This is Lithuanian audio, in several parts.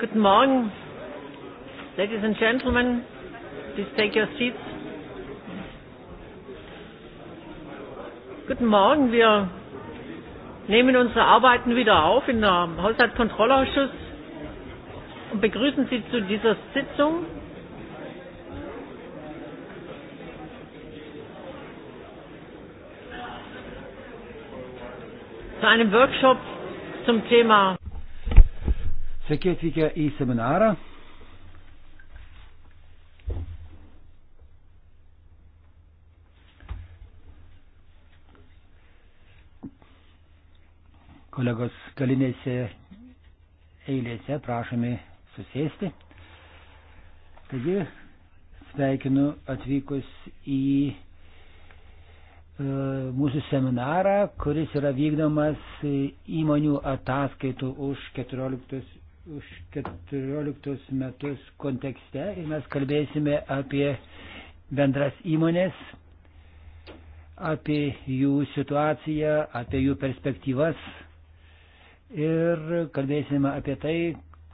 Guten Morgen, ladies and gentlemen. Please take your seats. Guten Morgen, wir nehmen unsere Arbeiten wieder auf in der Haushaltskontrollausschuss und begrüßen Sie zu dieser Sitzung. Zu einem Workshop zum Thema Sveiki atvykę į seminarą. Kolegos kalinėse eilėse prašomi susėsti. Taigi, sveikinu atvykus į e, mūsų seminarą, kuris yra vykdomas įmonių ataskaitų už 14 už 14 metus kontekste ir mes kalbėsime apie bendras įmonės, apie jų situaciją, apie jų perspektyvas ir kalbėsime apie tai,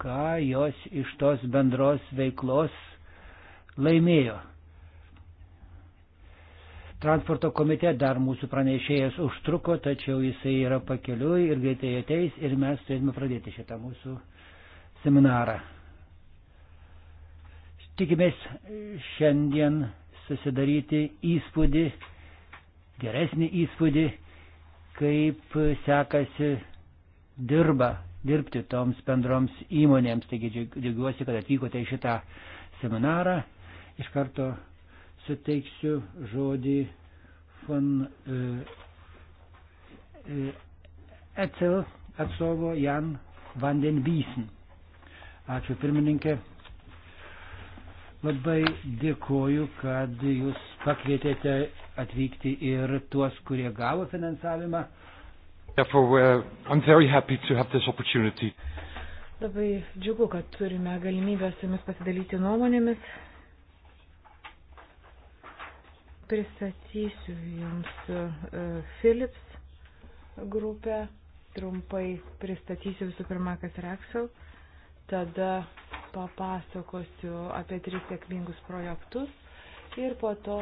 ką jos iš tos bendros veiklos laimėjo. Transporto komite dar mūsų pranešėjas užtruko, tačiau jisai yra pakeliui ir greitai ateis ir mes turėtume pradėti šitą mūsų seminarą. Tikimės šiandien susidaryti įspūdį, geresnį įspūdį, kaip sekasi dirba, dirbti toms bendroms įmonėms. Taigi džiaugiuosi, kad atvykote į šitą seminarą. Iš karto suteiksiu žodį von e, e, Etzel atstovo Jan Vandenbysen. Ačiū pirmininkė. Labai dėkoju, kad jūs pakvietėte atvykti ir tuos, kurie gavo finansavimą. Therefore, I'm very happy to have this opportunity. Labai džiugu, kad turime galimybę su jumis pasidalyti nuomonėmis. Pristatysiu jums e, Philips grupę, trumpai pristatysiu visų pirma, kas yra Axel tada papasakosiu apie tris sėkmingus projektus ir po to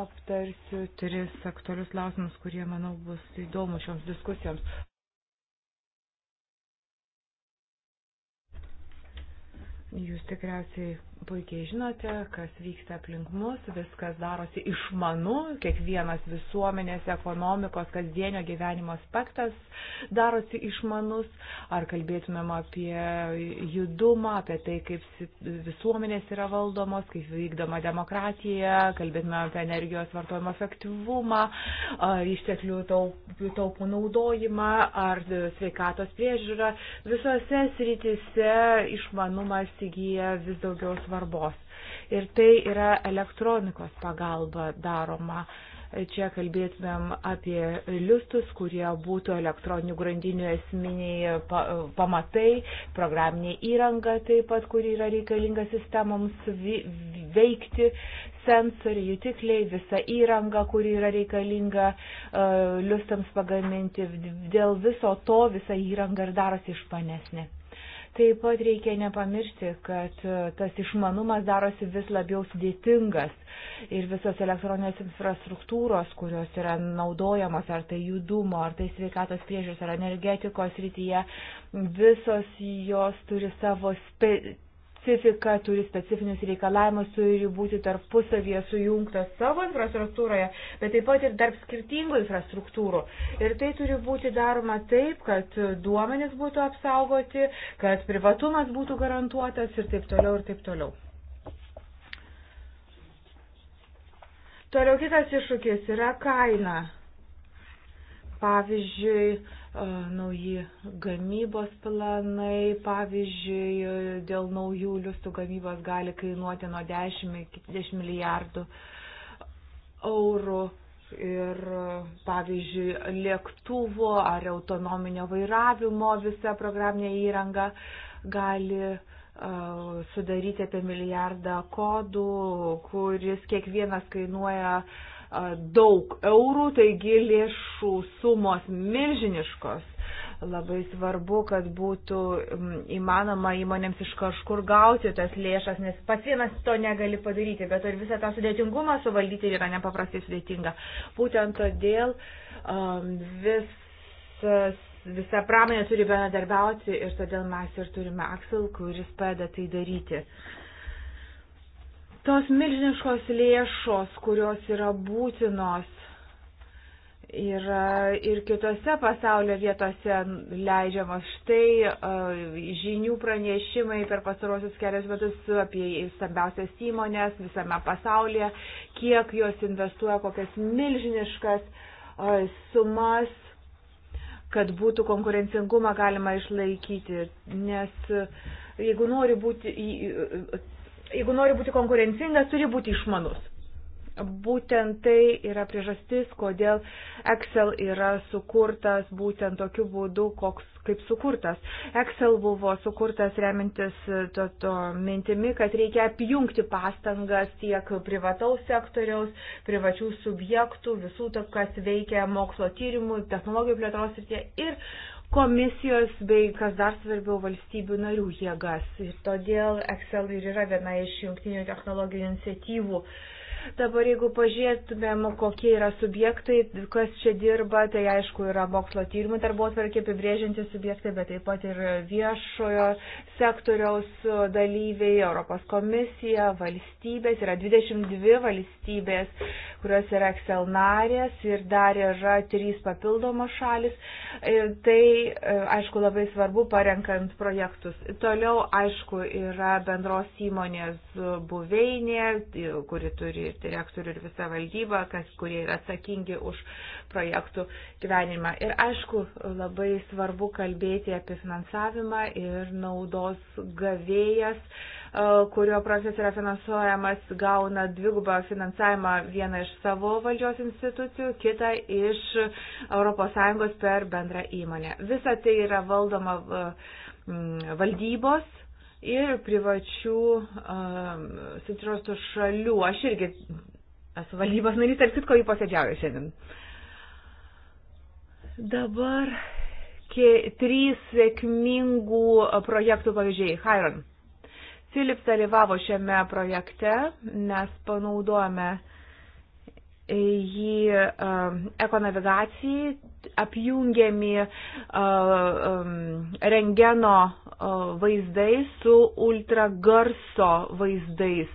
aptarsiu tris aktualius klausimus, kurie, manau, bus įdomu šioms diskusijoms. Jūs tikriausiai puikiai žinote, kas vyksta aplink mus, viskas darosi išmanu, kiekvienas visuomenės, ekonomikos, kasdienio gyvenimo aspektas darosi išmanus, ar kalbėtumėm apie judumą, apie tai, kaip visuomenės yra valdomos, kaip vykdoma demokratija, kalbėtumėm apie energijos vartojimo efektyvumą, išteklių taupų naudojimą, ar sveikatos priežiūrą. Visose sritise išmanumas įgyja vis daugiau svarbos svarbos. Ir tai yra elektronikos pagalba daroma. Čia kalbėtumėm apie liustus, kurie būtų elektroninių grandinių esminiai pamatai, programinė įranga taip pat, kuri yra reikalinga sistemoms veikti, sensoriai, jutikliai, visa įranga, kuri yra reikalinga e, liustams pagaminti. Dėl viso to visa įranga ir darosi išpanesnė. Taip pat reikia nepamiršti, kad e, tas išmanumas darosi vis labiau sudėtingas ir visos elektroninės infrastruktūros, kurios yra naudojamos, ar tai judumo, ar tai sveikatos priežiūros, ar energetikos rytyje, visos jos turi savo spe specifika, turi specifinius reikalavimus, turi būti tarpusavyje sujungtos savo infrastruktūroje, bet taip pat ir tarp skirtingų infrastruktūrų. Ir tai turi būti daroma taip, kad duomenys būtų apsaugoti, kad privatumas būtų garantuotas ir taip toliau ir taip toliau. Toliau kitas iššūkis yra kaina. Pavyzdžiui, nauji gamybos planai, pavyzdžiui, dėl naujų liustų gamybos gali kainuoti nuo 10 iki 10 milijardų eurų. Ir, pavyzdžiui, lėktuvo ar autonominio vairavimo visa programinė įranga gali uh, sudaryti apie milijardą kodų, kuris kiekvienas kainuoja uh, daug eurų, taigi lėšų sumos milžiniškos. Labai svarbu, kad būtų įmanoma įmonėms iš kažkur gauti tas lėšas, nes pats vienas to negali padaryti, bet ir visą tą sudėtingumą suvaldyti yra nepaprastai sudėtinga. Būtent todėl um, visas visa pramonė turi bendradarbiauti ir todėl mes ir turime Aksel, kuris padeda tai daryti. Uh, Tos milžiniškos lėšos, kurios yra būtinos yra ir kitose pasaulio vietose leidžiamas. Štai e, žinių pranešimai per pastarosius kelias metus apie stambiausias įmonės visame pasaulyje, kiek jos investuoja, kokias milžiniškas e, sumas, kad būtų konkurencingumą galima išlaikyti. Nes e, jeigu nori būti, jeigu nori būti konkurencingas, turi būti išmanus. Būtent tai yra priežastis, kodėl Excel yra sukurtas būtent tokiu būdu, koks kaip sukurtas. Excel buvo sukurtas remintis to, to mintimi, kad reikia apjungti pastangas tiek privataus sektoriaus, privačių subjektų, visų to, kas veikia mokslo tyrimų, technologijų plėtros ir tie ir komisijos bei, kas dar svarbiau, valstybių narių jėgas. Ir todėl Excel ir yra viena iš jungtinių technologijų iniciatyvų uh, Dabar jeigu pažiūrėtumėm, kokie yra subjektai, kas čia dirba, tai aišku yra mokslo tyrimų darbotvarkė apibrėžinti subjektai, bet taip pat ir viešojo sektoriaus dalyviai, Europos komisija, valstybės, yra 22 valstybės, kurios yra Excel narės ir dar yra 3 papildomos šalis. E, tai e, aišku labai svarbu parenkant projektus. Toliau aišku yra bendros įmonės buveinė, kuri turi direktorių ir visą valdybą, kas, kurie yra atsakingi už projektų gyvenimą. Ir aišku, labai svarbu kalbėti apie finansavimą ir naudos gavėjas, e, kurio procesas yra finansuojamas, gauna dvigubą finansavimą vieną iš savo valdžios institucijų, kitą iš ES per bendrą įmonę. Visa tai yra valdoma e, valdybos ir privačių um, sutrostų šalių. Aš irgi esu valdybos narys, ar kitko jį posėdžiauju šiandien. Dabar trys sėkmingų projektų pavyzdžiai. Hiron. Philips dalyvavo šiame projekte, mes panaudojame jį um, ekonavigacijai, apjungiami um, rengeno vaizdais su ultragarso vaizdais.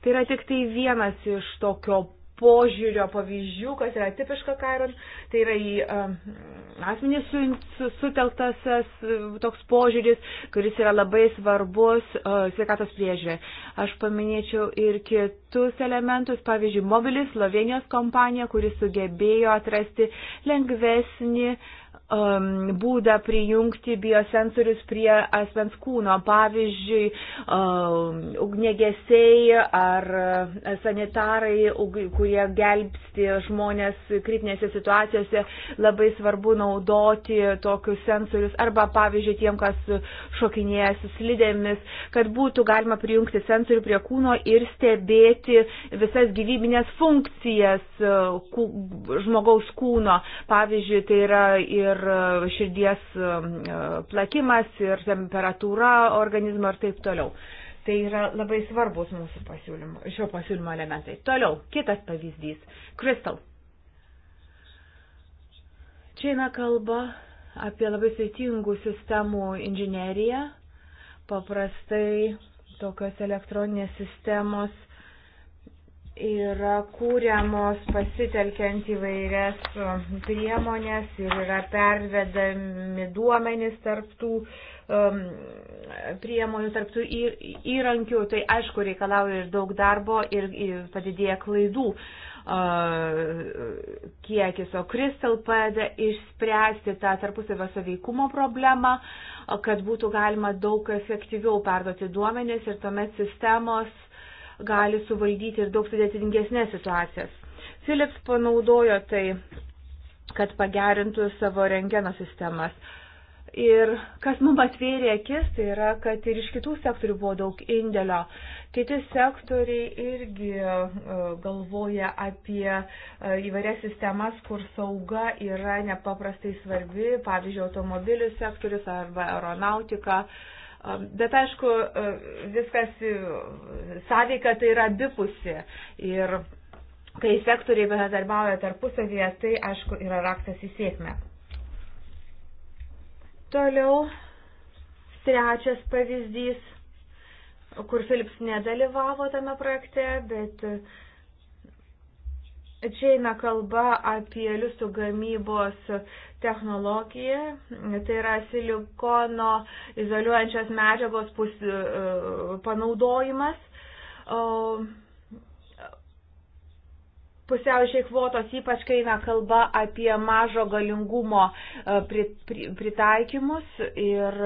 Tai yra tik tai vienas iš tokio požiūrio pavyzdžių, kas yra tipiška Kairon, tai yra į asmenį su, su, sutelktas toks požiūris, kuris yra labai svarbus sveikatos priežiūrė. Aš paminėčiau ir kitus elementus, pavyzdžiui, mobilis Slovenijos kompanija, kuris sugebėjo atrasti lengvesnį uh, um, būdą prijungti biosensorius prie asmens kūno, pavyzdžiui, um, ugnegesiai ar uh, sanitarai, kurie gelbsti žmonės kritinėse situacijose, labai svarbu naudoti tokius sensorius arba, pavyzdžiui, tiem, kas šokinėja su slidėmis, kad būtų galima prijungti sensorių prie kūno ir stebėti visas gyvybinės funkcijas uh, kū, žmogaus kūno. Pavyzdžiui, tai yra ir E, širdies e, e, plakimas, ir temperatūra organizmo ir taip toliau. Tai yra labai svarbus mūsų pasiūlymo, šio pasiūlymo elementai. Toliau, kitas pavyzdys. Crystal. Čia eina kalba apie labai sveitingų sistemų inžineriją. Paprastai tokios elektroninės sistemos yra kūriamos pasitelkiant įvairias um, priemonės ir yra pervedami duomenys tarptų um, priemonių, tarptų įrankių. Tai aišku, reikalauja ir daug darbo ir, ir padidėja klaidų uh, kiekis, o Crystal padeda išspręsti tą tarpusavio saveikumo problemą, kad būtų galima daug efektyviau perduoti duomenis ir tuomet sistemos gali suvaldyti ir daug sudėtingesnės situacijas. Philips panaudojo tai, kad pagerintų savo rengeno sistemas. Ir kas mums atvėrė akis, tai yra, kad ir iš kitų sektorių buvo daug indėlio. Kiti sektoriai irgi e, galvoja apie e, įvairias sistemas, kur sauga yra nepaprastai svarbi, pavyzdžiui, automobilių sektorius arba aeronautika. Uh, Bet aišku, viskas sąveika tai yra abipusi. Ir kai sektoriai bendradarbiauja tarpusavyje, tai aišku yra raktas į sėkmę. Toliau trečias pavyzdys, kur Philips nedalyvavo tame projekte, bet uh, Čia eina kalba apie liusų gamybos technologiją, tai yra silikono izoliuojančios medžiagos pus, e, panaudojimas. Pusiau išeikvotos, ypač kai eina kalba apie mažo galingumo e, pritaikymus ir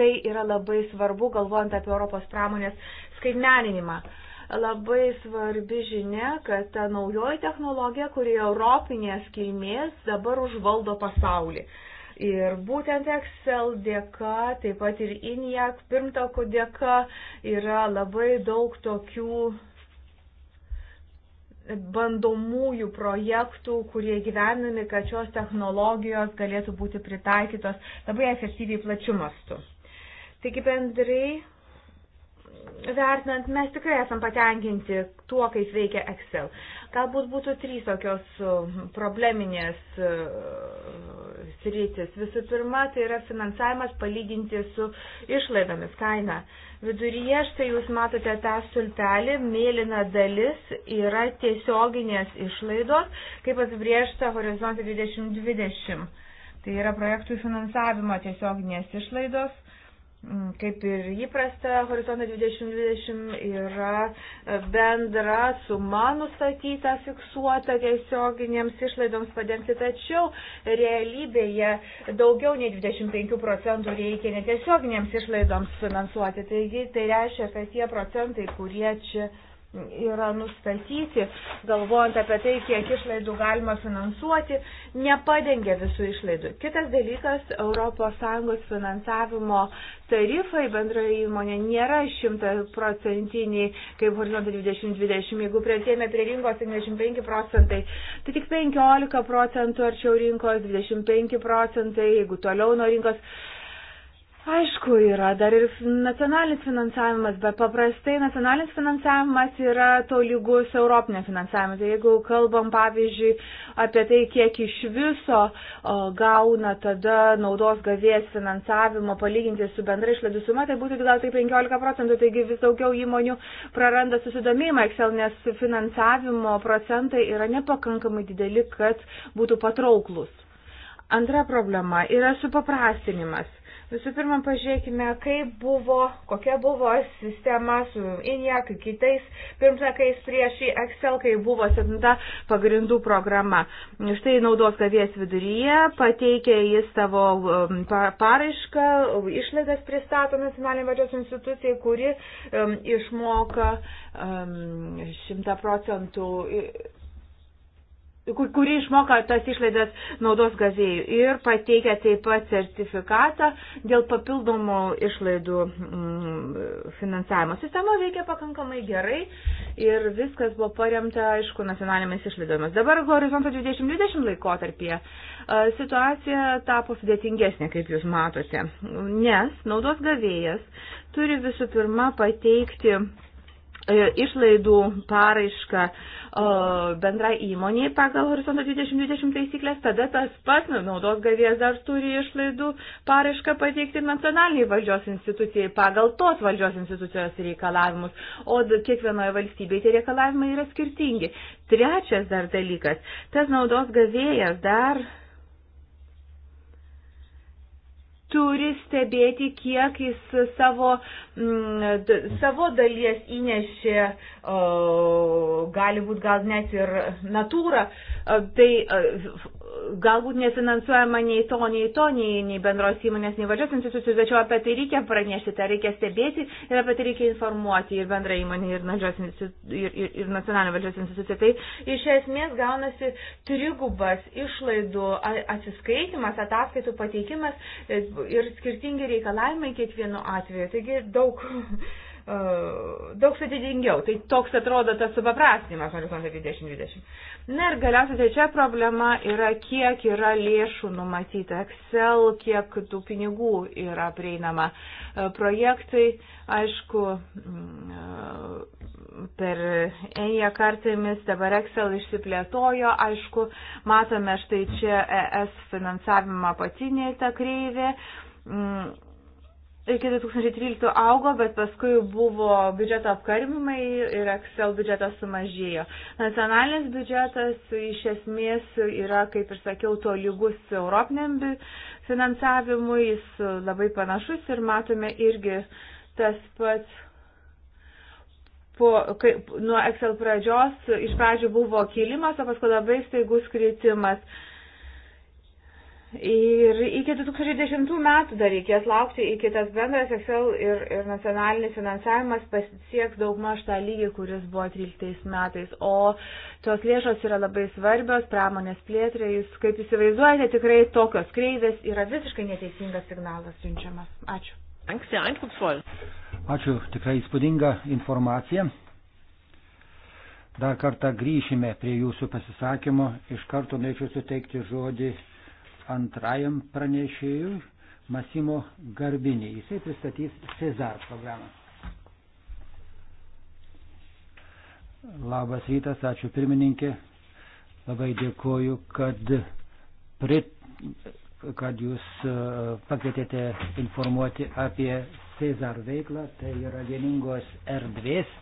tai yra labai svarbu, galvojant apie Europos pramonės skaitmeninimą. Uh, labai svarbi žinia, kad ta naujoji technologija, kuri europinės kilmės, dabar užvaldo pasaulį. Ir būtent Excel dėka, taip pat ir INIAC pirmtako dėka yra labai daug tokių bandomųjų projektų, kurie gyvenami, kad šios technologijos galėtų būti pritaikytos labai efektyviai plačiu mastu. Taigi bendrai vertinant, mes tikrai esam patenkinti tuo, kaip veikia Excel. Galbūt būtų trys tokios um, probleminės uh, sritis. Visų pirma, tai yra finansavimas palyginti su išlaidomis kaina. Viduryje štai jūs matote tą stulpelį, mėlyna dalis yra tiesioginės išlaidos, kaip apibriešta horizontė 2020. Tai yra projektų finansavimo tiesioginės išlaidos Mm, kaip ir įprasta, horizontas 2020 yra e, bendra suma nustatyta, fiksuota tiesioginėms išlaidoms padengti, tačiau realybėje daugiau nei 25 procentų reikia netiesioginėms išlaidoms finansuoti. Taigi tai reiškia, kad tie procentai, kurie čia yra nustatyti, galvojant apie tai, kiek išlaidų galima finansuoti, nepadengia visų išlaidų. Kitas dalykas, ES finansavimo tarifai bendroje įmonė nėra šimtaprocentiniai, kaip horizontai 2020, jeigu prieartėjame prie rinkos 75 tai procentai, tai tik 15 procentų arčiau rinkos, 25 procentai, jeigu toliau nuo rinkos Aišku, yra dar ir nacionalinis finansavimas, bet paprastai nacionalinis finansavimas yra tolygus europinio finansavimo. Tai jeigu kalbam, pavyzdžiui, apie tai, kiek iš viso o, gauna tada naudos gavės finansavimo palyginti su bendra išlaidų suma, tai būtų gal tai 15 procentų, taigi vis daugiau įmonių praranda susidomėjimą Excel, nes finansavimo procentai yra nepakankamai dideli, kad būtų patrauklus. Antra problema yra supaprastinimas Visų pirma, pažiūrėkime, kaip buvo, kokia buvo sistema su Inja, kaip kitais pirmsakais prieš šį Excel, kai buvo septinta pagrindų programa. Štai naudos gavės viduryje, pateikė jis savo um, paraišką, išlaidas pristato nacionalinė valdžios institucija, kuri um, išmoka um, 100 procentų kuri išmoka tas išlaidas naudos gazėjų ir pateikia taip pat sertifikatą dėl papildomų išlaidų mm, finansavimo. Sistema veikia pakankamai gerai ir viskas buvo paremta, aišku, nacionalinėmis išlaidomis. Dabar horizonto 2020 laikotarpyje situacija tapo sudėtingesnė, kaip jūs matote, nes naudos gavėjas turi visų pirma pateikti e, išlaidų paraišką bendrai įmoniai pagal horizonto 2020 taisyklės, tada tas pats nu, naudos gavėjas dar turi išlaidų paraišką pateikti nacionaliniai valdžios institucijai pagal tos valdžios institucijos reikalavimus, o kiekvienoje valstybėje tie reikalavimai yra skirtingi. Trečias dar dalykas, tas naudos gavėjas dar turi stebėti, kiek jis savo, m, mm, d, savo dalies įnešė, o, gali būti gal net ir natūrą. O, tai o, galbūt nefinansuojama nei to, nei to, nei, nei bendros įmonės, nei valdžios institucijų, tačiau apie tai reikia pranešti, tai reikia stebėti ir apie tai reikia informuoti ir bendrą įmonę, ir, ir, ir, ir nacionalinę valdžios instituciją. Tai iš esmės gaunasi trigubas išlaidų atsiskaitimas, ataskaitų pateikimas e, ir skirtingi reikalavimai kiekvienu atveju. Taigi daug daug sudėtingiau. Tai toks atrodo tas supaprastinimas horizontai 2020. Na ir galiausiai trečia problema yra, kiek yra lėšų numatyta Excel, kiek tų pinigų yra prieinama projektai. Aišku, mm, e, per EIA kartėmis dabar Excel išsiplėtojo, aišku, matome štai čia ES finansavimą apatinėje tą kreivę mm, iki 2013 augo, bet paskui buvo biudžeto apkarpimai ir Excel biudžetas sumažėjo. Nacionalinis biudžetas iš esmės yra, kaip ir sakiau, to lygus europiniam finansavimui, jis labai panašus ir matome irgi tas pats. Po, kai, nuo Excel pradžios iš pradžių buvo kilimas, o paskui labai staigus kritimas. Uh, Ir iki 2010 metų dar reikės laukti, iki tas bendras Excel ir, ir nacionalinis finansavimas pasieks daugmaž tą lygį, kuris buvo 13 metais. O tos lėšos yra labai svarbios pramonės plėtrai. Jūs, kaip įsivaizduojate, tikrai tokios kreivės yra visiškai neteisingas signalas siunčiamas. Ačiū. Ačiū, tikrai įspūdinga informacija. Dar kartą grįšime prie jūsų pasisakymo. Iš karto norėčiau suteikti žodį antrajam pranešėjui Masimo Garbinį. Jisai pristatys Cezar programą. Labas rytas, ačiū pirmininkė. Labai dėkoju, kad, prit, kad jūs e, pakvietėte informuoti apie Cezar veiklą. Tai yra vieningos erdvės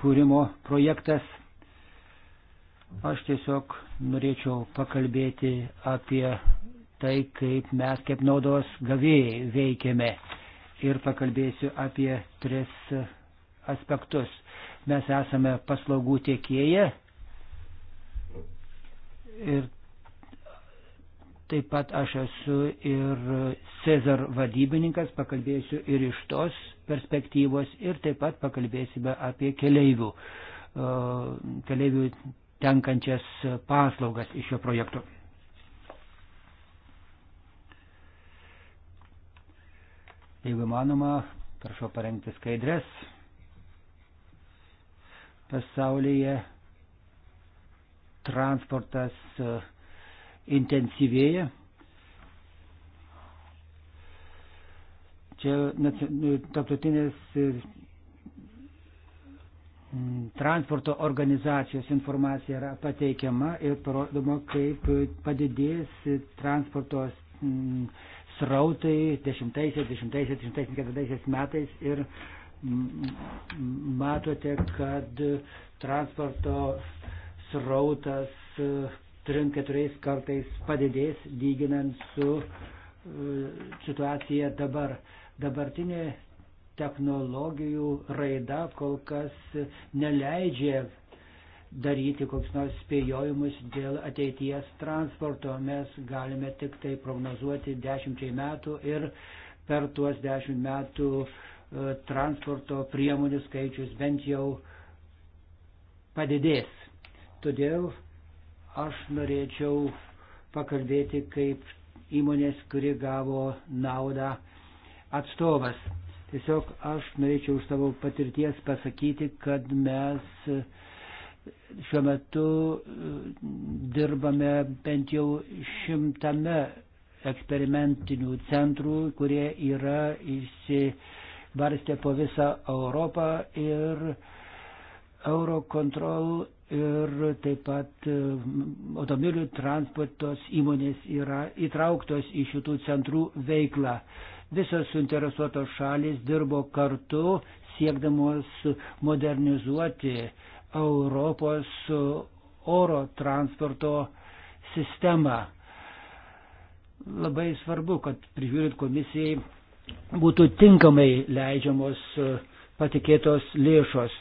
kūrimo projektas. Aš tiesiog norėčiau pakalbėti apie tai, kaip mes kaip naudos gavėjai veikiame. Ir pakalbėsiu apie tris aspektus. Mes esame paslaugų tiekėję ir taip pat aš esu ir Cezar vadybininkas, pakalbėsiu ir iš tos perspektyvos ir taip pat pakalbėsime apie keleivių, keleivių tenkančias paslaugas iš šio projekto. Jeigu manoma, prašau parengti skaidres. Pasaulyje transportas e, intensyvėja. Čia nu, tarptautinės e, transporto organizacijos informacija yra pateikiama ir parodoma, kaip padidės transportos srautai 10-10-10-10 metais ir matote, kad transporto srautas 3-4 e, kartais padidės lyginant su e, situacija dabar. Dabartinė technologijų raida kol kas neleidžia daryti koks nors spėjojimus dėl ateities transporto. Mes galime tik tai prognozuoti dešimčiai metų ir per tuos dešimt metų e, transporto priemonių skaičius bent jau padidės. Todėl aš norėčiau pakalbėti kaip įmonės, kuri gavo naudą atstovas. Tiesiog aš norėčiau už savo patirties pasakyti, kad mes Šiuo metu e, dirbame bent jau šimtame eksperimentinių centrų, kurie yra įsibarstę po visą Europą ir Eurocontrol ir taip pat e, automobilių transportos įmonės yra įtrauktos į šitų centrų veiklą. Visos suinteresuotos šalis dirbo kartu siekdamos modernizuoti uh, Europos oro transporto sistemą. Labai svarbu, kad prižiūrint komisijai būtų tinkamai leidžiamos e, patikėtos lėšos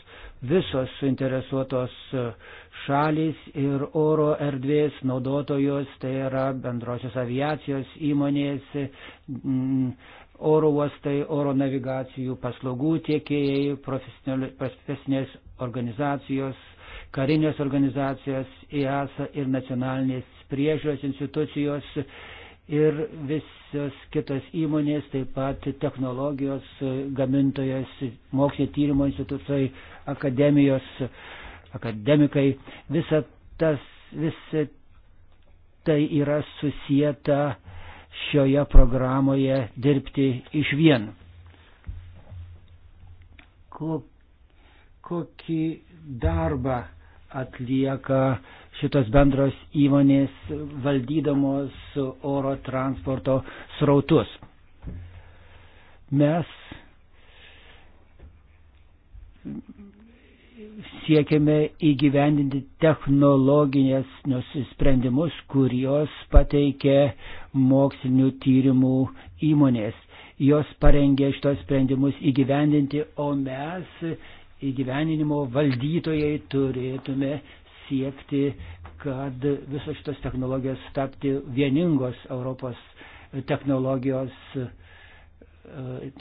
visos suinteresuotos e, šalys ir oro erdvės naudotojos, tai yra bendrosios aviacijos įmonės, oro uostai, oro navigacijų paslaugų tiekėjai, profesinės organizacijos, karinės organizacijos, EASA ir nacionalinės priežiūros institucijos ir visos kitos įmonės, taip pat technologijos gamintojas, mokslinio tyrimo institucijai, akademijos, akademikai. Visa tas, visi tai yra susijęta uh, šioje programoje dirbti iš vien. Kokį darbą atlieka šitos bendros įmonės valdydamos oro transporto srautus? Mes siekiame įgyvendinti technologinės nusisprendimus, kurios pateikė mokslinių tyrimų įmonės. Jos parengė šitos sprendimus įgyvendinti, o mes įgyvendinimo valdytojai turėtume siekti, kad visos šitos technologijos tapti vieningos Europos technologijos e,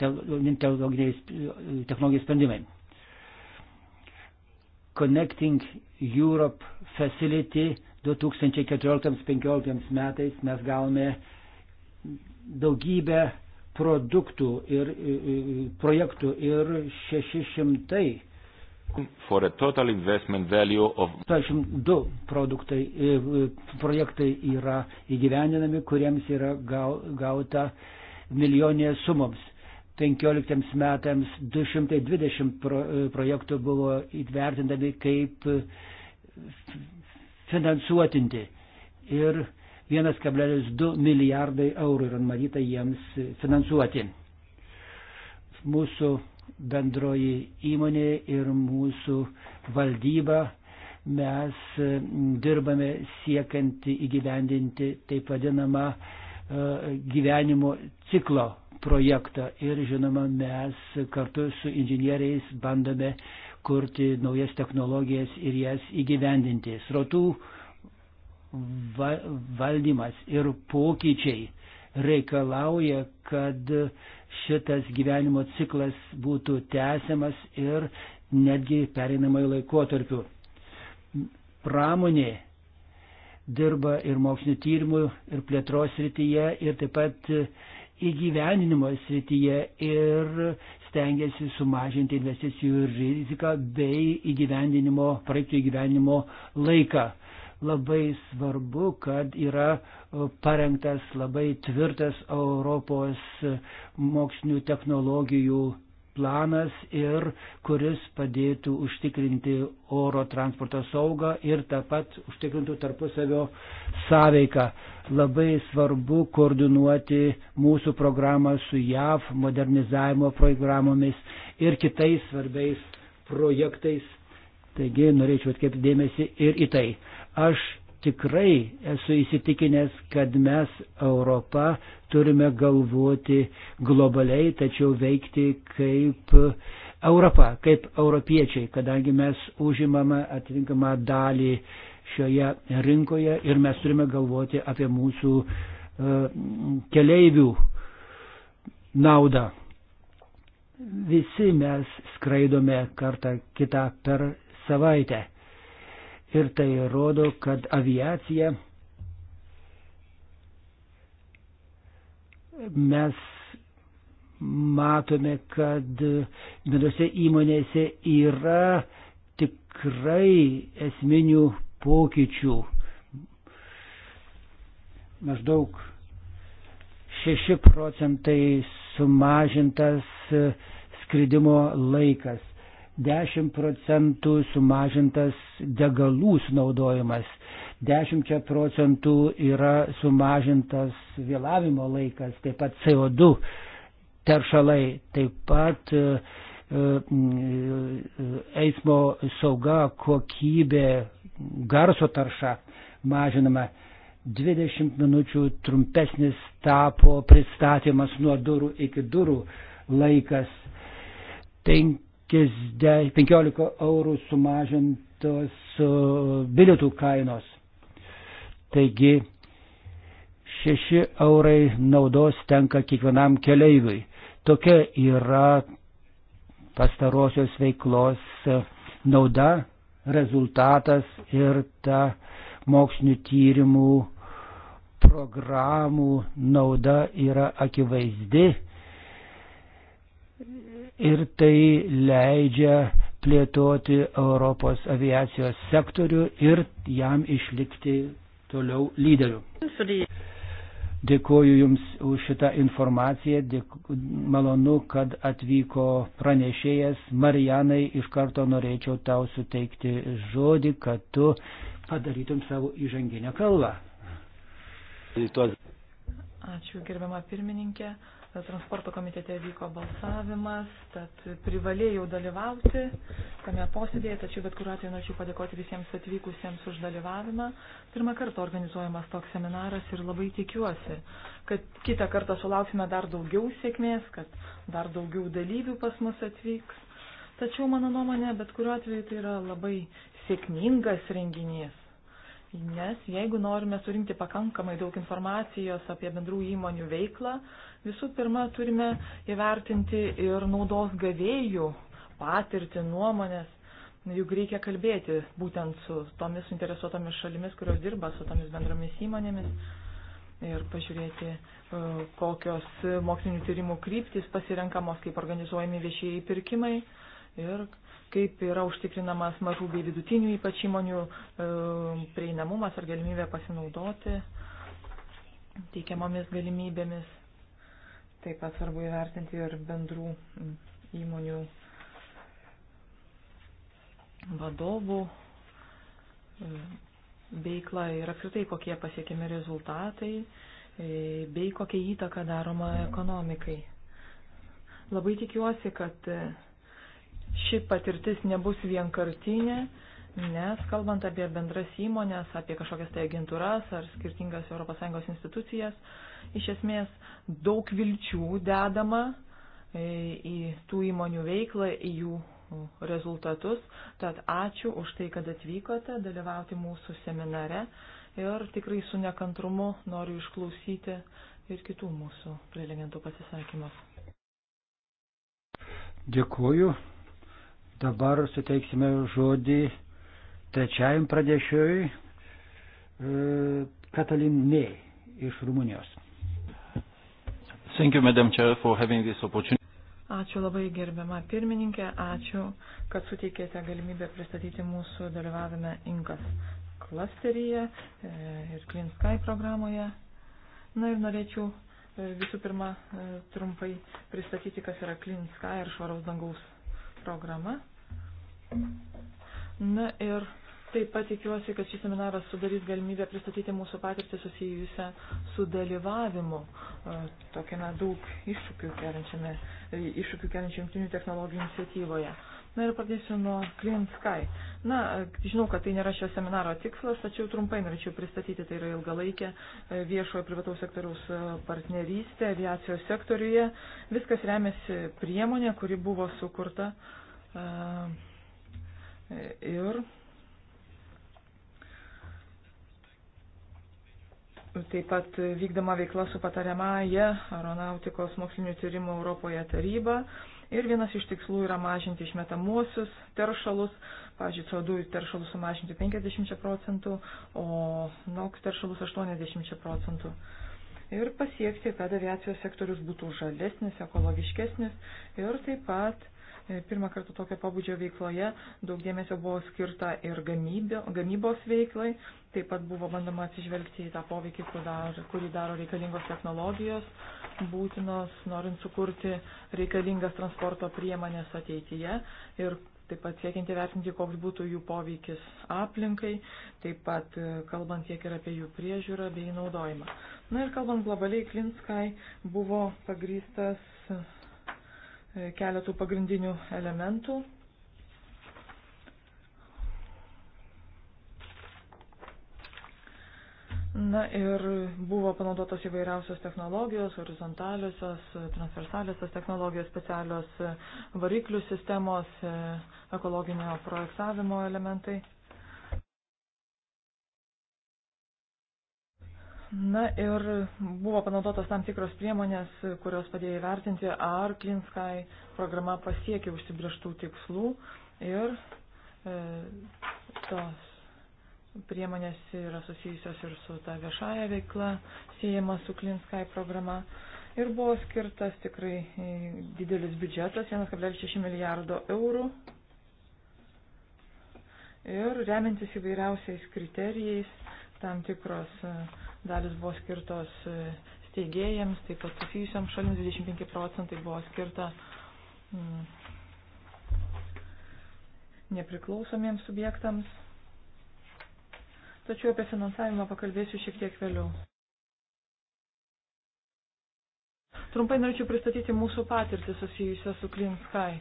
technologiniai sprendimai. Connecting Europe Facility 2014-2015 metais mes gavome daugybę produktų ir projektų ir 600 for a total investment value of 22 produktai, projektai yra įgyvendinami, kuriems yra gauta milijonės sumoms. 15 metams 220 pro, e, projektų buvo įtvertindami kaip e, finansuotinti. Ir 1,2 milijardai eurų yra numatyta jiems finansuoti. Mūsų bendroji įmonė ir mūsų valdyba mes e, dirbame siekiant įgyvendinti taip vadinamą gyvenimo ciklo projektą ir žinoma mes kartu su inžinieriais bandome kurti naujas technologijas ir jas įgyvendinti. Srotų va valdymas ir pokyčiai reikalauja, kad šitas gyvenimo ciklas būtų tęsiamas ir netgi pereinamai laikotarpiu. Pramonė dirba ir mokslinio tyrimų ir plėtros rytyje ir taip pat įgyveninimo srityje ir stengiasi sumažinti investicijų riziką bei įgyvendinimo, projektų įgyvendinimo laiką. Labai svarbu, kad yra parengtas labai tvirtas Europos e, mokslinių technologijų planas ir kuris padėtų užtikrinti oro transporto saugą ir taip pat užtikrintų tarpusavio sąveiką. Labai svarbu koordinuoti mūsų programą su JAV modernizavimo programomis ir kitais svarbiais projektais. Taigi norėčiau atkreipti dėmesį ir į tai. Aš tikrai esu įsitikinęs, kad mes Europą turime galvoti globaliai, tačiau veikti kaip Europa, kaip europiečiai, kadangi mes užimame atitinkamą dalį šioje rinkoje ir mes turime galvoti apie mūsų e, keleivių naudą. Visi mes skraidome kartą kitą per savaitę. Ir tai rodo, kad aviacija mes matome, kad bendrose įmonėse yra tikrai esminių pokyčių. Maždaug 6 procentai sumažintas skridimo laikas. 10 procentų sumažintas degalų sunaudojimas, 10 procentų yra sumažintas vėlavimo laikas, taip pat CO2 teršalai, taip pat e, e, eismo sauga, kokybė, garso tarša mažinama. 20 minučių trumpesnis tapo pristatymas nuo durų iki durų laikas. 5 15 eurų sumažintos e, bilietų kainos. Taigi 6 eurai naudos tenka kiekvienam keleiviui. Tokia yra pastarosios veiklos e, nauda, rezultatas ir ta mokslinių tyrimų programų nauda yra akivaizdi ir tai leidžia plėtoti Europos aviacijos sektorių ir jam išlikti toliau lyderiu. Dėkuoju Jums už šitą informaciją, Dėku, malonu, kad atvyko pranešėjas. Marijanai, iš karto norėčiau tau suteikti žodį, kad tu padarytum savo įžanginę kalbą. Ačiū, gerbiama pirmininkė. Uh, transporto komitete vyko balsavimas, tad privalėjau dalyvauti tame posėdėje, tačiau bet kuriuo atveju norėčiau padėkoti visiems atvykusiems už dalyvavimą. Pirmą kartą organizuojamas toks seminaras ir labai tikiuosi, kad kitą kartą sulauksime dar daugiau sėkmės, kad dar daugiau dalyvių pas mus atvyks. Tačiau mano nuomonė, bet kuriuo atveju tai yra labai sėkmingas renginys. Nes jeigu norime surinkti pakankamai daug informacijos apie bendrų įmonių veiklą, Visų pirma, turime įvertinti ir naudos gavėjų patirtį, nuomonės. Juk reikia kalbėti būtent su tomis interesuotomis šalimis, kurios dirba su tomis bendromis įmonėmis ir pažiūrėti, e, kokios mokslinių tyrimų kryptis pasirenkamos, kaip organizuojami viešieji pirkimai ir kaip yra užtikrinamas mažų bei vidutinių ypač įmonių e, prieinamumas ar galimybė pasinaudoti teikiamomis galimybėmis. Taip pat svarbu įvertinti ir bendrų įmonių vadovų e, veiklą ir apskritai kokie pasiekiami rezultatai e, bei kokia įtaka daroma ekonomikai. Labai tikiuosi, kad e, ši patirtis nebus vienkartinė Nes kalbant apie bendras įmonės, apie kažkokias tai agentūras ar skirtingas ES institucijas, iš esmės daug vilčių dedama e, į tų įmonių veiklą, į jų rezultatus. Tad ačiū už tai, kad atvykote dalyvauti mūsų seminare ir tikrai su nekantrumu noriu išklausyti ir kitų mūsų prelegentų pasisakymus. Dėkuoju. Dabar suteiksime žodį trečiajam pradėšiui e, Katalin Mė iš Rumunijos. Thank you, Madam Chair, for having this opportunity. Ačiū labai gerbiama pirmininkė, ačiū, kad suteikėte galimybę pristatyti mūsų dalyvavime Inkas klasteryje e, ir Clean Sky programoje. Na ir norėčiau e, visų pirma trumpai pristatyti, kas yra Clean Sky ir švaraus dangaus programa. Na ir Taip pat tikiuosi, kad šis seminaras sudarys galimybę pristatyti mūsų patirtį susijusią su dalyvavimu e, tokiame daug iššūkių keliančiame, e, iššūkių keliančių jungtinių technologijų iniciatyvoje. Na ir pradėsiu nuo Clean Sky. Na, e, žinau, kad tai nėra šio seminaro tikslas, tačiau trumpai norėčiau pristatyti, tai yra ilgalaikė viešojo privataus sektoriaus partnerystė aviacijos sektoriuje. Viskas remiasi priemonė, kuri buvo sukurta. Ir Taip pat vykdama veikla su patariamąją aeronautikos mokslinių tyrimų Europoje taryba. Ir vienas iš tikslų yra mažinti išmetamuosius teršalus, pavyzdžiui, CO2 teršalus sumažinti 50 procentų, o NOX teršalus 80 procentų. Ir pasiekti, kad aviacijos sektorius būtų žalesnis, ekologiškesnis ir taip pat E, pirmą kartą tokio pabudžio veikloje daug dėmesio buvo skirta ir gamybė, gamybos veiklai, taip pat buvo bandoma atsižvelgti į tą poveikį, kurį daro reikalingos technologijos, būtinos, norint sukurti reikalingas transporto priemonės ateityje ir taip pat siekiant įvertinti, koks būtų jų poveikis aplinkai, taip pat e, kalbant tiek ir apie jų priežiūrą bei naudojimą. Na ir kalbant globaliai, Klinskai buvo pagrystas keletų pagrindinių elementų. Na ir buvo panaudotos įvairiausios technologijos, horizontaliosios, transversaliosios technologijos, specialios variklių sistemos, ekologinio projektavimo elementai. Na ir buvo panaudotos tam tikros priemonės, kurios padėjo įvertinti, ar Clean Sky programa pasiekė užsibrieštų tikslų ir e, tos priemonės yra susijusios ir su ta viešaja veikla siejama su Clean Sky programa. Ir buvo skirtas tikrai e, didelis biudžetas, 1,6 milijardo eurų. Ir remiantis įvairiausiais kriterijais, tam tikros e, dalis buvo skirtos e, steigėjams, taip pat susijusiam šalims 25 procentai buvo skirta mm, nepriklausomiems subjektams. Tačiau apie finansavimą pakalbėsiu šiek tiek vėliau. Trumpai norėčiau pristatyti mūsų patirtį susijusią su Clean Sky.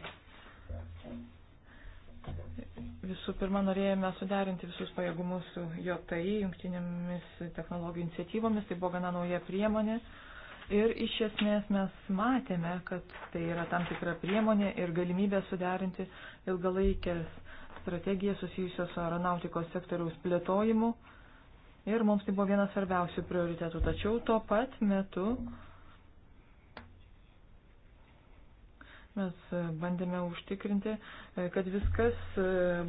Visų pirma, norėjome suderinti visus pajėgumus su JOTAI, jungtinėmis technologijų iniciatyvomis, tai buvo gana nauja priemonė. Ir iš esmės mes matėme, kad tai yra tam tikra priemonė ir galimybė suderinti ilgalaikės strategijas susijusios su aeronautikos sektoriaus plėtojimu. Ir mums tai buvo vienas svarbiausių prioritetų. Tačiau tuo pat metu. Mm Mes e, bandėme užtikrinti, e, kad viskas e,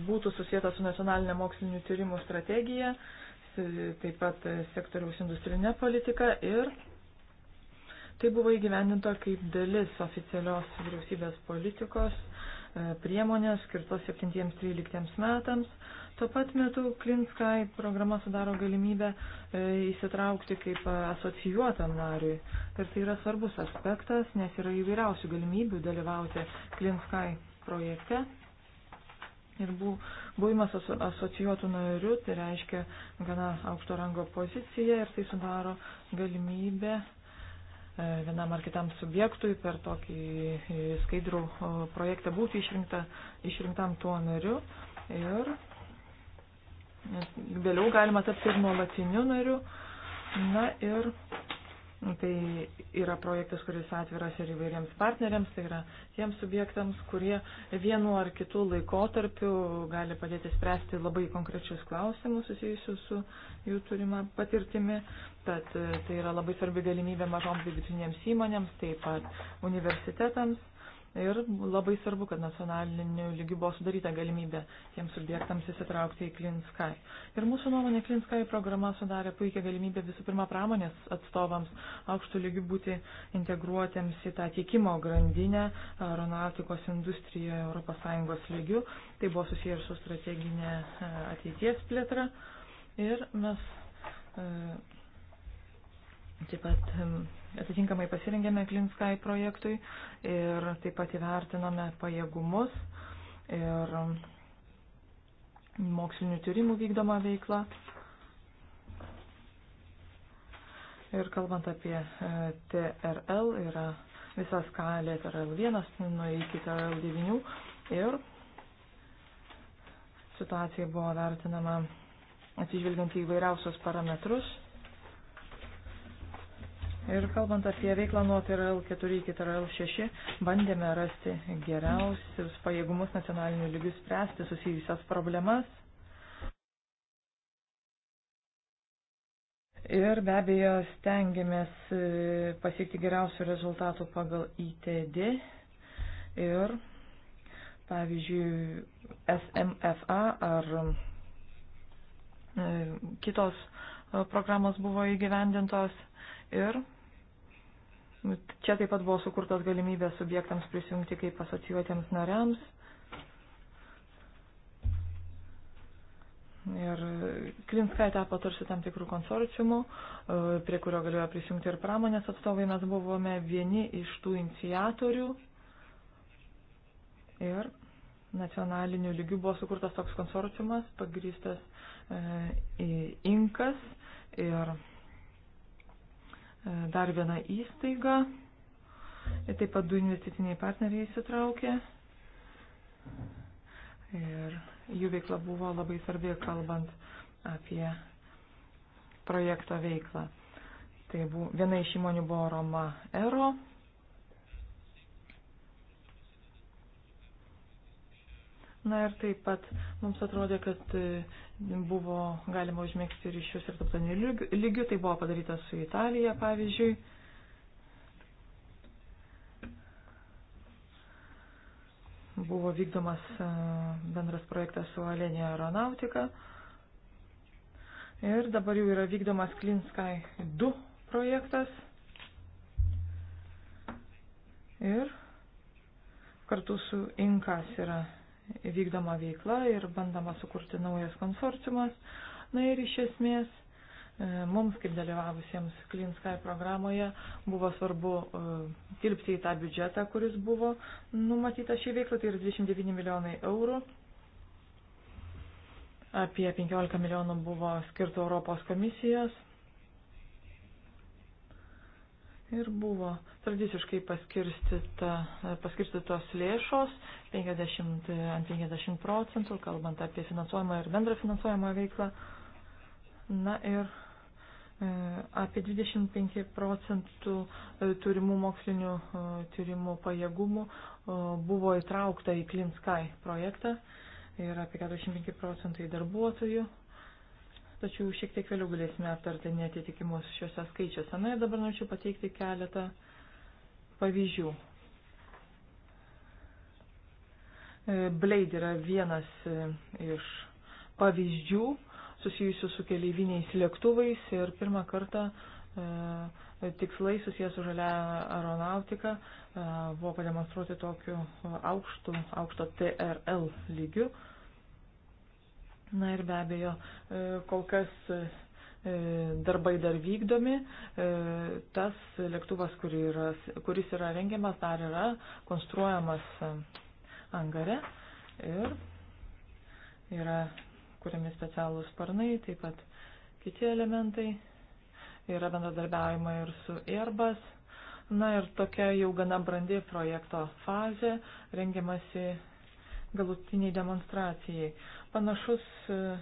būtų susijęta su nacionalinė mokslinių tyrimų strategija, taip pat sektoriaus industrinė politika ir tai buvo įgyvendinta kaip dalis oficialios vyriausybės politikos priemonės skirtos 7-13 metams. Tuo pat metu Klinskai programa sudaro galimybę e, įsitraukti kaip e, asocijuotam nariui. Ir tai yra svarbus aspektas, nes yra įvairiausių galimybių dalyvauti Klinskai projekte. Ir buvimas asocijuotų narių, tai reiškia gana aukšto rango poziciją ir tai sudaro galimybę e, vienam ar kitam subjektui per tokį skaidrų projektą būti išrinkta, išrinktam tuo nariu. Ir vėliau galima tapti ir nuolatiniu nariu. Na ir tai yra projektas, kuris atviras ir įvairiems partneriams, tai yra tiems subjektams, kurie vienu ar kitu laikotarpiu gali padėti spręsti labai konkrečius klausimus susijusius su jų turima patirtimi. Tad e, tai yra labai svarbi galimybė mažoms vidutinėms įmonėms, taip pat universitetams Ir labai svarbu, kad nacionaliniu lygiu buvo sudaryta galimybė tiems subjektams įsitraukti į Clean Sky. Ir mūsų nuomonė Clean Sky programa sudarė puikia galimybę visų pirma pramonės atstovams aukštų lygių būti integruotėms į tą tiekimo grandinę aeronautikos industrijoje ES lygių. Tai buvo susiję ir su strateginė e, ateities plėtra. Ir mes e, Taip pat atitinkamai pasirengėme Klinskai projektui ir taip pat įvertinome pajėgumus ir mokslinių tyrimų vykdomą veiklą. Ir kalbant apie e, TRL, yra visa skalė TRL1 nuo iki TRL9 ir situacija buvo vertinama atsižvelgiant į vairiausios parametrus Ir kalbant apie veiklą nuo TRL 4 iki TRL 6, bandėme rasti geriausius pajėgumus nacionalinių lygių spręsti susijusias problemas. Ir be abejo stengiamės e, pasiekti geriausių rezultatų pagal ITD ir, pavyzdžiui, SMFA ar e, kitos e, programos buvo įgyvendintos ir Čia taip pat buvo sukurtos galimybės subjektams prisijungti kaip asocijuotiems nariams. Ir Klinskai tapo tarsi tam tikrų konsorciumų, e, prie kurio galėjo prisijungti ir pramonės atstovai. Mes buvome vieni iš tų inicijatorių. Ir nacionaliniu lygiu buvo sukurtas toks konsorciumas, pagrįstas e, į inkas. Ir dar viena įstaiga ir taip pat du investiciniai partneriai įsitraukė. Ir jų veikla buvo labai svarbi, kalbant apie projekto veiklą. Tai bu, viena iš įmonių buvo Roma Ero, Na ir taip pat mums atrodė, kad e, buvo galima užmėgsti ryšius ir tarptautiniu lygiu, tai buvo padaryta su Italija, pavyzdžiui. Buvo vykdomas e, bendras projektas su Alenija Aeronautika. Ir dabar jau yra vykdomas Clean Sky 2 projektas. Ir kartu su Inkas yra vykdoma veikla ir bandama sukurti naujas konsorciumas. Na ir iš esmės e, mums, kaip dalyvavusiems Clean Sky programoje, buvo svarbu e, tilpti į tą biudžetą, kuris buvo numatytas šį veiklą, tai yra 29 milijonai eurų. Apie 15 milijonų buvo skirta Europos komisijos Ir buvo tradiciškai paskirstytos lėšos 50 ant 50 procentų, kalbant apie finansuojamą ir bendrą finansuojamą veiklą. Na ir e, apie 25 procentų e, turimų mokslinių e, tyrimų pajėgumų buvo įtraukta į Klinskai projektą ir apie 45 procentai darbuotojų tačiau šiek tiek vėliau galėsime aptarti netitikimus šiuose skaičiuose. Na ir dabar norėčiau pateikti keletą pavyzdžių. E, Blade yra vienas e, iš pavyzdžių susijusių su keleiviniais lėktuvais ir pirmą kartą e, tikslai susijęs su žalia aeronautika e, buvo pademonstruoti tokiu aukštu, aukšto TRL lygiu. E, Na ir be abejo, e, kol kas e, darbai dar vykdomi. E, tas lėktuvas, kuris yra, kuris yra rengiamas, dar yra konstruojamas angare ir yra kuriami specialūs sparnai, taip pat kiti elementai. Yra bendradarbiavimai ir su Airbus. Na ir tokia jau gana brandi projekto fazė, rengiamasi galutiniai demonstracijai. Panašus e,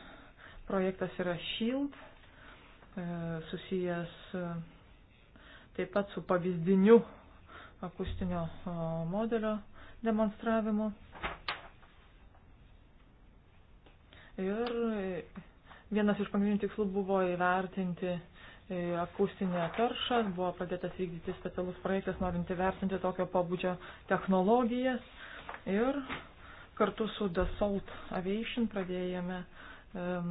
projektas yra Shield, e, susijęs e, taip pat su pavyzdiniu akustinio modelio demonstravimu. Ir vienas iš pagrindinių tikslų buvo įvertinti akustinę taršą, buvo pradėtas vykdyti specialus projektas, norint įvertinti tokio pabudžio technologijas. Ir kartu su Dassault Aviation pradėjome um,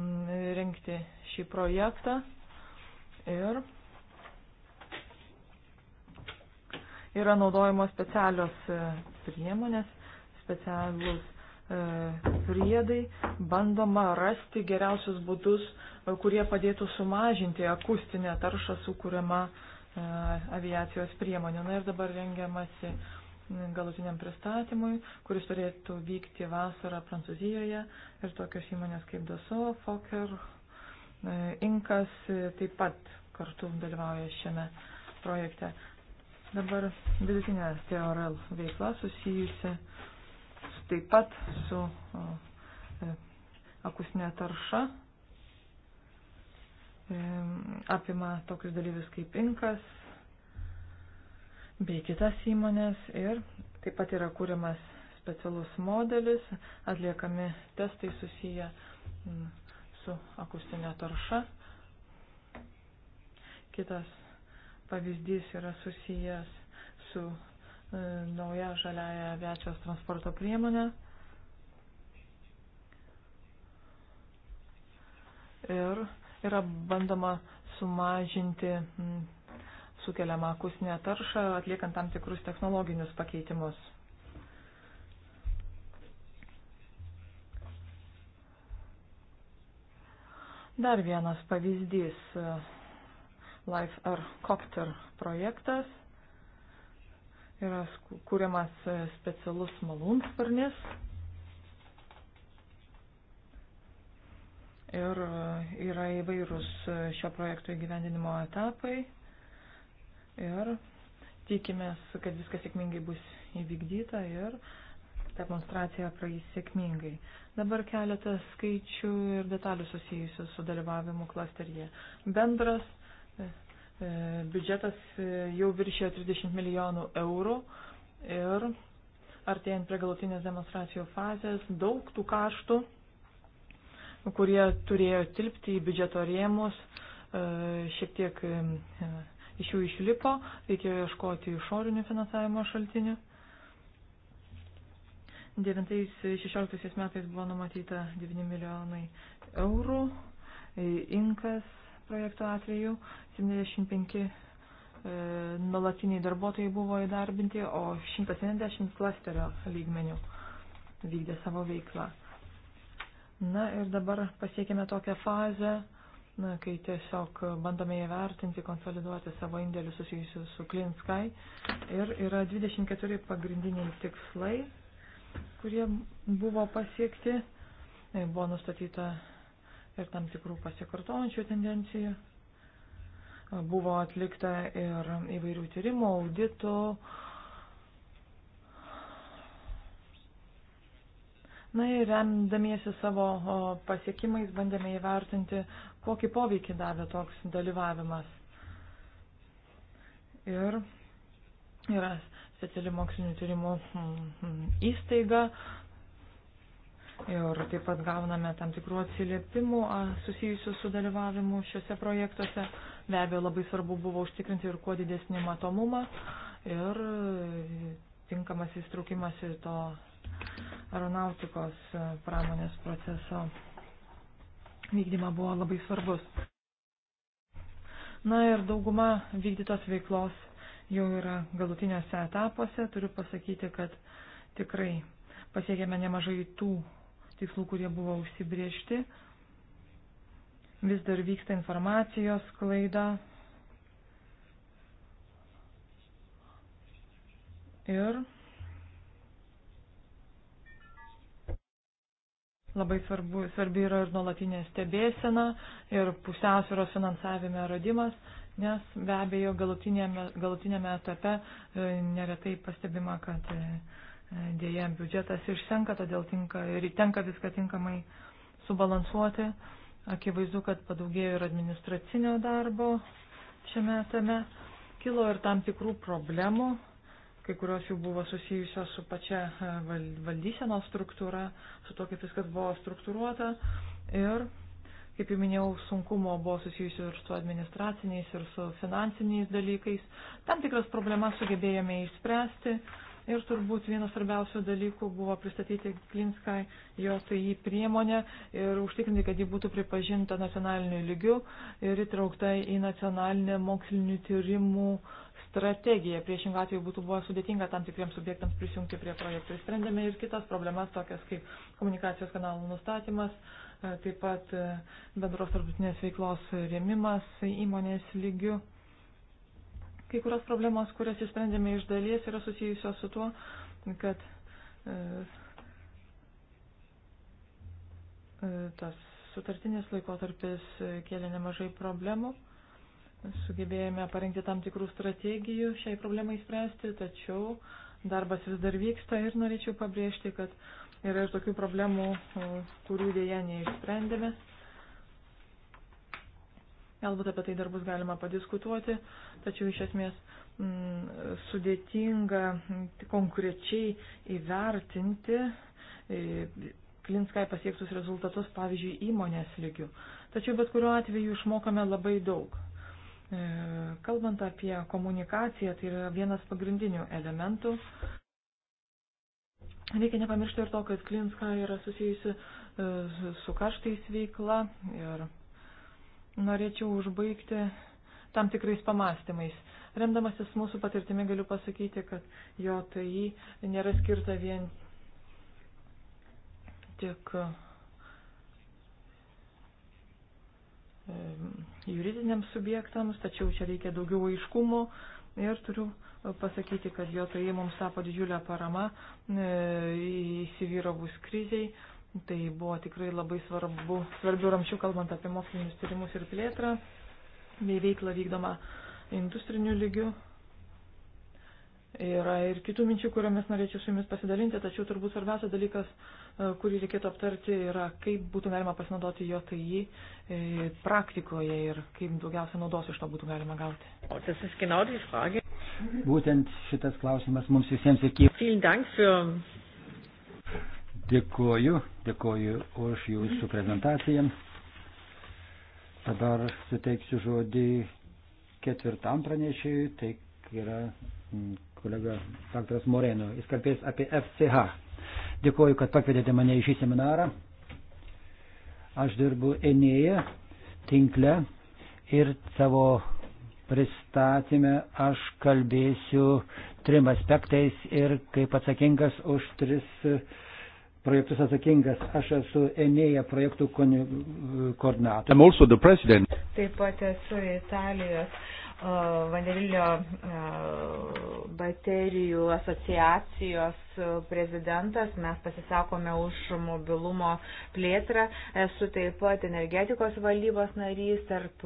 rengti šį projektą ir yra naudojamos specialios e, priemonės, specialus e, priedai, bandoma rasti geriausius būdus, e, kurie padėtų sumažinti akustinę taršą sukūriamą aviacijos priemonę. Na ir dabar rengiamasi galutiniam pristatymui, kuris turėtų vykti vasarą Prancūzijoje ir tokios įmonės kaip Daso, Fokker, e, Inkas e, taip pat kartu dalyvauja šiame projekte. Dabar vidutinė TRL veikla susijusi taip pat su e, akustinė tarša apima tokius dalyvius kaip Inkas, bei kitas įmonės ir taip pat yra kūriamas specialus modelis, atliekami testai susiję mm, su akustinė tarša. Kitas pavyzdys yra susijęs su e, nauja žaliaja aviacijos transporto priemonė. Ir yra bandoma sumažinti mm, sukeliamą akusinę taršą, atliekant tam tikrus technologinius pakeitimus. Dar vienas pavyzdys Life Air Copter projektas. Yra kūriamas specialus malūnsparnis. Ir yra įvairūs šio projekto įgyvendinimo etapai ir tikimės, kad viskas sėkmingai bus įvykdyta ir demonstracija praeis sėkmingai. Dabar keletas skaičių ir detalių susijusių su dalyvavimu klasteryje. Bendras e, e biudžetas e, jau viršėjo 30 milijonų eurų ir artėjant prie galutinės demonstracijų fazės daug tų kaštų, kurie turėjo tilpti į biudžeto rėmus, e, šiek tiek e, iš jų išlipo, reikėjo ieškoti išorinių finansavimo šaltinių. 9-16 metais buvo numatyta 9 milijonai eurų, e, Inkas projekto atveju 75 e, nulatiniai darbuotojai buvo įdarbinti, o 170 klasterio lygmenių vykdė savo veiklą. Na ir dabar pasiekėme tokią fazę, na, kai tiesiog bandome įvertinti, konsoliduoti savo indėlius susijusius su Clean Sky. Ir yra 24 pagrindiniai tikslai, kurie buvo pasiekti. Tai buvo nustatyta ir tam tikrų pasikartojančių tendencijų. Buvo atlikta ir įvairių tyrimų, auditų. Na ir remdamiesi savo pasiekimais bandėme įvertinti, kokį poveikį davė toks dalyvavimas. Ir yra speciali mokslinių tyrimų mm, mm, įstaiga. Ir taip pat gauname tam tikrų atsiliepimų susijusių su dalyvavimu šiuose projektuose. Be abejo, labai svarbu buvo užtikrinti ir kuo didesnį matomumą ir e, tinkamas įstraukimas į to aeronautikos e, pramonės proceso vykdymą buvo labai svarbus. Na ir dauguma vykdytos veiklos jau yra galutiniuose etapuose. Turiu pasakyti, kad tikrai pasiekėme nemažai tų tikslų, kurie buvo užsibriežti. Vis dar vyksta informacijos klaida. Ir Labai svarbu, svarbi yra ir nuolatinė stebėsena, ir pusiausvėros finansavime radimas, nes be abejo galutinėme, galutinėme etape e, neretai pastebima, kad e, dėja biudžetas išsenka, todėl tinka, ir tenka viską tinkamai subalansuoti. Akivaizdu, kad padaugėjo ir administracinio darbo šiame etame, kilo ir tam tikrų problemų kai kurios jų buvo susijusios su pačia e, valdysenos struktūra, su to, kaip viskas buvo struktūruota. Ir, kaip jau minėjau, sunkumo buvo susijusių ir su administraciniais, ir su finansiniais dalykais. Tam tikras problemas sugebėjome išspręsti. Ir turbūt vienas svarbiausių dalykų buvo pristatyti Klinskai JTI priemonę ir užtikrinti, kad ji būtų pripažinta nacionaliniu lygiu ir įtraukta į nacionalinę mokslinių tyrimų strategiją. Priešingą atveju būtų buvo sudėtinga tam tikriems subjektams prisijungti prie projektų. Sprendėme ir kitas problemas, tokias kaip komunikacijos kanalų nustatymas, e, taip pat e, bendros tarptautinės veiklos rėmimas įmonės lygių. Kai kurios problemos, kurias įsprendėme iš dalies, yra susijusios su tuo, kad e, tas sutartinis laikotarpis kėlė nemažai problemų sugebėjome parengti tam tikrų strategijų šiai problemai spręsti, tačiau darbas vis dar vyksta ir norėčiau pabrėžti, kad yra ir tokių problemų, kurių dėja neišsprendėme. Galbūt apie tai dar bus galima padiskutuoti, tačiau iš esmės m, mm, sudėtinga konkrečiai įvertinti Klinskai e, pasiektus rezultatus, pavyzdžiui, įmonės lygių. Tačiau bet kuriuo atveju išmokame labai daug. E, kalbant apie komunikaciją, tai yra vienas pagrindinių elementų. Reikia nepamiršti ir to, kad Klinska yra susijusi e, su kaštais veikla ir norėčiau užbaigti tam tikrais pamastymais. Remdamasis mūsų patirtimi galiu pasakyti, kad jo tai nėra skirta vien tik e, juridiniams subjektams, tačiau čia reikia daugiau aiškumo ir turiu e, pasakyti, kad jo tai mums tapo didžiulę paramą e, įsivyravus kriziai. Tai buvo tikrai labai svarbu, svarbių ramčių, kalbant apie mokslinius tyrimus ir plėtrą, bei veiklą vykdomą industriniu lygiu. Yra ir kitų minčių, kuriomis norėčiau su jumis pasidalinti, tačiau turbūt svarbiausia dalykas E, kurį reikėtų aptarti, yra kaip būtų galima pasinaudoti JTI e, praktikoje ir kaip daugiausia naudos iš to būtų galima gauti. Oh, Būtent šitas klausimas mums visiems iki. Dėkuoju, dėkuoju už jūsų prezentaciją. Dabar suteiksiu žodį ketvirtam pranešėjui, tai yra mm, kolega daktaras Moreno. Jis kalbės apie FCH. Dėkuoju, kad pakvietėte mane į šį seminarą. Aš dirbu Enėje tinkle ir savo pristatymę aš kalbėsiu trim aspektais ir kaip atsakingas už tris projektus atsakingas. Aš esu Enėja projektų koordinatorius. Taip pat esu Italijos uh, vandenilio uh, baterijų asociacijos prezidentas, mes pasisakome už mobilumo plėtrą, esu taip pat energetikos valdybos narys tarp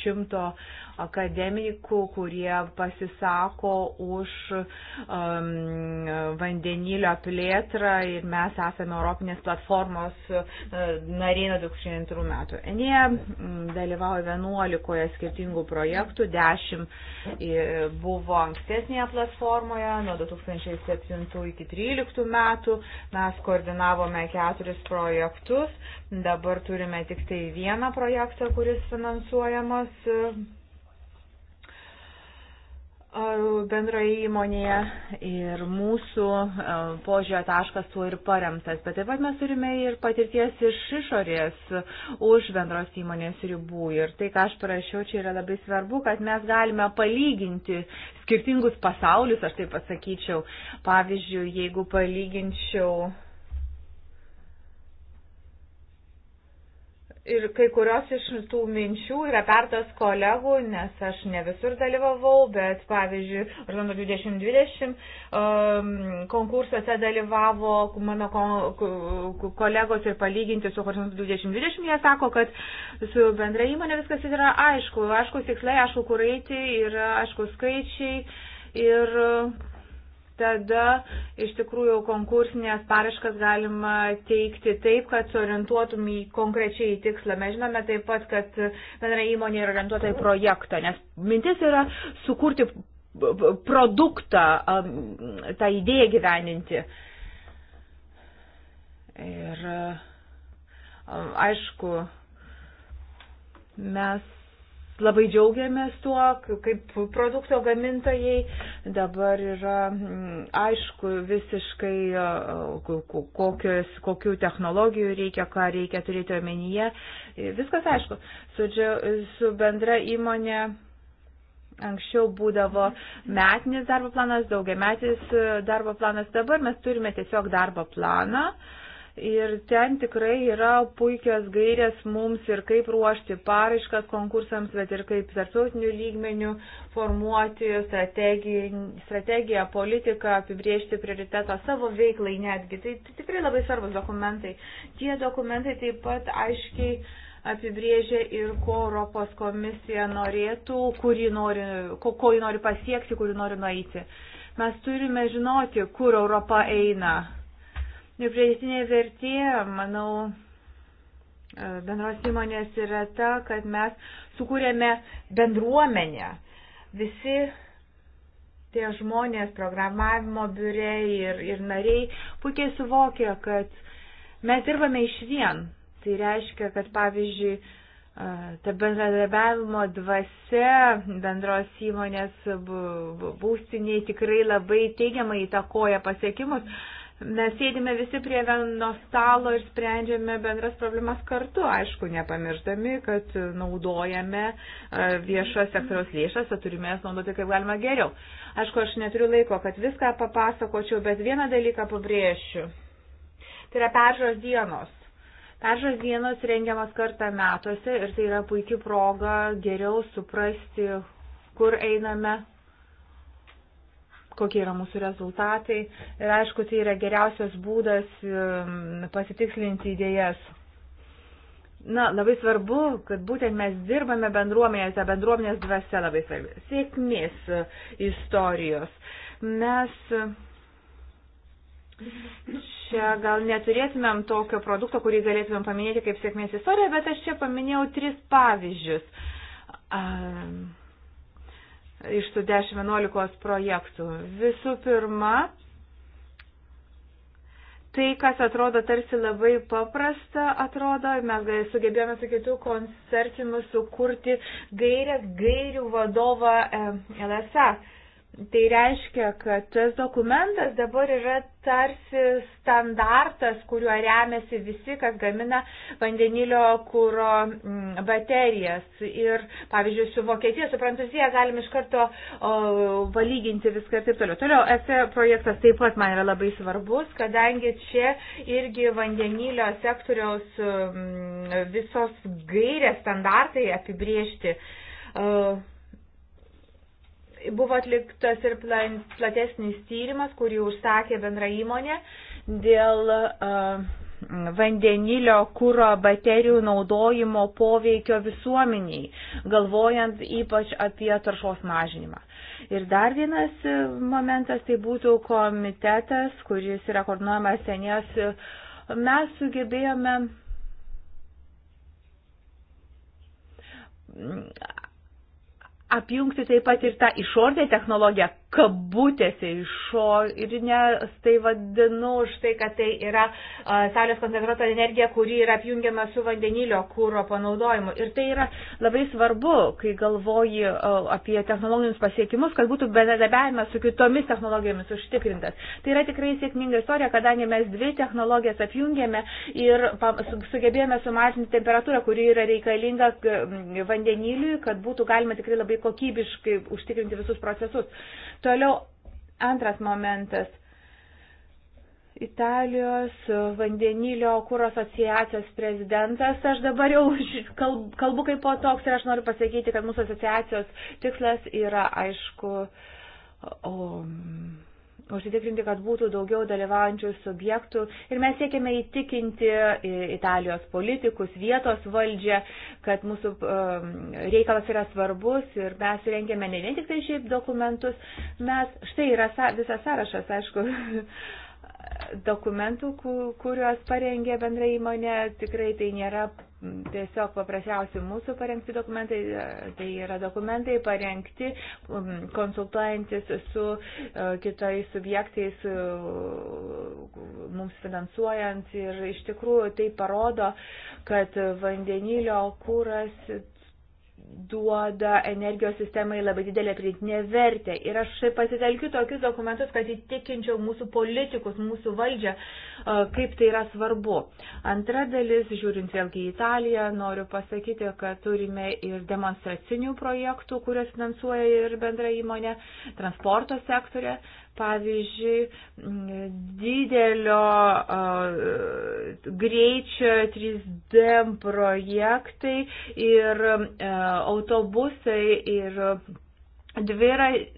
šimto akademikų, kurie pasisako už um, vandenilio plėtrą ir mes esame Europinės platformos uh, nariai nuo 2002 metų. Enė mm, dalyvauja 11 skirtingų projektų, 10 buvo ankstesnėje platformoje nuo 2007 iki iki 13 metų. Mes koordinavome keturis projektus. Dabar turime tik tai vieną projektą, kuris finansuojamas bendroje įmonėje ir mūsų požiūrio taškas tuo ir paremtas, bet taip pat mes turime ir patirties iš išorės už bendros įmonės ribų ir tai, ką aš parašiau, čia yra labai svarbu, kad mes galime palyginti skirtingus pasaulius, aš taip pasakyčiau. Pavyzdžiui, jeigu palyginčiau Ir kai kurios iš tų minčių yra pertos kolegų, nes aš ne visur dalyvavau, bet pavyzdžiui, Orlando 2020 um, konkursuose dalyvavo mano kolegos ir palyginti su Orlando 2020, jie sako, kad su bendra įmonė viskas yra aišku, aišku tikslai, aišku kur eiti ir aišku skaičiai ir tada iš tikrųjų konkursinės paraškas galima teikti taip, kad suorientuotum į konkrečiai į tikslą. Mes žinome taip pat, kad bendra įmonė yra orientuota į projektą, nes mintis yra sukurti produktą, tą idėją gyveninti. Ir aišku, mes labai džiaugiamės tuo, kaip produkto gamintojai. Dabar yra mm, aišku visiškai, kokios, kokių technologijų reikia, ką reikia turėti omenyje. E, viskas aišku. Su, su bendra įmonė. Anksčiau būdavo metinis darbo planas, daugiametis e, darbo planas, dabar mes turime tiesiog darbo planą, uh, Ir ten tikrai yra puikios gairės mums ir kaip ruošti paraiškas konkursams, bet ir kaip tarptautinių lygmenių formuoti strategiją, strategiją, politiką, apibriežti prioritetą savo veiklai netgi. Tai, tai tikrai labai svarbus dokumentai. Tie dokumentai taip pat aiškiai apibrėžia ir ko Europos komisija norėtų, nori, ko, ko ji nori pasiekti, kur ji nori nueiti. Mes turime žinoti, kur Europa eina Nepridėtinė vertė, manau, e, bendros įmonės yra ta, kad mes sukūrėme bendruomenę. Visi tie žmonės, programavimo biuriai ir, ir nariai puikiai suvokė, kad mes dirbame iš vien. Tai reiškia, kad pavyzdžiui, e, ta bendradarbiavimo dvasia bendros įmonės būstiniai tikrai labai teigiamai įtakoja pasiekimus. Mes sėdime visi prie vieno stalo ir sprendžiame bendras problemas kartu, aišku, nepamirštami, kad naudojame e, viešas sektoriaus lėšas, turime jas naudoti kaip galima geriau. Aišku, aš neturiu laiko, kad viską papasakočiau, bet vieną dalyką pabrėšiu. Tai yra peržiūros dienos. Peržiūros dienos rengiamas kartą metuose ir tai yra puikia proga geriau suprasti, kur einame, kokie yra mūsų rezultatai. Ir aišku, tai yra geriausias būdas um, pasitikslinti idėjas. Na, labai svarbu, kad būtent mes dirbame bendruomenėse, bendruomenės dvasia labai svarbi. Sėkmės istorijos. Mes Čia gal neturėtumėm tokio produkto, kurį galėtumėm paminėti kaip sėkmės istorija, bet aš čia paminėjau tris pavyzdžius. Um, iš tų 10-11 projektų. Visų pirma, tai, kas atrodo tarsi labai paprasta, atrodo, mes sugebėjome su kitų koncertinimu sukurti gairias gairių vadovą LSA. E, Tai reiškia, kad tas dokumentas dabar yra tarsi standartas, kuriuo remiasi visi, kas gamina vandenilio kūro mm, baterijas. Ir, pavyzdžiui, su Vokietija, su Prancūzija galim iš karto o, palyginti viską ir taip toliau. Toliau, ESE projektas taip pat man yra labai svarbus, kadangi čia irgi vandenilio sektoriaus m, mm, visos gairės standartai apibriežti. O, Buvo atliktas ir platesnis tyrimas, kurį užsakė bendra įmonė dėl uh, vandenilio kūro baterijų naudojimo poveikio visuomeniai, galvojant ypač apie taršos mažinimą. Ir dar vienas e, momentas tai būtų komitetas, kuris yra koordinuojamas senės. Mes sugebėjome apjungti taip pat ir tą išorinę technologiją, kabutėse išorinę, tai vadinu už tai, kad tai yra a, saulės koncentruota energija, kuri yra apjungiama su vandenilio kūro panaudojimu. Ir tai yra labai svarbu, kai galvoji a, apie technologinius pasiekimus, kad būtų bendradarbiavimas su kitomis technologijomis užtikrintas. Tai yra tikrai sėkminga istorija, kadangi mes dvi technologijas apjungėme ir pa, su, sugebėjome sumažinti temperatūrą, kuri yra reikalinga vandeniliui, kad būtų galima tikrai labai kokybiškai užtikrinti visus procesus. Toliau antras momentas. Italijos vandenilio kūro asociacijos prezidentas. Aš dabar jau kalbu kaip po toks ir aš noriu pasakyti, kad mūsų asociacijos tikslas yra aišku. O, užsitikrinti, kad būtų daugiau dalyvaujančių subjektų ir mes siekiame įtikinti Italijos politikus, vietos valdžią, kad mūsų um, reikalas yra svarbus ir mes rengiame ne vien tik tai šiaip dokumentus, mes štai yra visas sąrašas, aišku, dokumentų, kuriuos parengė bendra įmonė, tikrai tai nėra tiesiog paprasčiausi mūsų parengti dokumentai, e, tai yra dokumentai parengti konsultuojantis su e, kitais subjektais, e, mums finansuojant ir iš tikrųjų tai parodo, kad vandenilio kūras duoda energijos sistemai labai didelę pridėtinę vertę. Ir aš pasitelkiu tokius dokumentus, kad įtikinčiau mūsų politikus, mūsų valdžią, kaip tai yra svarbu. Antra dalis, žiūrint vėlgi į Italiją, noriu pasakyti, kad turime ir demonstracinių projektų, kuriuos finansuoja ir bendra įmonė, transporto sektorė pavyzdžiui, didelio greičio 3D projektai ir autobusai ir dviračiai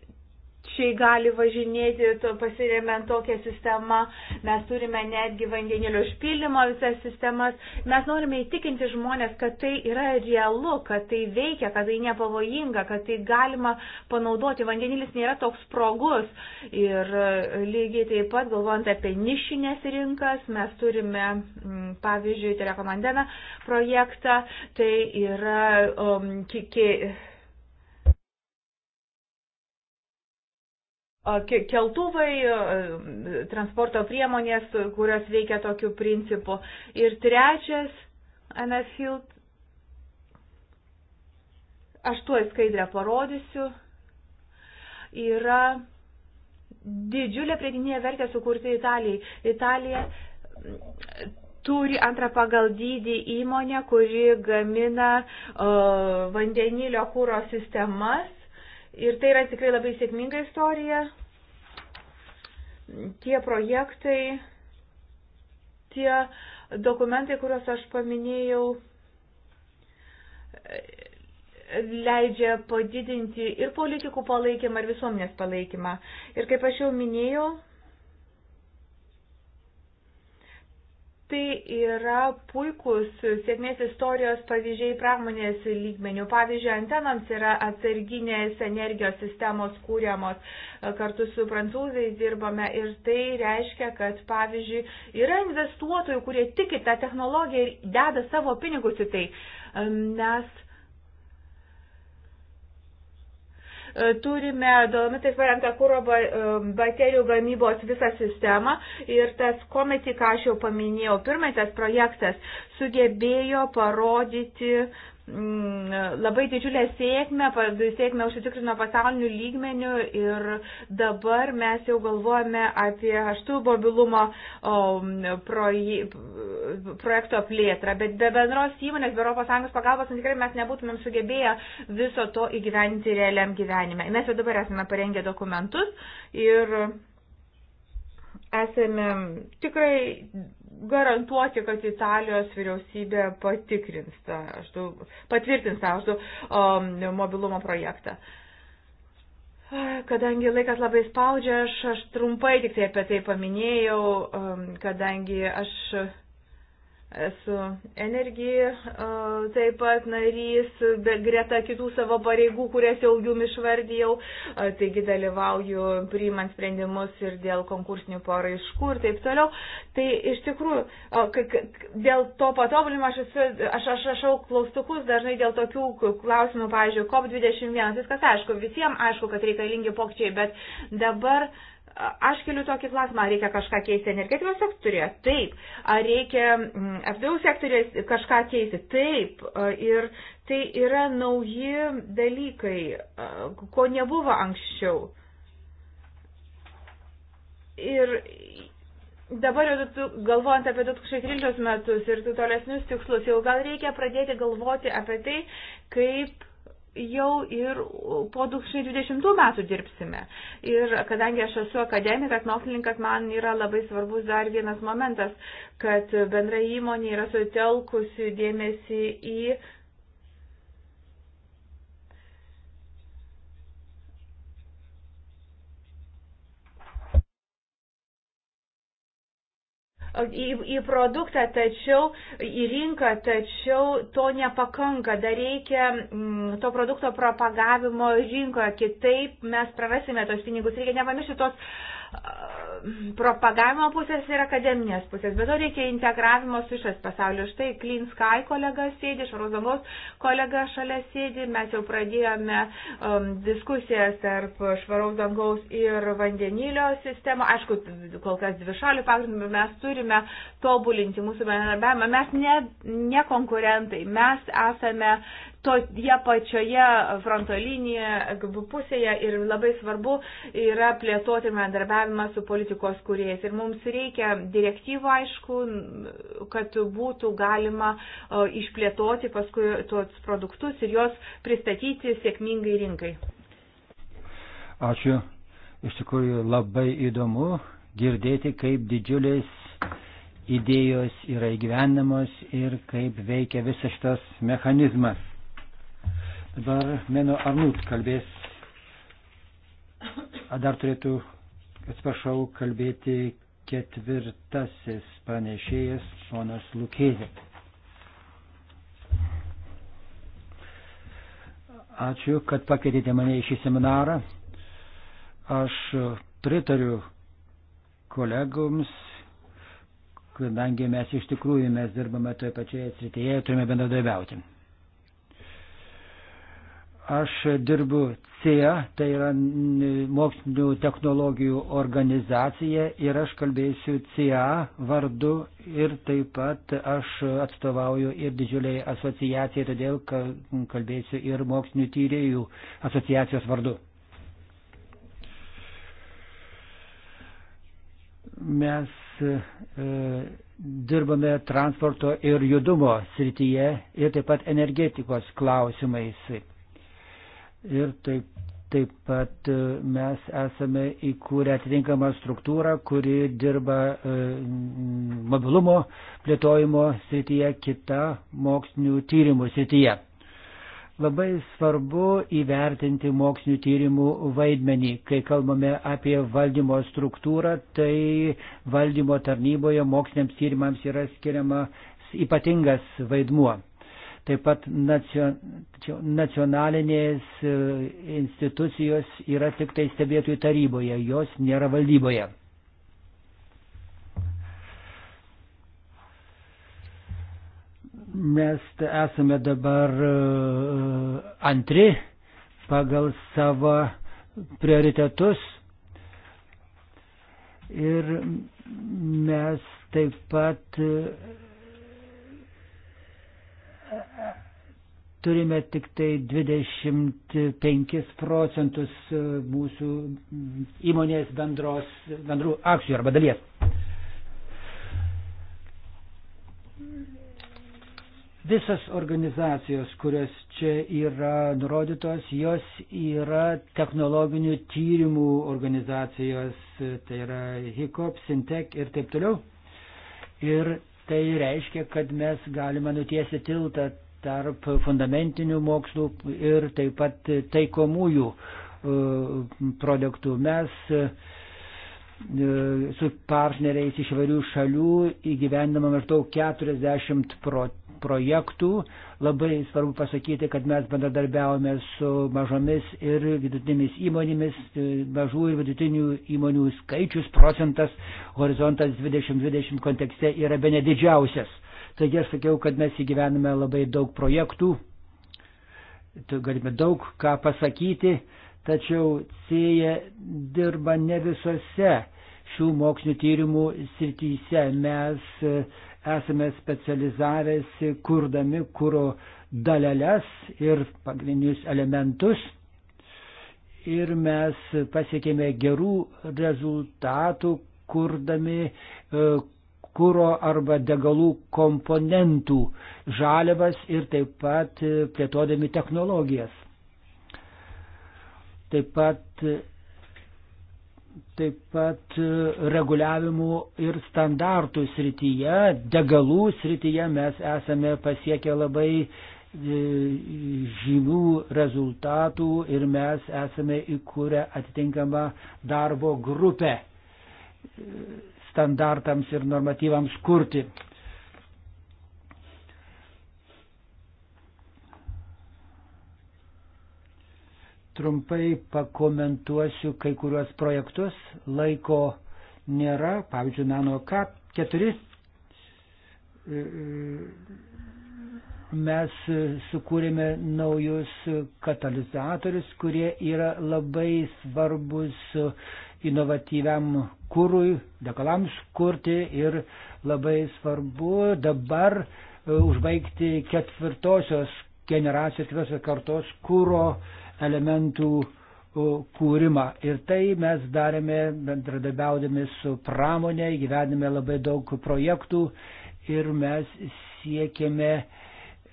paukščiai gali važinėti to, pasiremiant tokią sistemą, mes turime netgi vandenilio špilimo visas sistemas. Mes norime įtikinti žmonės, kad tai yra realu, kad tai veikia, kad tai nepavojinga, kad tai galima panaudoti. Vandenilis nėra toks sprogus. Ir e, lygiai taip pat, galvojant apie nišinės rinkas, mes turime, pavyzdžiui, telekomandeną projektą. Tai yra um, kiki, keltuvai, transporto priemonės, kurios veikia tokiu principu. Ir trečias, Anafield, aš tuo skaidrę parodysiu, yra didžiulė pridinė vertė sukurti Italijai. Italija turi antrą pagal dydį įmonę, kuri gamina uh, vandenilio kūro sistemas. Ir tai yra tikrai labai sėkminga istorija tie projektai, tie dokumentai, kuriuos aš paminėjau, leidžia padidinti ir politikų palaikymą, ir visuomenės palaikymą. Ir kaip aš jau minėjau, Tai yra puikus sėkmės istorijos pavyzdžiai pramonės lygmenių. Pavyzdžiui, antenams yra atsarginės energijos sistemos kūriamos. Kartu su prancūzais dirbame ir tai reiškia, kad, pavyzdžiui, yra investuotojų, kurie tiki tą technologiją ir deda savo pinigus į tai. Mes turime dolomitais paremtą kūro baterijų e, gamybos visą sistemą ir tas komitį, ką aš jau paminėjau, pirmai tas projektas sugebėjo parodyti Mm, labai didžiulę sėkmę, sėkmę užsitikrino pasaulinių lygmenių ir dabar mes jau galvojame apie aštų mobilumo proje, projekto plėtrą, bet be bendros įmonės, be ES pagalbos, nu, tikrai mes nebūtumėm sugebėję viso to įgyventi realiam gyvenime. Mes jau dabar esame parengę dokumentus ir esame tikrai garantuoti, kad Italijos vyriausybė patikrins tą, aš tu, patvirtins tą, aš tu, um, mobilumo projektą. Kadangi laikas labai spaudžia, aš, aš trumpai tik tai apie tai paminėjau, um, kadangi aš. Uh, Esu energija taip pat narys, be greta kitų savo pareigų, kurias jau jum išvardėjau, taigi dalyvauju priimant sprendimus ir dėl konkursinių paraiškų ir taip toliau. Tai iš tikrųjų, dėl to patobulimo aš, esu, aš, aš rašau klaustukus dažnai dėl tokių klausimų, pavyzdžiui, COP21, viskas aišku, visiems aišku, kad reikalingi pokčiai, bet dabar. Uh, Aš keliu tokį klausimą, ar reikia kažką keisti energetikos sektorėje? Taip. Ar reikia mm, FDU sektorėje kažką keisti? Taip. Ir tai yra nauji dalykai, ko nebuvo anksčiau. Ir dabar jau galvojant apie 2013 metus ir tolesnius tikslus, jau gal reikia pradėti galvoti apie tai, kaip jau ir po 2020 metų dirbsime. Ir kadangi aš esu akademikas, mokslininkas, man yra labai svarbus dar vienas momentas, kad bendra įmonė yra sutelkusi dėmesį į į, į produktą, tačiau į rinką, tačiau to nepakanka. Dar reikia m, mm, to produkto propagavimo rinkoje, kitaip mes prarasime tos pinigus. Reikia nepamiršti tos propagavimo pusės ir akademinės pusės, bet to reikia integravimo su išas pasaulio. Štai Clean Sky kolega sėdi, Švaros dangos kolega šalia sėdi, mes jau pradėjome um, diskusijas tarp Švaros dangaus ir vandenilio sistemo. Aišku, kol kas dvi šalių pagrindų mes turime tobulinti mūsų bendradarbiavimą. Mes ne, ne konkurentai, mes esame toje pačioje fronto linijoje pusėje ir labai svarbu yra plėtoti bendradarbiavimą su politikos kuriejais. Ir mums reikia direktyvų, aišku, kad būtų galima išplėtoti paskui tuos produktus ir juos pristatyti sėkmingai rinkai. Ačiū. Iš tikrųjų labai įdomu girdėti, kaip didžiulis idėjos yra įgyvendamos ir kaip veikia visas šitas mechanizmas. Dabar Meno Arnut kalbės. Ar dar turėtų, atsiprašau, kalbėti ketvirtasis pranešėjas, ponas Lukėdė. Ačiū, kad pakvietėte mane į šį seminarą. Aš pritariu kolegoms, kadangi mes iš tikrųjų mes dirbame toje pačioje srityje ir turime bendradarbiauti. Aš dirbu CEA, tai yra mokslinių technologijų organizacija ir aš kalbėsiu CEA vardu ir taip pat aš atstovauju ir didžiuliai asociacijai, todėl kalbėsiu ir mokslinių tyrėjų asociacijos vardu. Mes e, dirbame transporto ir judumo srityje ir taip pat energetikos klausimais Ir taip, taip pat e, mes esame įkūrę atitinkamą struktūrą, kuri dirba e, mobilumo plėtojimo srityje, kita mokslinių tyrimų srityje. Labai svarbu įvertinti mokslinių tyrimų vaidmenį. Kai kalbame apie valdymo struktūrą, tai valdymo tarnyboje moksliniams tyrimams yra skiriama ypatingas vaidmuo. Taip pat nacionalinės e, institucijos yra tik tai stebėtojų taryboje, jos nėra valdyboje. mes esame dabar e, antri pagal savo prioritetus ir mes taip pat turime tik tai 25 procentus e, mūsų įmonės bendros, bendrų akcijų arba dalies. Visas organizacijos, kurios čia yra nurodytos, jos yra technologinių tyrimų organizacijos, e, tai yra HICOP, Sintec ir taip toliau. Ir Tai reiškia, kad mes galime nutiesti tiltą tarp fundamentinių mokslų ir taip pat taikomųjų e, produktų. Mes e, su partneriais iš varių šalių įgyvendama maždaug 40 procentų projektų. Labai svarbu pasakyti, kad mes bendradarbiavome su mažomis ir vidutinėmis įmonėmis, e, mažų ir vidutinių įmonių skaičius, procentas, horizontas 2020 kontekste yra be nedidžiausias. Taigi aš sakiau, kad mes įgyvename labai daug projektų, galime daug ką pasakyti, tačiau CEJA dirba ne visose šių mokslinių tyrimų srityse. Mes e, esame specializavęsi kurdami kūro daleles ir pagrindinius elementus. Ir mes pasiekėme gerų rezultatų, kurdami e, kūro arba degalų komponentų žaliavas ir taip pat e, plėtodami technologijas. Taip pat taip pat e, reguliavimų ir standartų srityje, degalų srityje mes esame pasiekę labai e, žymių rezultatų ir mes esame įkūrę atitinkamą darbo grupę e, standartams ir normatyvams kurti. trumpai pakomentuosiu kai kuriuos projektus. Laiko nėra, pavyzdžiui, nano K4. Mes sukūrėme naujus katalizatorius, kurie yra labai svarbus inovatyviam kūrui, dekalams kurti ir labai svarbu dabar e, užbaigti ketvirtosios generacijos, ketvirtosios kartos kūro uh, elementų kūrimą. Ir tai mes darėme bendradarbiaudami su pramonė, gyvenime labai daug projektų ir mes siekėme e,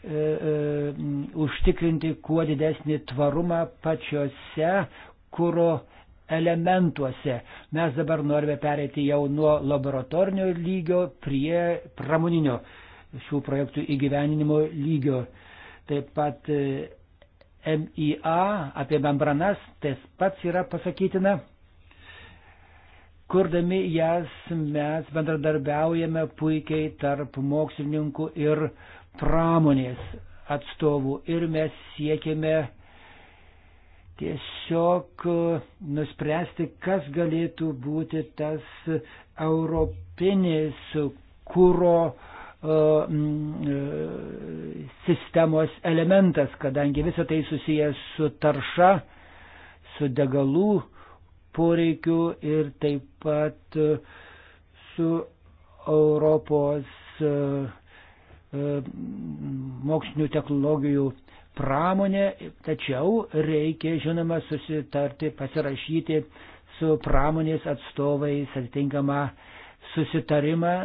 e, užtikrinti kuo didesnį tvarumą pačiose kūro elementuose. Mes dabar norime pereiti jau nuo laboratorinio lygio prie pramoninio šių projektų įgyveninimo lygio. Taip pat e, MIA, apie membranas, tas pats yra pasakytina. Kurdami jas mes bendradarbiaujame puikiai tarp mokslininkų ir pramonės atstovų ir mes siekime tiesiog e, nuspręsti, kas galėtų būti tas europinis kūro uh, E, sistemos elementas, kadangi visa tai susijęs su tarša, su degalų poreikiu ir taip pat e, su Europos e, mokslinių technologijų pramonė, tačiau reikia, žinoma, susitarti, pasirašyti su pramonės atstovais atitinkamą susitarimą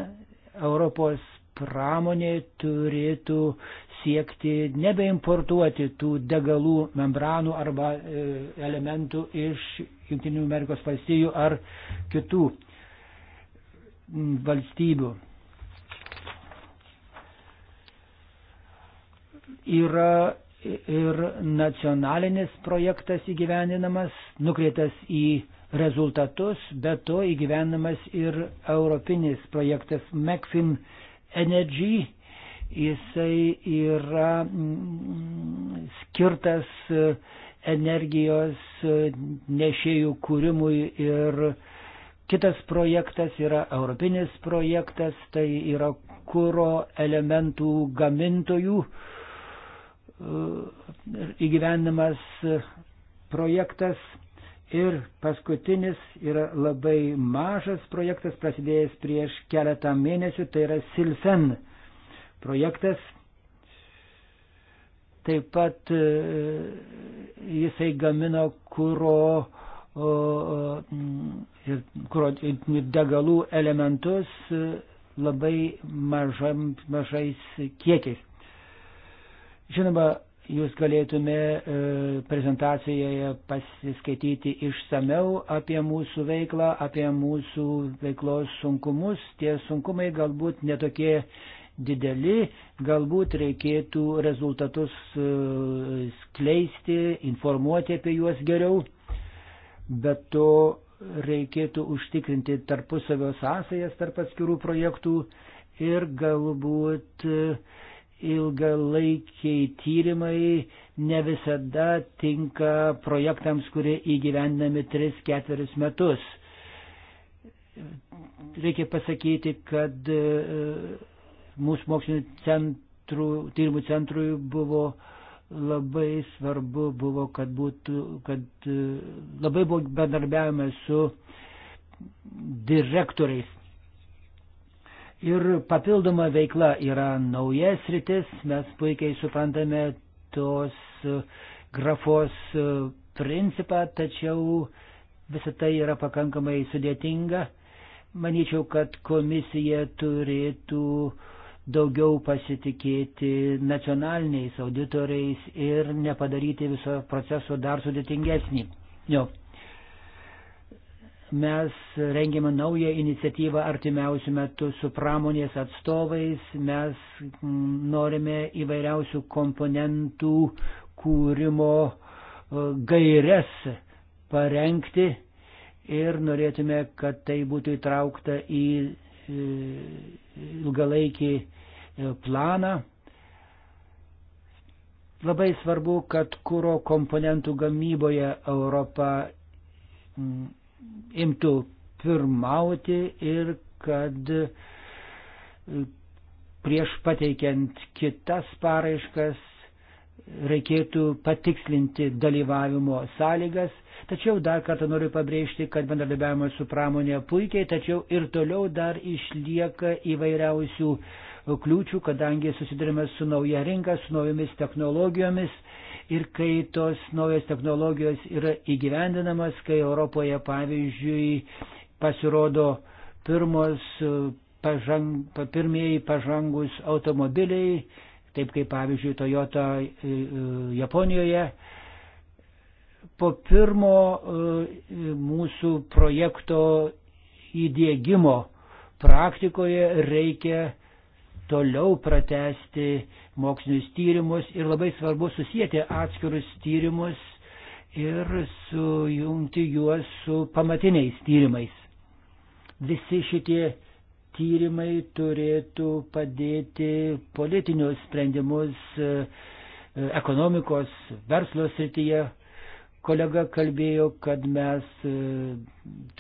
Europos pramonė turėtų siekti nebeimportuoti tų degalų membranų arba e, elementų iš Junktinių Amerikos valstijų ar kitų valstybių. Yra ir nacionalinis projektas įgyveninamas, nukreitas į rezultatus, bet to įgyvenamas ir europinis projektas MECFIN Energy. Jisai yra mm, skirtas e, energijos e, nešėjų kūrimui ir kitas projektas yra europinis projektas, tai yra kūro elementų gamintojų e, įgyvenimas projektas Ir paskutinis yra labai mažas projektas, prasidėjęs prieš keletą mėnesių, tai yra Silfen projektas. Taip pat e, jisai gamino kūro ir, kuro, ir degalų elementus e, labai mažam, mažais kiekiais. Žinoma, Jūs galėtume e, prezentacijoje pasiskaityti išsameu apie mūsų veiklą, apie mūsų veiklos sunkumus. Tie sunkumai galbūt netokie dideli, galbūt reikėtų rezultatus e, skleisti, informuoti apie juos geriau, bet to reikėtų užtikrinti tarpusavio sąsajas tarp atskirų projektų ir galbūt uh, ilgalaikiai tyrimai ne visada tinka projektams, kurie įgyvendinami 3-4 metus. Reikia pasakyti, kad e, mūsų mokslinio centrų, tyrimų centrui buvo labai svarbu buvo, kad būtų, kad e, labai buvo bendarbiavimas su direktoriais Ir papildoma veikla yra naujas rytis, mes puikiai suprantame tos e, grafos e, principą, tačiau visą tai yra pakankamai sudėtinga. Manyčiau, kad komisija turėtų daugiau pasitikėti nacionaliniais auditoriais ir nepadaryti viso proceso dar sudėtingesnį. Jo. Mes rengiame naują iniciatyvą artimiausių metų su pramonės atstovais. Mes mm, norime įvairiausių komponentų kūrimo e, gairias parengti ir norėtume, kad tai būtų įtraukta į e, ilgalaikį e, planą. Labai svarbu, kad kūro komponentų gamyboje Europa mm, imtų pirmauti ir kad e, prieš pateikiant kitas paraiškas reikėtų patikslinti dalyvavimo sąlygas. Tačiau dar kartą noriu pabrėžti, kad bendradarbiavimas su pramonė puikiai, tačiau ir toliau dar išlieka įvairiausių uh, kliūčių, kadangi susidurime su nauja rinka, su naujomis technologijomis ir kai tos naujos technologijos yra įgyvendinamas, kai Europoje, pavyzdžiui, pasirodo pirmos, e, pažang, pirmieji pažangus automobiliai, taip kaip pavyzdžiui Toyota e, e, Japonijoje. Po pirmo mūsų projekto įdėgymo praktikoje reikia toliau pratesti mokslinius tyrimus ir labai svarbu susijęti atskirus tyrimus ir sujungti juos su pamatiniais tyrimais. Visi šitie tyrimai turėtų padėti politinius sprendimus e, e, ekonomikos, verslo srityje Kolega kalbėjo, kad mes e,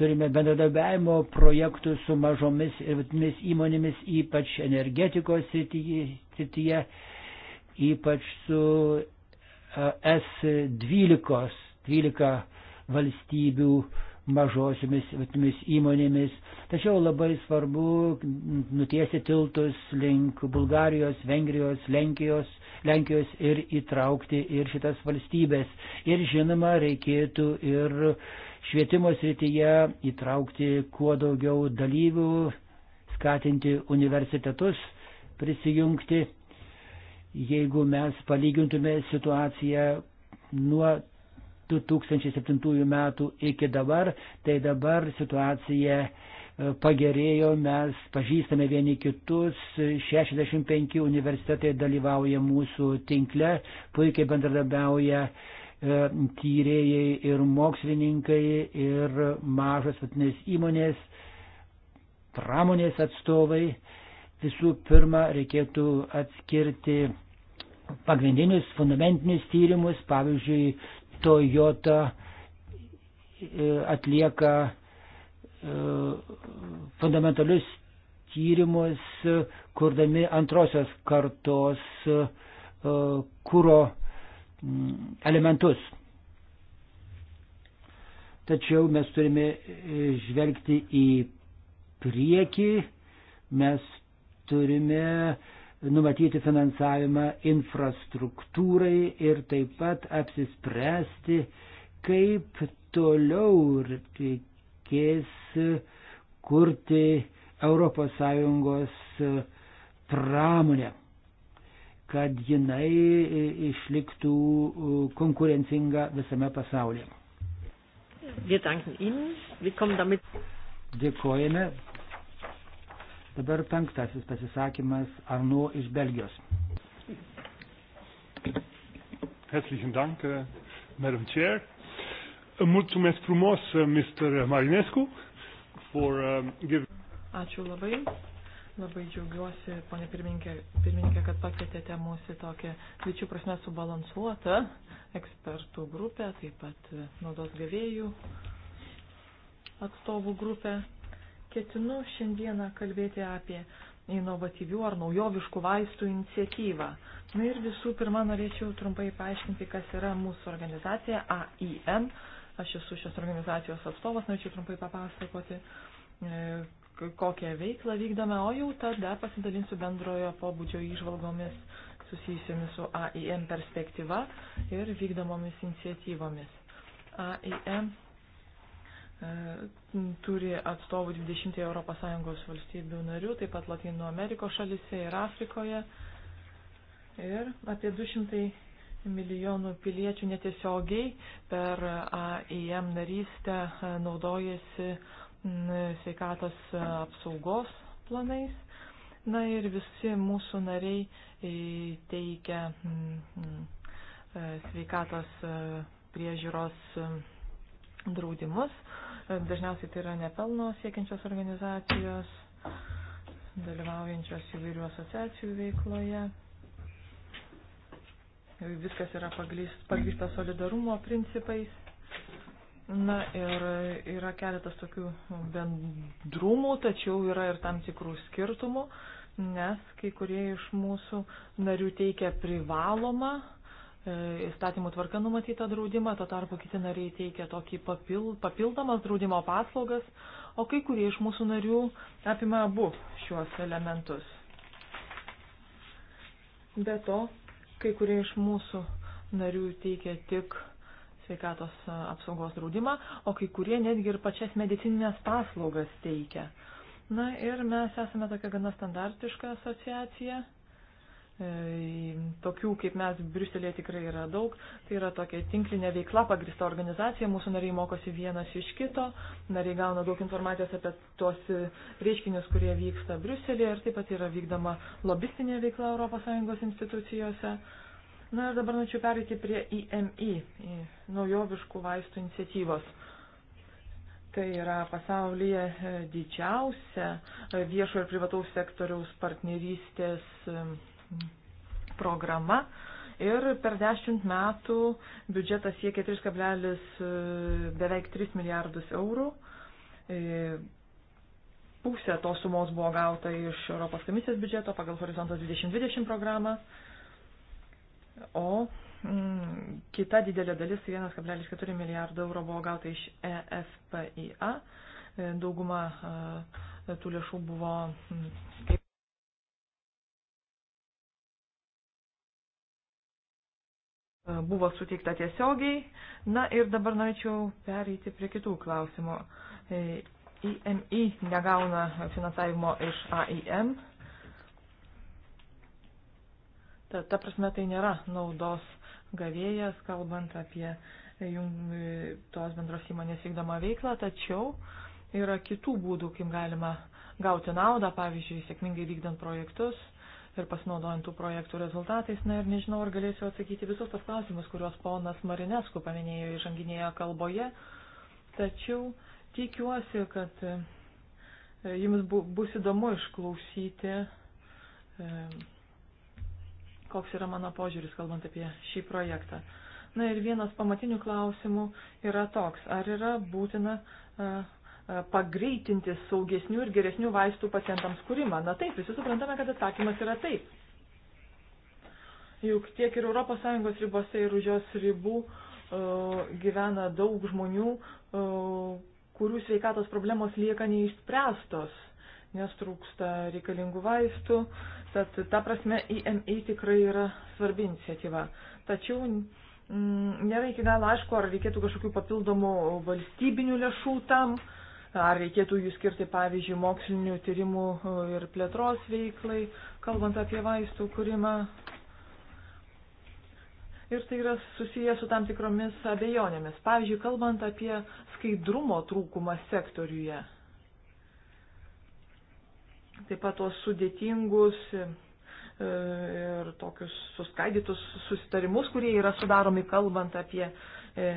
turime bendradarbiavimo projektų su mažomis ir vidutinėmis įmonėmis, ypač energetikos srityje, ypač su e, S12 12 valstybių uh, mažosiomis vietomis įmonėmis. Tačiau labai svarbu nutiesti tiltus link Bulgarijos, Vengrijos, Lenkijos, Lenkijos ir įtraukti ir šitas valstybės. Ir žinoma, reikėtų ir švietimo srityje įtraukti kuo daugiau dalyvių, skatinti universitetus prisijungti. Jeigu mes palygintume situaciją nuo 2007 metų iki dabar, tai dabar situacija e, pagerėjo, mes pažįstame vieni kitus, 65 universitetai dalyvauja mūsų tinkle, puikiai bendradarbiauja e, tyrėjai ir mokslininkai ir mažos vatinės įmonės, pramonės atstovai. Visų pirma, reikėtų atskirti pagrindinius fundamentinius tyrimus, pavyzdžiui, Toyota e, atlieka e, fundamentalius tyrimus, kurdami antrosios kartos e, kūro mm, elementus. Tačiau mes turime žvelgti į priekį, mes turime uh, numatyti finansavimą infrastruktūrai ir taip pat apsispręsti, kaip toliau reikės kurti ES e, pramonę, kad jinai e, išliktų e, konkurencinga visame pasaulyje. Wir danken Ihnen. Wir kommen damit. Dėkojame. Dabar penktasis pasisakymas Arnu iš Belgijos. Herzlichen Dank, eh, Madam Chair. Eh, mulțumesc frumos, eh, Mr. Marinescu, for giving... Ačiū labai. Labai džiaugiuosi, ponė pirmininkė, pirmininkė, kad pakvietėte mūsų tokią lyčių prasme subalansuotą ekspertų grupę, taip pat naudos gavėjų atstovų grupę ketinu šiandieną kalbėti apie inovatyvių ar naujoviškų vaistų iniciatyvą. Na ir visų pirma, norėčiau trumpai paaiškinti, kas yra mūsų organizacija AIM. Aš esu šios organizacijos atstovas, norėčiau trumpai papasakoti, e, kokią veiklą vykdome, o jau tada pasidalinsiu bendrojo pobūdžio įžvalgomis susijusiamis su AIM perspektyva ir vykdomomis iniciatyvomis. AIM E, turi atstovų 20 ES valstybių narių, taip pat Latino Amerikos šalise ir Afrikoje. Ir apie 200 milijonų piliečių netiesiogiai per AIM narystę e, naudojasi sveikatos apsaugos planais. Na ir visi mūsų nariai e, teikia sveikatos priežiūros draudimus. Dažniausiai tai yra nepelno siekiančios organizacijos, dalyvaujančios įvairių asociacijų veikloje. Viskas yra pagrįsta solidarumo principais. Na ir yra keletas tokių bendrumų, tačiau yra ir tam tikrų skirtumų, nes kai kurie iš mūsų narių teikia privalomą E, įstatymų tvarka numatytą draudimą, to tarpu kiti nariai teikia tokį papil, papildomas draudimo paslaugas, o kai kurie iš mūsų narių apima abu šiuos elementus. Be to, kai kurie iš mūsų narių teikia tik sveikatos apsaugos draudimą, o kai kurie netgi ir pačias medicininės paslaugas teikia. Na ir mes esame tokia gana standartiška asociacija. E, tokių kaip mes Briuselėje tikrai yra daug. Tai yra tokia tinklinė veikla pagrista organizacija. Mūsų nariai mokosi vienas iš kito. Nariai gauna daug informacijos apie tuos reiškinius, kurie vyksta Briuselėje. Ir taip pat yra vykdoma lobistinė veikla ES institucijose. Na ir dabar norėčiau pereiti prie IMI, naujoviškų vaistų iniciatyvos. Tai yra pasaulyje e, didžiausia e, viešo ir privataus sektoriaus partnerystės programa. Ir per dešimt metų biudžetas siekia 3, e, beveik 3 milijardus eurų. E, pusė tos sumos buvo gauta iš Europos komisijos biudžeto pagal Horizontas 2020 programą, o mm, kita didelė dalis, 1,4 milijardo eurų, buvo gauta iš EFPIA. E, dauguma tų lėšų buvo. Mm, buvo suteikta tiesiogiai. Na ir dabar norėčiau pereiti prie kitų klausimų. IMI e, e negauna finansavimo iš AIM. Ta, ta prasme, tai nėra naudos gavėjas, kalbant apie e, tos bendros įmonės vykdomą veiklą, tačiau yra kitų būdų, kaip galima gauti naudą, pavyzdžiui, sėkmingai vykdant projektus ir pasinaudojant tų projektų rezultatais. Na ir nežinau, ar galėsiu atsakyti visus tos klausimus, kuriuos ponas Marinesku paminėjo įžanginėje kalboje, tačiau tikiuosi, kad e, jums bus įdomu išklausyti, e, koks yra mano požiūris, kalbant apie šį projektą. Na ir vienas pamatinių klausimų yra toks, ar yra būtina e, E, pagreitinti saugesnių ir geresnių vaistų pacientams kūrimą? Na taip, visi suprantame, kad atsakymas yra taip. Juk tiek ir ES ribose ir už jos ribų e, gyvena daug žmonių, e, kurių sveikatos problemos lieka neišspręstos, nes trūksta reikalingų vaistų. Tad ta prasme IMI tikrai yra svarbi iniciatyva. Tačiau mm, nėra iki galo aišku, ar reikėtų kažkokių papildomų valstybinių lėšų tam, ar reikėtų jų skirti, pavyzdžiui, mokslinių tyrimų e, ir plėtros veiklai, kalbant apie vaistų kūrimą. Ir tai yra susijęs su tam tikromis abejonėmis. Pavyzdžiui, kalbant apie skaidrumo trūkumą sektoriuje. Taip pat tos sudėtingus e, ir tokius suskaidytus susitarimus, kurie yra sudaromi kalbant apie e,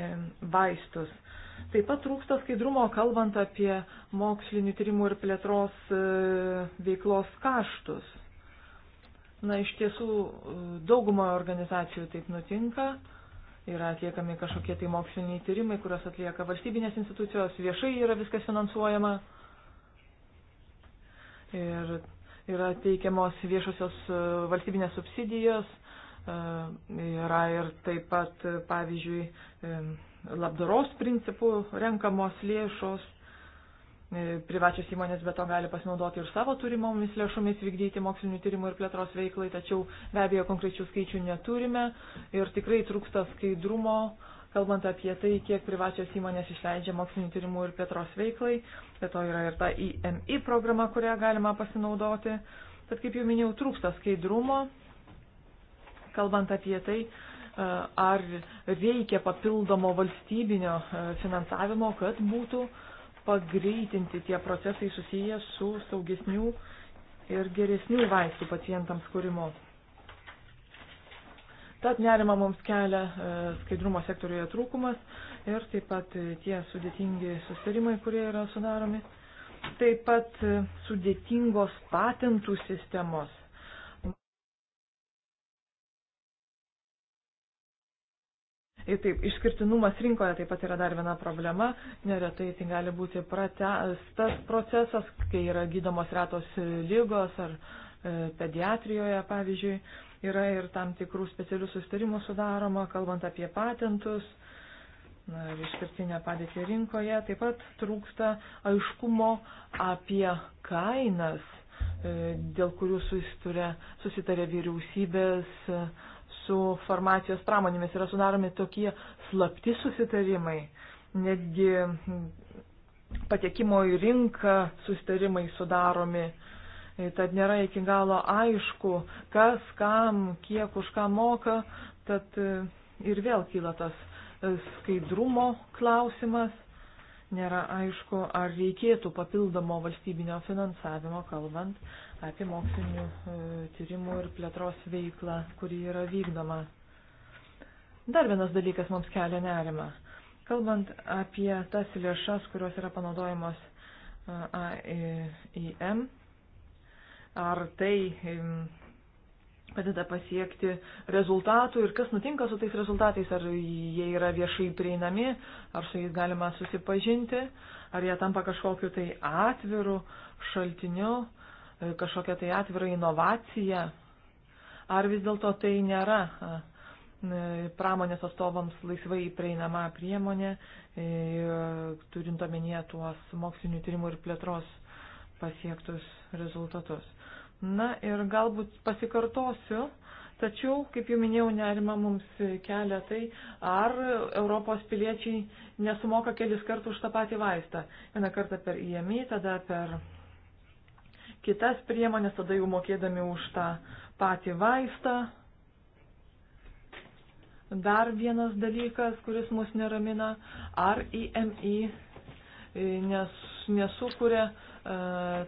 vaistus. Taip pat trūksta skaidrumo, kalbant apie mokslinių tyrimų ir plėtros e, veiklos kaštus. Na, iš tiesų, e, dauguma organizacijų taip nutinka. Yra atliekami kažkokie tai moksliniai tyrimai, kuriuos atlieka valstybinės institucijos, viešai yra viskas finansuojama. Ir yra teikiamos viešosios e, valstybinės subsidijos. Yra ir taip pat, pavyzdžiui, labdaros principų renkamos lėšos. E, privačios įmonės be to gali pasinaudoti ir savo turimomis lėšomis vykdyti mokslinių tyrimų ir plėtros veiklai, tačiau be abejo konkrečių skaičių neturime ir tikrai trūksta skaidrumo, kalbant apie tai, kiek privačios įmonės išleidžia mokslinių tyrimų ir plėtros veiklai. Be to yra ir ta IMI programa, kurią galima pasinaudoti. Tad, kaip jau minėjau, trūksta skaidrumo, kalbant apie tai, E, ar reikia papildomo valstybinio e, finansavimo, kad būtų pagreitinti tie procesai susiję su saugesnių ir geresnių vaistų pacientams kūrimo. Tad nerima mums kelia e, skaidrumo sektoriuje trūkumas ir taip pat tie sudėtingi susitarimai, kurie yra sudaromi. Taip pat sudėtingos patentų sistemos Ir taip, išskirtinumas rinkoje taip pat yra dar viena problema. Neretai tai gali būti pratestas procesas, kai yra gydomos retos lygos ar e, pediatrijoje, pavyzdžiui, yra ir tam tikrų specialių sustarimų sudaroma, kalbant apie patentus na, ir išskirtinę padėtį rinkoje. Taip pat trūksta aiškumo apie kainas, e, dėl kurių susitarė vyriausybės su farmacijos pramonėmis yra sudaromi tokie slapti susitarimai, netgi patekimo į rinką susitarimai sudaromi. E, tad nėra iki galo aišku, kas kam, kiek už ką moka. Tad e, ir vėl kyla tas e, skaidrumo klausimas nėra aišku, ar reikėtų papildomo valstybinio finansavimo, kalbant apie mokslinių e, tyrimų ir plėtros veiklą, kuri yra vykdoma. Dar vienas dalykas mums kelia nerimą. Kalbant apie tas lėšas, kurios yra panaudojamos e, AIM, e ar tai padeda pasiekti rezultatų ir kas nutinka su tais rezultatais, ar jie yra viešai prieinami, ar su jais galima susipažinti, ar jie tampa kažkokiu tai atviru šaltiniu, e, kažkokia tai atvira inovacija, ar vis dėlto tai nėra e, pramonės atstovams laisvai prieinama priemonė, e, turint omenyje tuos mokslinių tyrimų ir plėtros pasiektus rezultatus. Na ir galbūt pasikartosiu, tačiau, kaip jau minėjau, nerima mums kelia tai, ar Europos piliečiai nesumoka kelis kartus už tą patį vaistą. Vieną kartą per IMI, e tada per kitas priemonės, tada jau mokėdami už tą patį vaistą. Dar vienas dalykas, kuris mus neramina, ar IMI e e, nes, nesukūrė E,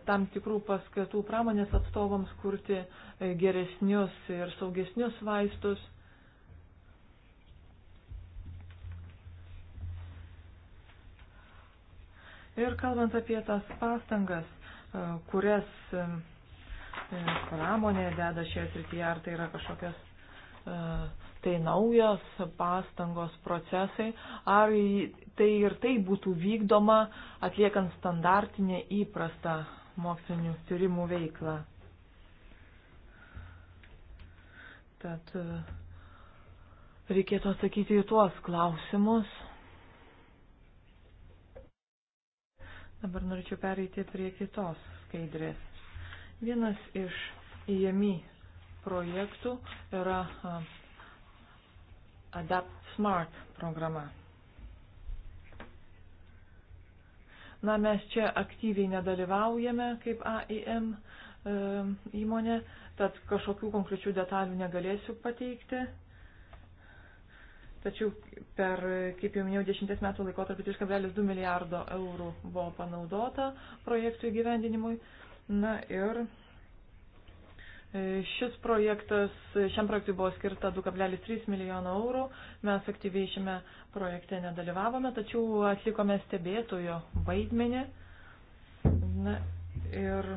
tam tikrų paskatų pramonės atstovams kurti e, geresnius ir saugesnius vaistus. Ir kalbant apie tas pastangas, e, kurias pramonė deda šioje srityje, ar tai yra kažkokios tai naujos pastangos procesai, ar tai ir tai būtų vykdoma atliekant standartinę įprastą mokslinių tyrimų veiklą. Tad e, reikėtų atsakyti į tuos klausimus. Dabar norėčiau pereiti prie kitos skaidrės. Vienas iš įėmi projektų yra e, Adapt Smart programa. Na, mes čia aktyviai nedalyvaujame kaip AIM e, įmonė, tad kažkokių konkrečių detalių negalėsiu pateikti. Tačiau per, kaip jau minėjau, 10 metų laikotarpį 3,2 milijardo eurų buvo panaudota projektų įgyvendinimui. Na ir E, šis projektas, šiam projektui buvo skirta 2,3 milijono eurų. Mes aktyviai šiame projekte nedalyvavome, tačiau atlikome stebėtojo vaidmenį. Na, ir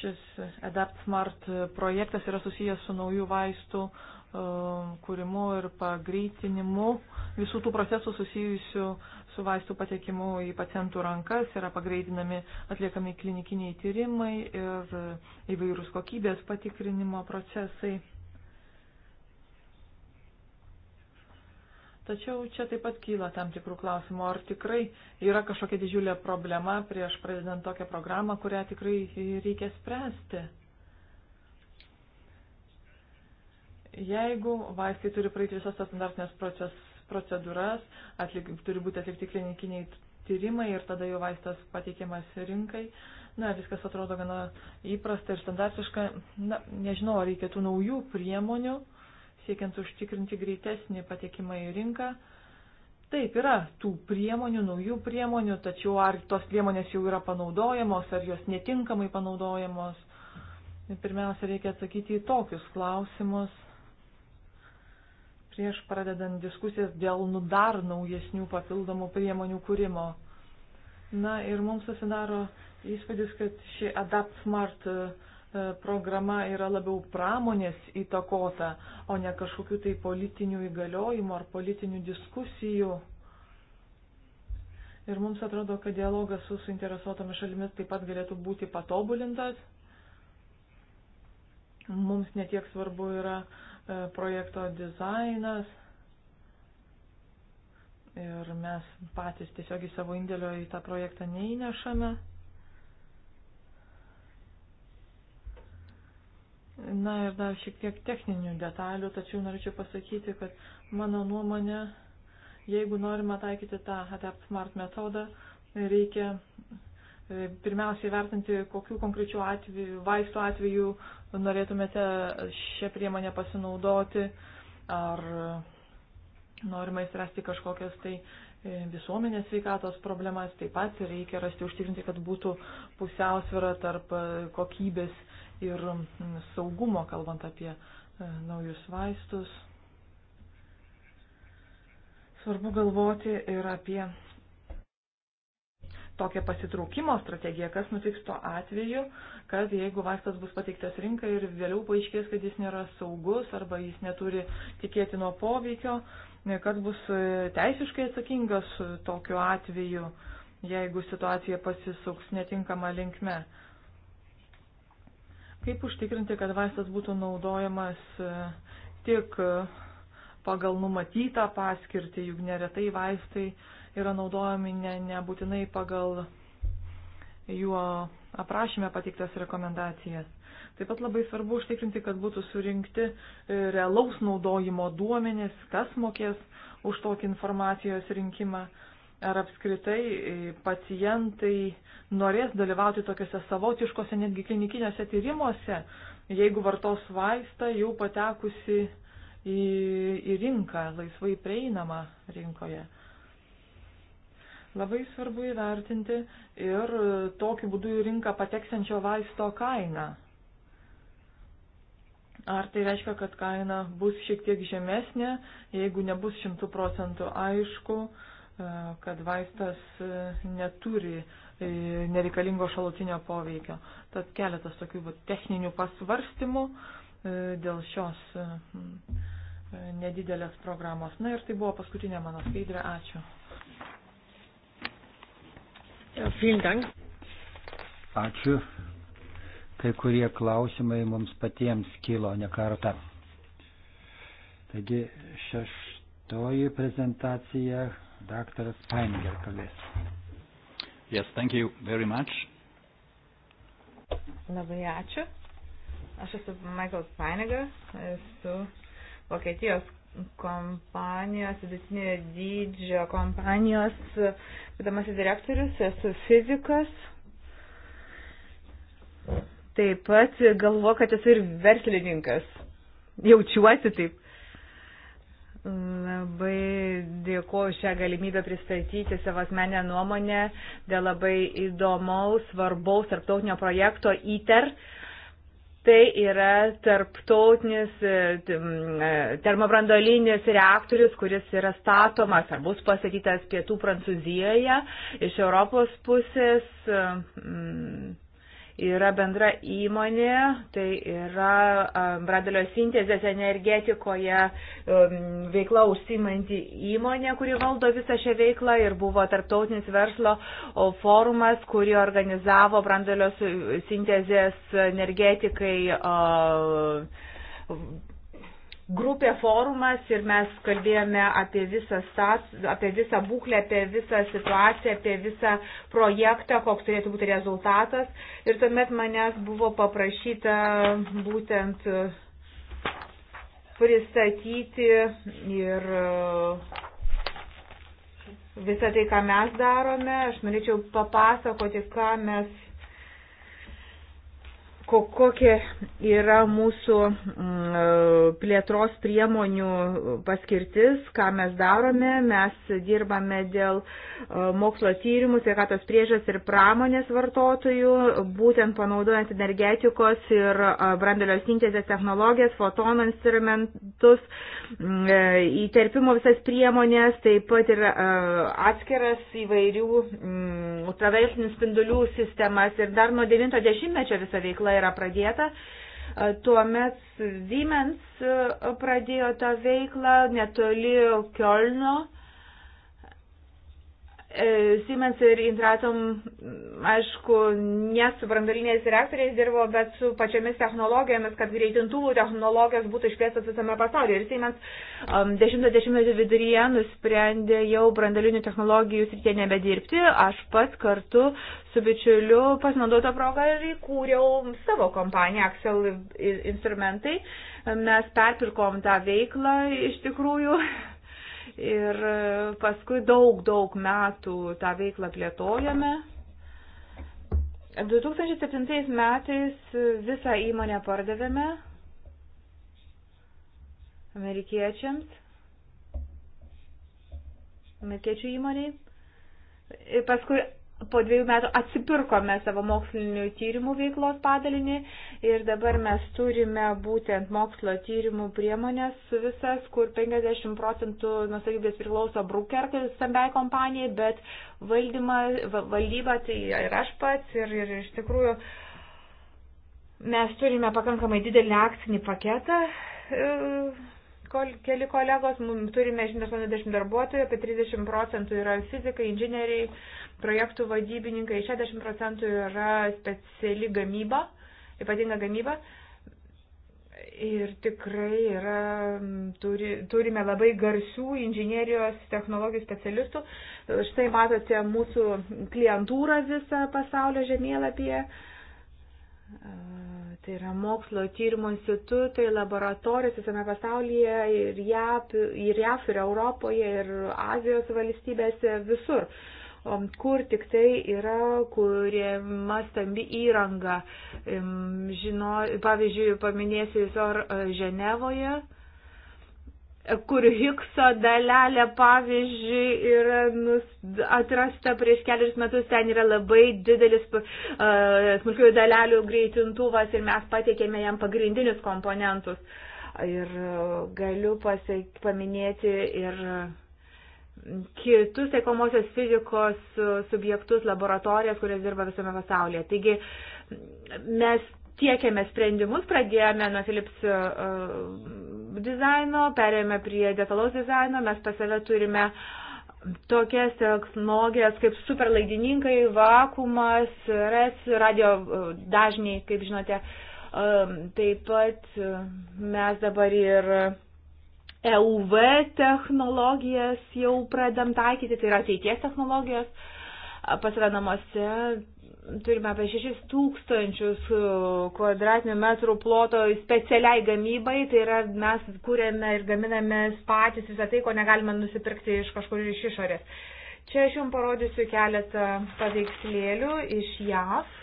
šis Adapt Smart projektas yra susijęs su naujų vaistų e, kūrimu ir pagreitinimu visų tų procesų susijusių su vaistų patekimu į pacientų rankas yra pagreitinami atliekami klinikiniai tyrimai ir įvairūs kokybės patikrinimo procesai. Tačiau čia taip pat kyla tam tikrų klausimų, ar tikrai yra kažkokia didžiulė problema prieš pradedant tokią programą, kurią tikrai reikia spręsti. Jeigu vaistai turi praeiti visas tas standartinės proces, procedūras, atlik, turi būti atlikti klinikiniai tyrimai ir tada jau vaistas pateikiamas rinkai. Na, viskas atrodo gana įprasta ir standartiška. Na, nežinau, ar reikėtų naujų priemonių, siekiant užtikrinti greitesnį patekimą į rinką. Taip, yra tų priemonių, naujų priemonių, tačiau ar tos priemonės jau yra panaudojamos, ar jos netinkamai panaudojamos. Pirmiausia, reikia atsakyti į tokius klausimus prieš pradedant diskusijas dėl nu dar naujesnių papildomų priemonių kūrimo. Na ir mums susidaro įspūdis, kad ši Adapt Smart e, programa yra labiau pramonės įtakota, o ne kažkokių tai politinių įgaliojimų ar politinių diskusijų. Ir mums atrodo, kad dialogas su suinteresuotomis šalimis taip pat galėtų būti patobulintas. Mums netiek svarbu yra uh, E, projekto dizainas. Ir mes patys tiesiog į savo indėlio į tą projektą neįnešame. Na ir dar šiek tiek techninių detalių, tačiau norėčiau pasakyti, kad mano nuomonė, jeigu norime taikyti tą Adapt Smart metodą, reikia e, pirmiausiai vertinti, kokiu konkrečiu atveju, vaisto atveju norėtumėte šią priemonę pasinaudoti, ar norima įspręsti kažkokias tai e, visuomenės sveikatos problemas, taip pat reikia rasti užtikrinti, kad būtų pusiausvėra tarp e, kokybės ir saugumo, kalbant apie e, naujus vaistus. Svarbu galvoti ir apie tokią pasitraukimo strategiją, kas nutiks tuo atveju, kad jeigu vaistas bus pateiktas rinkai ir vėliau paaiškės, kad jis nėra saugus arba jis neturi tikėtino poveikio, kas bus e, teisiškai atsakingas tokiu atveju, jeigu situacija pasisuks netinkama linkme. Kaip užtikrinti, kad vaistas būtų naudojamas e, tik pagal numatytą paskirtį, juk neretai vaistai uh, yra naudojami ne, nebūtinai pagal juo aprašymę pateiktas rekomendacijas. Taip pat labai svarbu užtikrinti, kad būtų surinkti e, realaus naudojimo duomenys, kas mokės už tokį informacijos rinkimą, ar apskritai e, pacientai norės dalyvauti tokiuose savotiškose, netgi klinikiniuose tyrimuose, jeigu vartos vaistą jau patekusi į, į rinką, laisvai prieinamą rinkoje. Labai svarbu įvertinti ir tokiu būdu į rinką pateksiančio vaisto kainą. Ar tai reiškia, kad kaina bus šiek tiek žemesnė, jeigu nebus šimtų procentų aišku, e, kad vaistas e, neturi e, nereikalingo šalutinio poveikio. Tad keletas tokių techninių pasvarstymų dėl šios nedidelės programos. Na ir tai buvo paskutinė mano skaidrė. Ačiū. Ja, vielen Dank. Ačiū. Kai kurie klausimai mums patiems kilo ne kartą. Taigi šeštoji prezentacija daktaras Painger kalbės. Yes, thank you very much. Labai ačiū. Aš esu Michael Painegas, esu Vokietijos kompanijos, vidutinio dydžio kompanijos, būdamasis direktorius, esu fizikas. Taip pat galvo, kad esu ir verslininkas. Jaučiuosi taip. Labai dėkuoju šią galimybę pristatyti savo asmenę nuomonę dėl labai įdomaus, svarbaus tarptautinio projekto ITER. E, Tai yra tarptautinis e, e, termobrandolinis reaktorius, kuris yra statomas ar bus pasakytas pietų Prancūzijoje iš Europos pusės. Mm, yra bendra įmonė, tai yra Bradalio sintezės energetikoje um, veikla užsimanti įmonė, kuri valdo visą šią veiklą ir buvo tarptautinis verslo forumas, kurį organizavo Bradalio sintezės energetikai grupė forumas ir mes kalbėjome apie visą, stas, apie visą būklę, apie visą situaciją, apie visą projektą, koks turėtų būti rezultatas. Ir tuomet manęs buvo paprašyta būtent e, pristatyti ir e, visą tai, ką mes darome. Aš norėčiau papasakoti, ką mes kokie yra mūsų mm, e, plėtros priemonių paskirtis, ką mes darome. Mes dirbame dėl e, mokslo tyrimų, sveikatos priežas ir pramonės vartotojų, būtent panaudojant energetikos ir e, brandulios sintezės technologijas, fotono instrumentus, E, įterpimo visas priemonės, taip pat ir e, atskiras įvairių mm, ultravioletinių spindulių sistemas ir dar nuo 90-mečio visa veikla yra pradėta. E, tuomet Siemens pradėjo tą veiklą netoli Kielno E, Siemens ir Intratom, aišku, ne su brandaliniais reaktoriais dirbo, bet su pačiomis technologijomis, kad greitintuvų technologijos būtų išplėstos visame pasaulyje. Ir Siemens um, 10-10 viduryje nusprendė jau brandalinių technologijų srityje nebedirbti. Aš pats kartu su bičiuliu pasinaudotą progą ir įkūriau savo kompaniją Axel Instrumentai. Mes perpirkom tą veiklą iš tikrųjų ir e, paskui daug, daug metų tą veiklą plėtojame. 2007 metais visą įmonę pardavėme amerikiečiams, amerikiečių įmoniai. Ir paskui po dviejų metų atsipirkome savo mokslinių tyrimų veiklos padalinį ir dabar mes turime būtent mokslo tyrimų priemonės visas, kur 50 procentų nusavybės priklauso Brooker stambiai kompanijai, bet valdyma, valdyba tai ir aš pats ir, ir iš tikrųjų mes turime pakankamai didelį akcinį paketą. E, kol, keli kolegos, turime 180 darbuotojų, apie 30 procentų yra fizikai, inžinieriai, projektų vadybininkai, 60 procentų yra speciali gamyba, ypatinga gamyba. Ir tikrai yra, turi, turime labai garsių inžinierijos technologijų specialistų. Štai matote mūsų klientūrą visą pasaulio žemėlapyje. Tai yra mokslo tyrimo institutai, laboratorijos visame pasaulyje ir JAF, ir, JAF, ir Europoje, ir Azijos valstybėse, visur. Uh, Um, kur tik tai yra kuriama stambi įranga. Um, žino, pavyzdžiui, paminėsiu visur uh, Ženevoje, kur Higso dalelė, pavyzdžiui, yra atrasta prieš kelius metus, ten yra labai didelis uh, smulkiųjų dalelių greitintuvas ir mes pateikėme jam pagrindinius komponentus. Ir uh, galiu pasak, paminėti ir. Uh, kitus taikomosios fizikos e, subjektus, laboratorijas, kurias dirba visame pasaulyje. Taigi mes tiekėme sprendimus, pradėjome nuo Philips e, e, dizaino, perėjome prie detalaus dizaino, mes pas save turime tokias technologijas kaip superlaidininkai, vakumas, res, radio dažniai, kaip žinote. Taip pat mes dabar ir EUV technologijas jau pradam taikyti, tai yra ateities technologijos. Pas yra namuose turime apie 6 tūkstančius e, kvadratinių metrų ploto specialiai gamybai, tai yra mes kūrėme ir gaminame patys visą tai, ko negalime nusipirkti iš kažkur iš išorės. Čia aš jums parodysiu keletą paveikslėlių iš JAV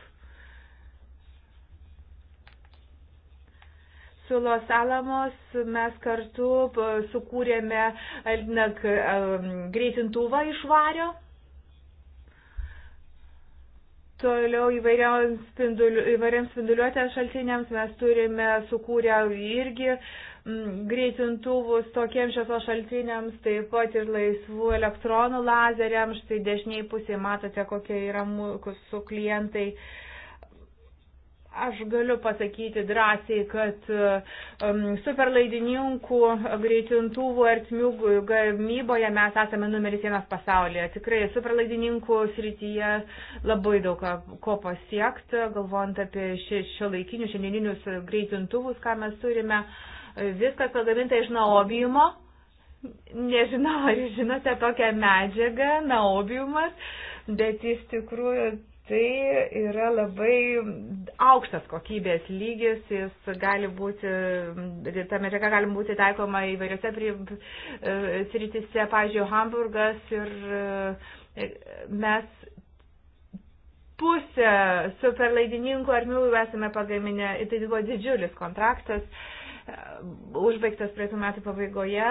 su Los Alamos mes kartu sukūrėme na, greitintuvą iš vario. Toliau įvairiams spinduliuotės šaltiniams mes turime sukūrę irgi greitintuvus tokiems šviesos šaltiniams, taip pat ir laisvų elektronų lazeriams. Štai dešiniai pusėje matote, kokie yra mūsų klientai. Uh, Aš galiu pasakyti drąsiai, kad um, superlaidininkų greitintuvų ertmių gamyboje mes esame numeris vienas pasaulyje. Tikrai superlaidininkų srityje labai daug ko pasiekti, galvojant apie šio ši laikinius šiandieninius greitintuvus, ką mes turime. Viskas pagaminta iš naobijumo. Nežinau, ar žinote tokią medžiagą, naobijumas, bet iš tikrųjų Tai yra labai aukštas kokybės lygis, jis gali būti, ta medžiaga gali būti taikoma įvairiose e, sritise, pavyzdžiui, Hamburgas ir e, mes pusę superlaidininkų armių esame pagaminę, tai buvo didžiulis kontraktas, užbaigtas praeitų metų pabaigoje,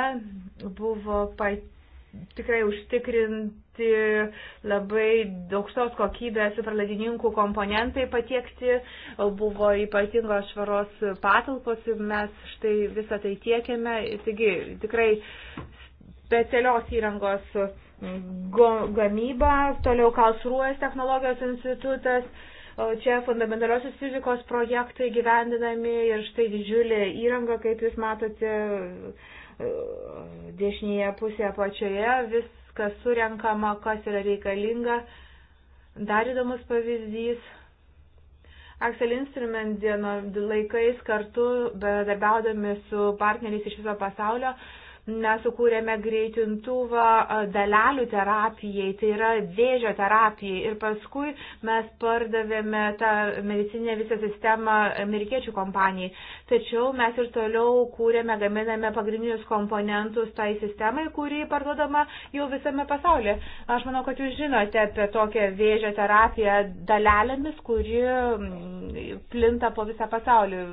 buvo pat tikrai užtikrint pasiekti labai aukštos kokybės superledininkų komponentai patiekti, buvo ypatingos švaros patalpos ir mes štai visą tai tiekėme. Taigi tikrai specialios įrangos gamyba, toliau Kalsruojas technologijos institutas čia fundamentaliosios fizikos projektai gyvendinami ir štai didžiulė įranga, kaip jūs matote, dešinėje pusėje apačioje vis kas surenkama, kas yra reikalinga. Dar įdomus pavyzdys. Axel Instrument dieno laikais kartu, bendarbiaudami su partneriais iš viso pasaulio, Mes sukūrėme greitintuvą dalelių terapijai, tai yra vėžio terapijai. Ir paskui mes pardavėme tą medicinę visą sistemą amerikiečių kompanijai. Tačiau mes ir toliau kūrėme, gaminame pagrindinius komponentus tai sistemai, kuri parduodama jau visame pasaulyje. Aš manau, kad jūs žinote apie tokią vėžio terapiją dalelėmis, kuri plinta po visą pasaulį.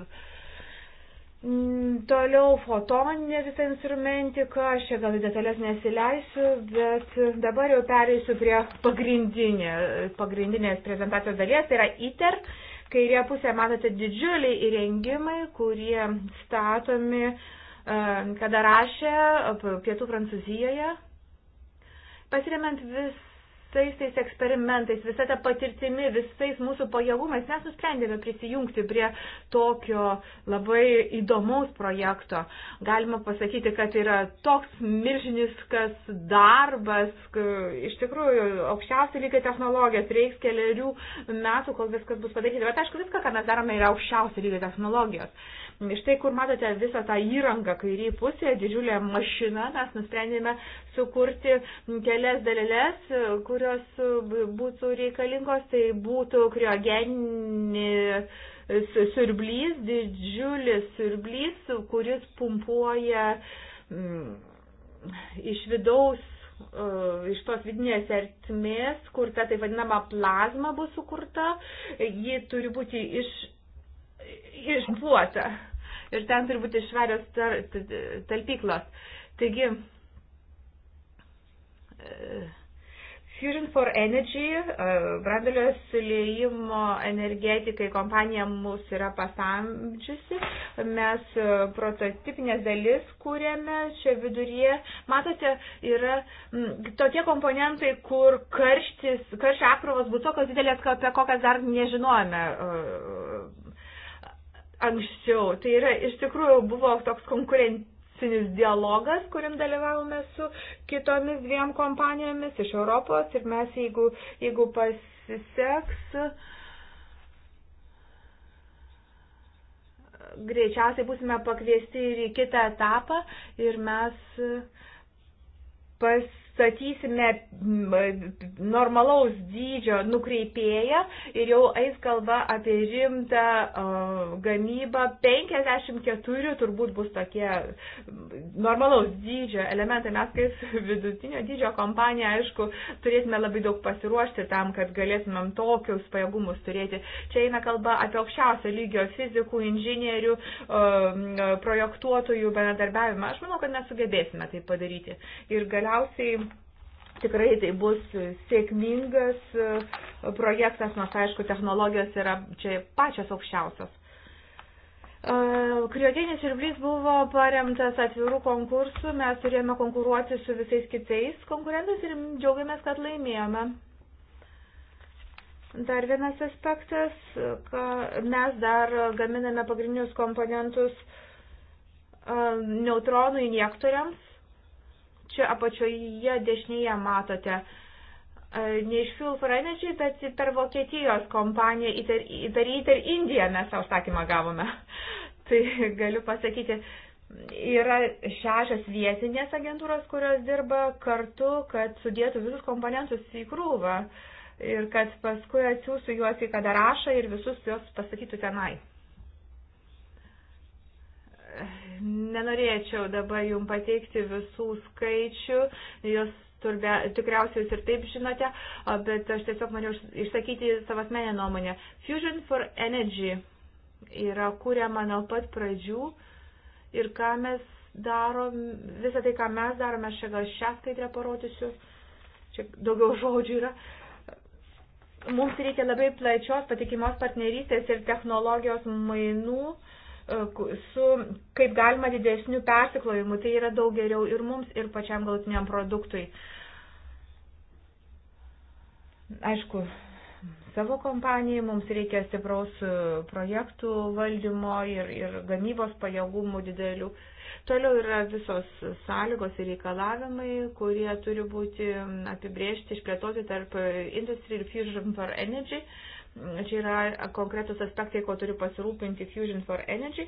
Mm, toliau fotoninė visa instrumentika, aš čia gal į detalės nesileisiu, bet dabar jau pereisiu prie pagrindinė, pagrindinės prezentacijos dalies, tai yra ITER. Kairėje pusėje matote didžiuliai įrengimai, kurie statomi, e, kada rašė, pietų Prancūzijoje. Pasiremiant vis visais tais eksperimentais, visą tą patirtimi, visais mūsų pajėgumais mes nusprendėme prisijungti prie tokio labai įdomaus projekto. Galima pasakyti, kad yra toks milžiniškas darbas, iš tikrųjų aukščiausio lygio technologijos reiks keliarių metų, kol viskas bus padaryta. Bet aišku, viską, ką mes darome, yra aukščiausio lygio technologijos. Štai kur matote visą tą įrangą kairėje pusėje, didžiulė mašina, mes nusprendėme sukurti kelias dalelės, kurios būtų reikalingos, tai būtų kriogeninės siurblys, didžiulis siurblys, kuris pumpuoja mm, iš vidaus, e, iš tos vidinės ertmės, kur ta tai vadinama plazma bus sukurta, ji turi būti iš, išbuota ir ten turi būti švarios tar, talpyklos. Taigi, e, Fusion for Energy, e, brandulio sulėjimo energetikai kompanija mūsų yra pasamdžiusi. Mes e, prototipinės dalis kūrėme čia viduryje. Matote, yra tokie komponentai, kur karštis, karščio apkrovos bus tokios didelės, apie kokias dar nežinojame anksčiau. Tai yra, iš tikrųjų, buvo toks konkurencinis dialogas, kuriam dalyvavome su kitomis dviem kompanijomis iš Europos ir mes, jeigu, jeigu pasiseks, greičiausiai būsime pakviesti ir į kitą etapą ir mes pas statysime normalaus dydžio nukreipėją ir jau eis kalba apie rimtą gamybą. 54 turbūt bus tokie normalaus dydžio elementai. Mes kaip vidutinio dydžio kompanija, aišku, turėsime labai daug pasiruošti tam, kad galėtumėm tokius pajėgumus turėti. Čia eina kalba apie aukščiausio lygio fizikų, inžinierių, projektuotojų bendradarbiavimą. Aš manau, kad mes sugebėsime tai padaryti. Ir galiausiai tikrai tai bus sėkmingas e, projektas, nors aišku, technologijos yra čia pačios aukščiausios. E, Kriogeninis siurblys buvo paremtas atvirų konkursų, mes turėjome konkuruoti su visais kitais konkurentais ir džiaugiamės, kad laimėjome. Dar vienas aspektas, kad mes dar gaminame pagrindinius komponentus e, neutronų injektoriams, čia apačioje dešinėje matote. E, ne iš Phil Energy, bet per Vokietijos kompaniją Iter, Iter, Iter Indiją mes tą užsakymą gavome. Tai galiu pasakyti, yra šešios vietinės agentūros, kurios dirba kartu, kad sudėtų visus komponentus į krūvą ir kad paskui atsiųstų juos į kadarašą ir visus juos pasakytų tenai nenorėčiau dabar jum pateikti visų skaičių, jūs turbia, tikriausiai jūs ir taip žinote, bet aš tiesiog noriu išsakyti savo asmenę nuomonę. Fusion for Energy yra kuriama nuo pat pradžių ir ką mes darom, visą tai, ką mes darome, aš čia gal šią skaidrę parodysiu, čia daugiau žodžių yra. Mums reikia labai plačios patikimos partnerystės ir technologijos mainų. Uh, E, su kaip galima didesniu persiklojimu. Tai yra daug geriau ir mums, ir pačiam galutiniam produktui. Aišku, savo kompanijai mums reikia stipraus e, projektų valdymo ir, ir gamybos pajėgumų didelių. Toliau yra visos sąlygos ir reikalavimai, kurie turi būti apibriežti, išplėtoti tarp e, Industry ir Fusion for Energy. Uh, Čia yra konkretus aspektai, ko turi pasirūpinti Fusion for Energy,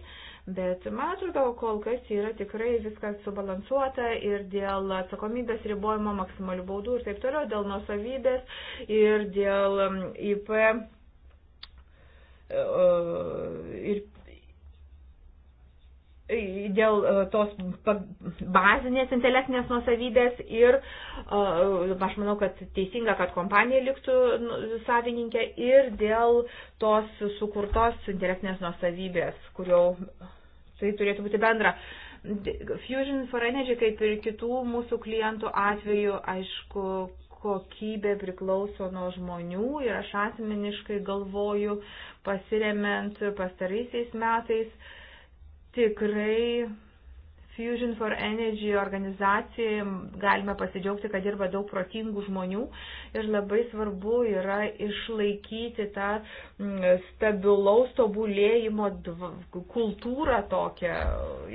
bet man atrodo, kol kas yra tikrai viskas subalansuota ir dėl atsakomybės ribojimo maksimalių baudų ir taip toliau, dėl nusavybės ir dėl um, IP uh, ir dėl e, tos bazinės intelektinės nusavybės ir e, aš manau, kad teisinga, kad kompanija liktų nu, savininkė ir dėl tos sukurtos intelektinės nusavybės, kurio tai turėtų būti bendra. Fusion for Energy, kaip ir kitų mūsų klientų atveju, aišku, kokybė priklauso nuo žmonių ir aš asmeniškai galvoju, pasiremiant pastaraisiais metais, uh, tikrai Fusion for Energy organizacijai galime pasidžiaugti, kad dirba daug protingų žmonių ir labai svarbu yra išlaikyti tą mm, stabilaus tobulėjimo kultūrą tokią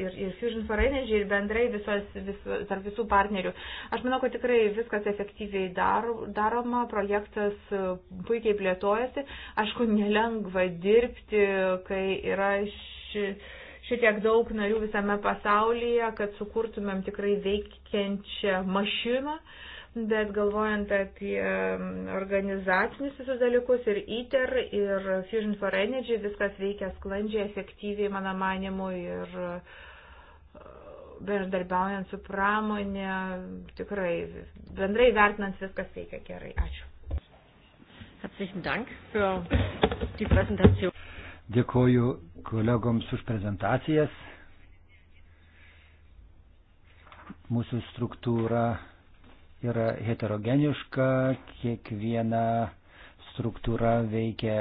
ir, ir Fusion for Energy ir bendrai visos, vis, tarp visų partnerių. Aš manau, kad tikrai viskas efektyviai dar, daroma, projektas e, puikiai plėtojasi. Aišku, nelengva dirbti, kai yra ši šitiek daug narių visame pasaulyje, kad sukurtumėm tikrai veikiančią mašiną, bet galvojant apie organizacinius visus dalykus ir ITER ir Fusion for Energy, viskas veikia sklandžiai, efektyviai, mano manimu, ir e, bendradarbiaujant su pramonė, tikrai bendrai vertinant viskas veikia gerai. Ačiū. Herzlichen Dank für die Präsentation. Dėkoju kolegoms už prezentacijas. Mūsų struktūra yra heterogeniška, kiekviena struktūra veikia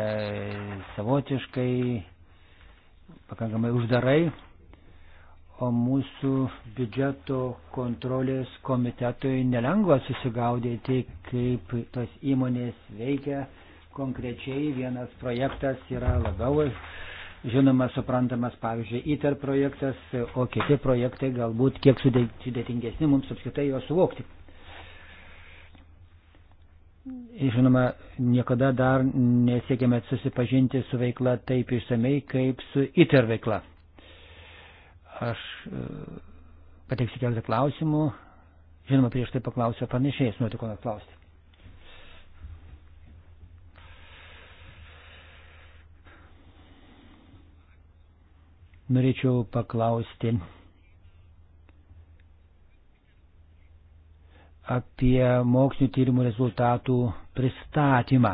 savotiškai, pakankamai uždarai, o mūsų biudžeto kontrolės komitetui nelengva susigaudyti, kaip tos įmonės veikia konkrečiai. Vienas projektas yra labiau žinoma, suprantamas, pavyzdžiui, ITER projektas, o kiti projektai galbūt kiek sudėtingesni mums apskritai juos suvokti. Žinoma, niekada dar nesiekėme susipažinti su veikla taip išsamei kaip su ITER veikla. Aš e, pateiksiu keletą klausimų. Žinoma, prieš tai paklausiu panašiai, jūs norite ko nors klausti. norėčiau paklausti apie mokslinio tyrimų rezultatų pristatymą.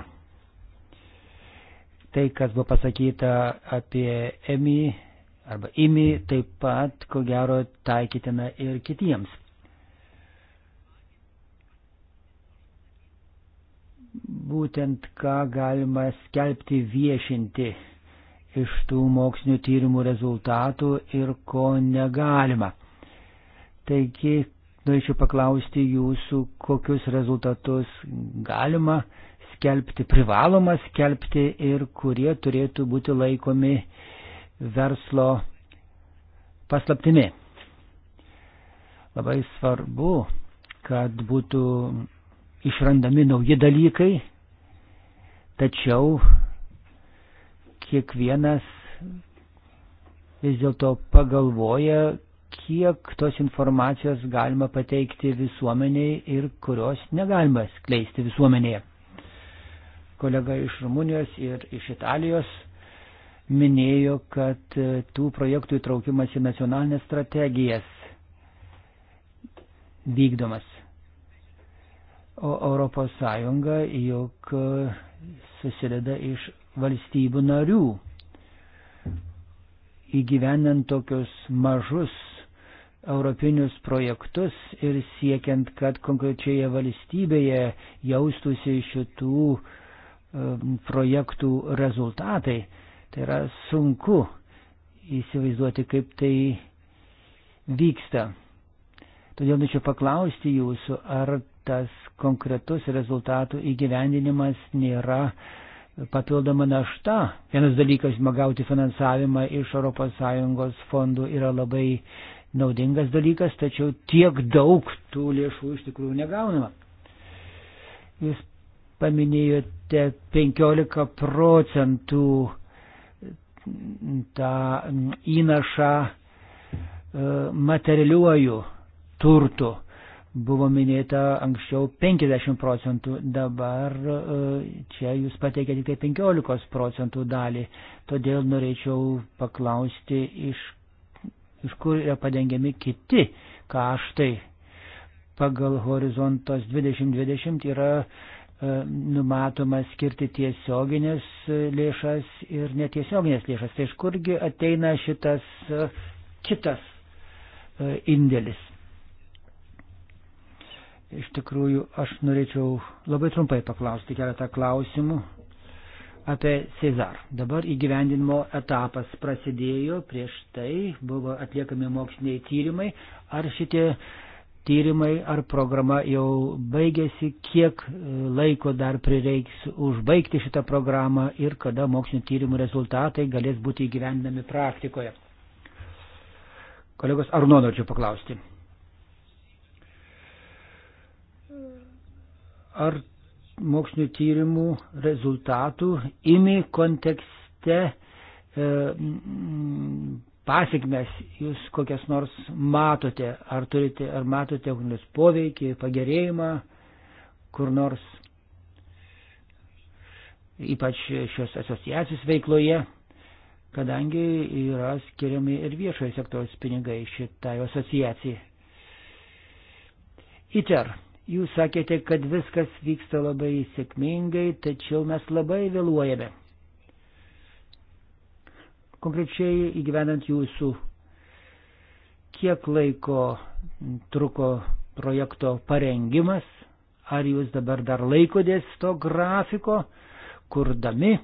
Tai, kas buvo pasakyta apie EMI arba IMI, taip pat, ko gero, taikytina ir kitiems. Būtent ką galima skelbti viešinti iš tų mokslinio tyrimų rezultatų ir ko negalima. Taigi, norėčiau paklausti jūsų, kokius rezultatus galima skelbti, privaloma skelbti ir kurie turėtų būti laikomi verslo paslaptimi. Labai svarbu, kad būtų išrandami nauji dalykai, tačiau kiekvienas vis dėlto pagalvoja, kiek tos informacijos galima pateikti visuomeniai ir kurios negalima skleisti visuomenėje. Kolega iš Rumunijos ir iš Italijos minėjo, kad e, tų projektų įtraukimas į nacionalinės strategijas vykdomas. O Europos Sąjunga juk e, susideda iš valstybių narių. Įgyvenant tokius mažus europinius projektus ir siekiant, kad konkrečioje valstybėje jaustųsi šitų um, projektų rezultatai, tai yra sunku įsivaizduoti, kaip tai vyksta. Todėl norėčiau paklausti jūsų, ar tas konkretus rezultatų įgyvendinimas nėra papildoma našta. Vienas dalykas, gauti finansavimą iš ES fondų yra labai naudingas dalykas, tačiau tiek daug tų lėšų iš tikrųjų negaunama. Jūs paminėjote 15 procentų tą įnašą e, materialiuoju turtu. Buvo minėta anksčiau 50 procentų, dabar e, čia jūs pateikėte tik tai 15 procentų dalį. Todėl norėčiau paklausti, iš, iš kur yra padengiami kiti kaštai. Pagal horizontas 2020 yra e, numatoma skirti tiesioginės lėšas ir netiesioginės lėšas. Tai iš kurgi ateina šitas e, kitas indėlis? Iš tikrųjų, aš norėčiau labai trumpai paklausti keletą klausimų apie Cezar. Dabar įgyvendinimo etapas prasidėjo, prieš tai buvo atliekami moksliniai tyrimai. Ar šitie tyrimai ar programa jau baigėsi, kiek e, laiko dar prireiks užbaigti šitą programą ir kada mokslinio tyrimų rezultatai galės būti įgyvendinami praktikoje? Kolegos, ar nuonorčiau paklausti? ar mokslinio tyrimų rezultatų imi kontekste e, pasiekmes jūs kokias nors matote, ar turite, ar matote kokį nors poveikį, pagerėjimą kur nors, ypač šios asociacijos veikloje, kadangi yra skiriami ir viešojo sektoriaus pinigai šitai asociacijai. ITER Jūs sakėte, kad viskas vyksta labai sėkmingai, tačiau mes labai vėluojame. Konkrečiai įgyvenant jūsų, kiek laiko truko projekto parengimas, ar jūs dabar dar laikodės to grafiko, kurdami e,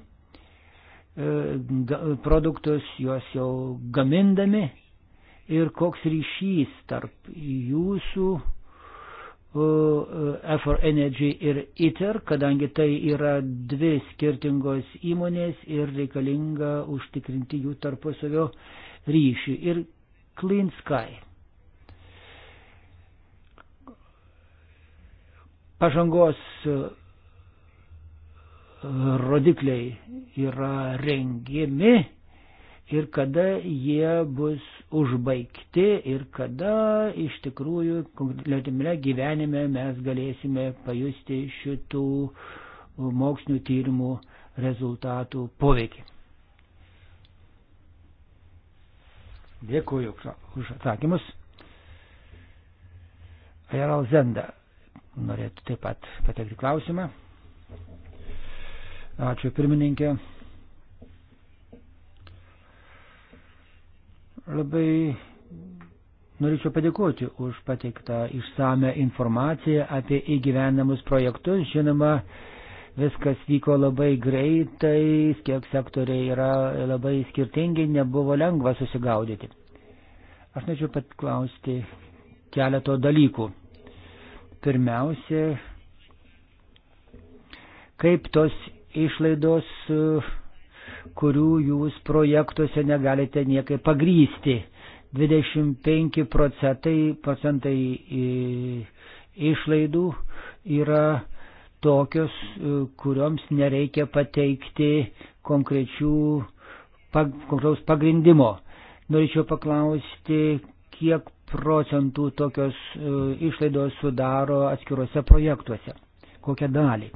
produktus, juos jau gamindami ir koks ryšys tarp jūsų Effort e Energy ir ITER, kadangi tai yra dvi skirtingos įmonės ir reikalinga užtikrinti jų tarpusavio ryšį. Ir Clean Sky. Pažangos e, rodikliai yra rengiami ir kada jie bus užbaigti ir kada iš tikrųjų konkrečiame gyvenime mes galėsime pajusti šitų mokslinių tyrimų rezultatų poveikį. Dėkuoju už atsakymus. Ajaral Zenda norėtų taip pat patekti klausimą. Ačiū pirmininkė. Labai norėčiau padėkoti už pateiktą išsame informaciją apie įgyvenamus projektus. Žinoma, viskas vyko labai greitai, kiek sektoriai yra labai skirtingi, nebuvo lengva susigaudyti. Aš norėčiau pat klausti keleto dalykų. Pirmiausia, kaip tos išlaidos uh, kurių jūs projektuose negalite niekai pagrysti. 25 procentai, procentai išlaidų yra tokios, e, kurioms nereikia pateikti konkrečių pag, konkraus pagrindimo. Norėčiau paklausti, kiek procentų tokios e, išlaidos sudaro atskiruose projektuose, kokią dalį.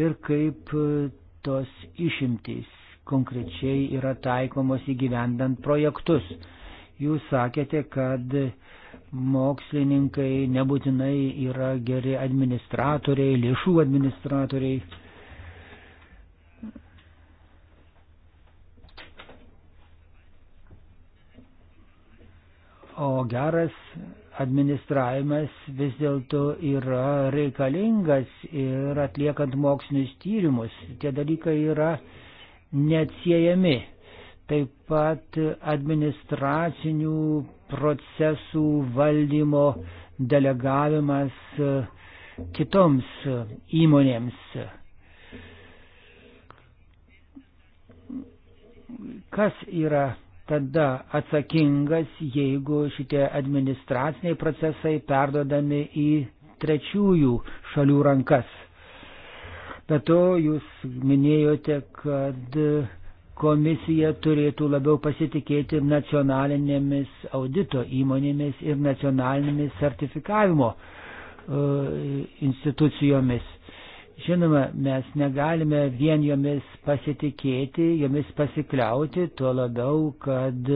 ir kaip e, tos išimtys konkrečiai yra taikomos įgyvendant projektus. Jūs sakėte, kad mokslininkai nebūtinai yra geri administratoriai, lėšų administratoriai. O geras administravimas vis dėlto yra reikalingas ir atliekant mokslinius tyrimus. Tie dalykai yra neatsiejami. Taip pat administracinių procesų valdymo delegavimas e, kitoms e, įmonėms. Kas yra tada atsakingas, jeigu šitie administraciniai procesai perdodami į trečiųjų šalių rankas. Be to, jūs minėjote, kad komisija turėtų labiau pasitikėti nacionalinėmis audito įmonėmis ir nacionalinėmis sertifikavimo e, institucijomis. Žinoma, mes negalime vien jomis pasitikėti, jomis pasikliauti, tuo labiau, kad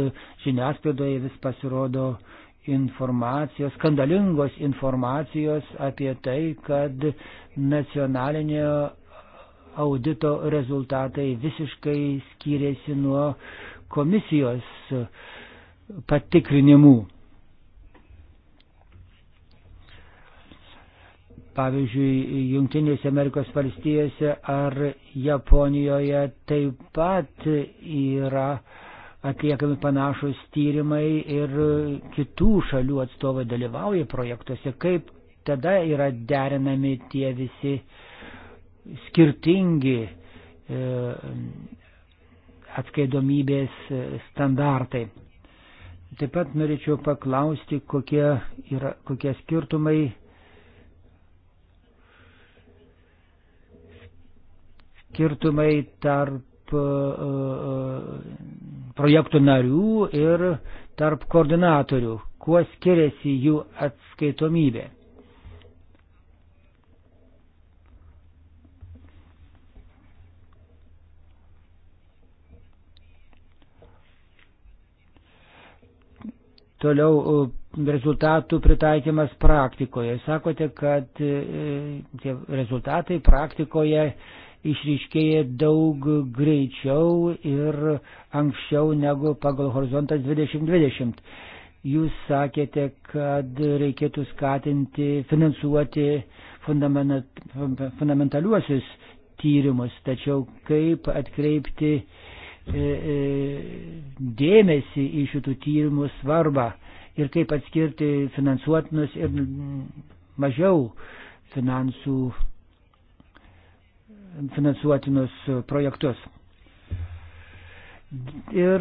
žiniasklaidoje vis pasirodo informacijos, skandalingos informacijos apie tai, kad nacionalinio audito rezultatai visiškai skiriasi nuo komisijos patikrinimų. pavyzdžiui, Junktinėse Amerikos valstijose ar Japonijoje taip pat yra atliekami panašus tyrimai ir kitų šalių atstovai dalyvauja projektuose, kaip tada yra derinami tie visi skirtingi e, atskaidomybės standartai. Taip pat norėčiau paklausti, kokie, yra, kokie skirtumai skirtumai tarp e, e, projektų narių ir tarp koordinatorių, kuo skiriasi jų atskaitomybė. Toliau e, rezultatų pritaikymas praktikoje. Sakote, kad tie rezultatai praktikoje išryškėja daug greičiau ir anksčiau negu pagal horizontas 2020. Jūs sakėte, kad reikėtų skatinti, finansuoti fundamentaliuosius tyrimus, tačiau kaip atkreipti e, e, dėmesį į šitų tyrimų svarbą ir kaip atskirti finansuotinus ir mažiau finansų finansuotinus projektus. Ir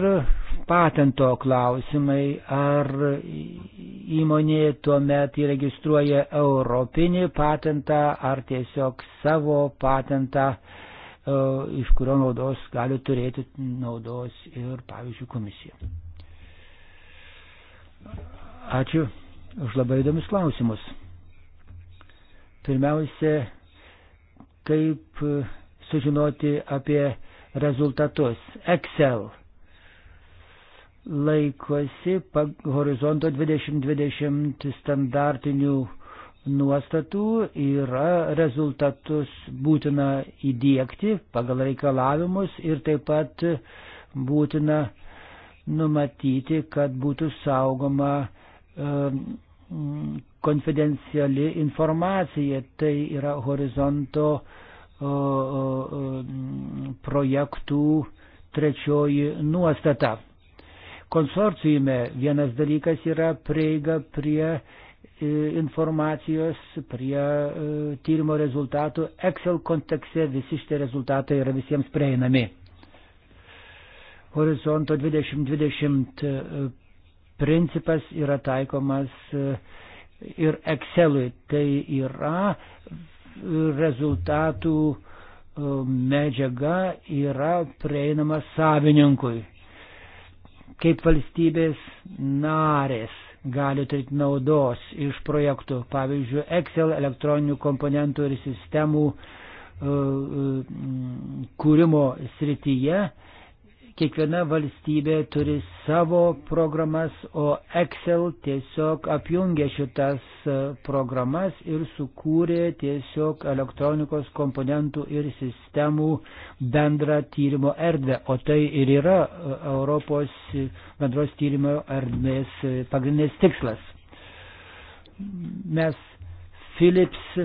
patento klausimai, ar įmonė tuomet įregistruoja europinį patentą, ar tiesiog savo patentą, e, iš kurio naudos gali turėti naudos ir, pavyzdžiui, komisija. Ačiū už labai įdomius klausimus. Pirmiausia, kaip e, sužinoti apie rezultatus. Excel laikosi horizonto 2020 standartinių nuostatų yra rezultatus būtina įdėkti pagal reikalavimus ir taip pat būtina numatyti, kad būtų saugoma um, konfidenciali informacija. Tai yra horizonto projektų trečioji nuostata. Konsorcijume vienas dalykas yra prieiga prie e, informacijos, prie e, tyrimo rezultatų. Excel kontekste visi šitie rezultatai yra visiems prieinami. Horizonto 2020 principas yra taikomas e, ir Excelui. Tai yra rezultatų e, medžiaga yra prieinama savininkui. Kaip valstybės narės gali turėti naudos iš projektų, pavyzdžiui, Excel elektroninių komponentų ir sistemų e, kūrimo srityje Kiekviena valstybė turi savo programas, o Excel tiesiog apjungė šitas e, programas ir sukūrė tiesiog elektronikos komponentų ir sistemų bendrą tyrimo erdvę. O tai ir yra e, Europos bendros tyrimo erdvės e, pagrindinis tikslas. Mes Philips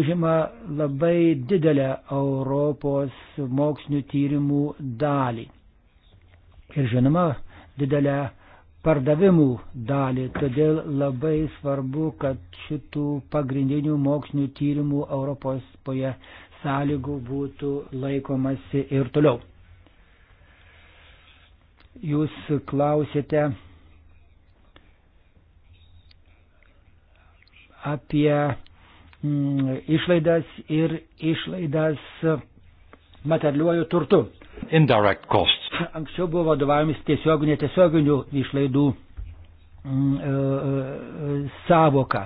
užima labai didelę Europos mokslinių tyrimų dalį ir žinoma didelę pardavimų dalį. Todėl labai svarbu, kad šitų pagrindinių mokslinių tyrimų Europos poje sąlygų būtų laikomasi ir toliau. Jūs klausėte apie mm, išlaidas ir išlaidas materialiuoju turtu. Indirect cost. Anksčiau buvo vadovavimis tiesioginių, netiesioginių išlaidų mm, e, e, savoka.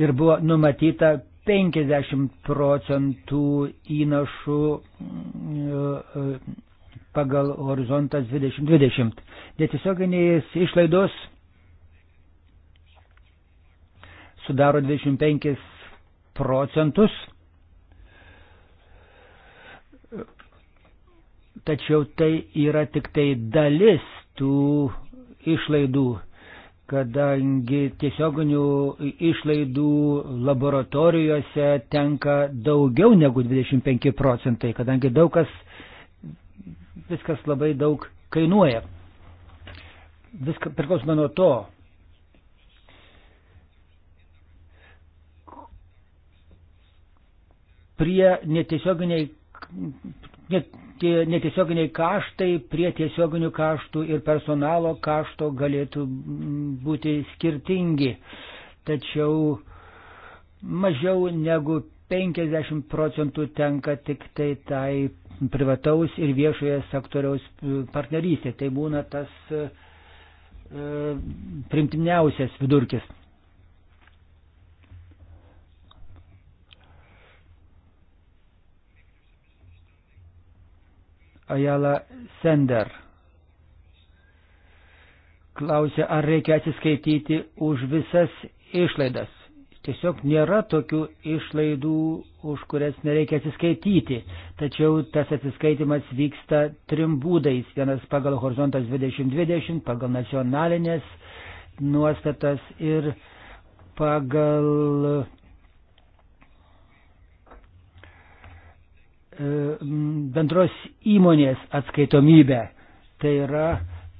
Ir buvo numatyta 50 procentų įnašų mm, e, pagal horizontas 2020. Netiesioginės išlaidos sudaro 25 procentus tačiau tai yra tik tai dalis tų išlaidų, kadangi tiesioginių išlaidų laboratorijose tenka daugiau negu 25 procentai, kadangi daug kas, viskas labai daug kainuoja. Viskas priklausoma nuo to, prie netiesioginiai, net, tie netiesioginiai kaštai prie tiesioginių kaštų ir personalo kašto galėtų mm, būti skirtingi. Tačiau mažiau negu 50 procentų tenka tik tai tai privataus ir viešoje sektoriaus e, partnerystė. Tai būna tas e, e primtiniausias vidurkis. Ajala Sender klausia, ar reikia atsiskaityti už visas išlaidas. Tiesiog nėra tokių išlaidų, už kurias nereikia atsiskaityti. Tačiau tas atsiskaitimas vyksta trim būdais. Vienas pagal horizontas 2020, pagal nacionalinės nuostatas ir pagal E, bendros įmonės atskaitomybę. Tai yra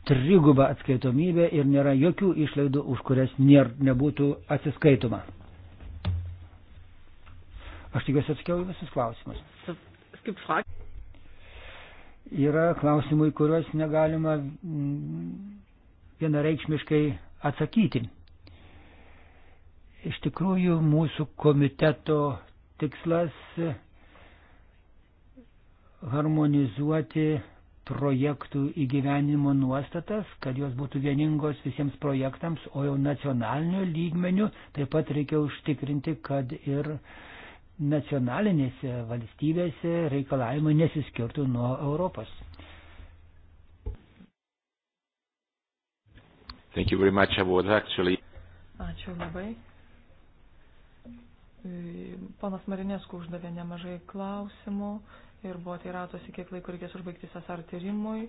triguba atskaitomybė ir nėra jokių išlaidų, už kurias nėr, nebūtų atsiskaitoma. Aš tikiuosi atsakiau visus klausimus. Yra klausimų, į kuriuos negalima mm, vienareikšmiškai atsakyti. Iš tikrųjų, mūsų komiteto tikslas harmonizuoti projektų įgyvenimo nuostatas, kad jos būtų vieningos visiems projektams, o jau nacionaliniu lygmeniu taip pat reikia užtikrinti, kad ir nacionalinėse valstybėse reikalavimai nesiskirtų nuo Europos. Thank you very much. I would actually... Ačiū labai. Panas Marinėsku uždavė nemažai klausimų ir buvo teirautosi, kiek laiko reikės užbaigti SSR tyrimui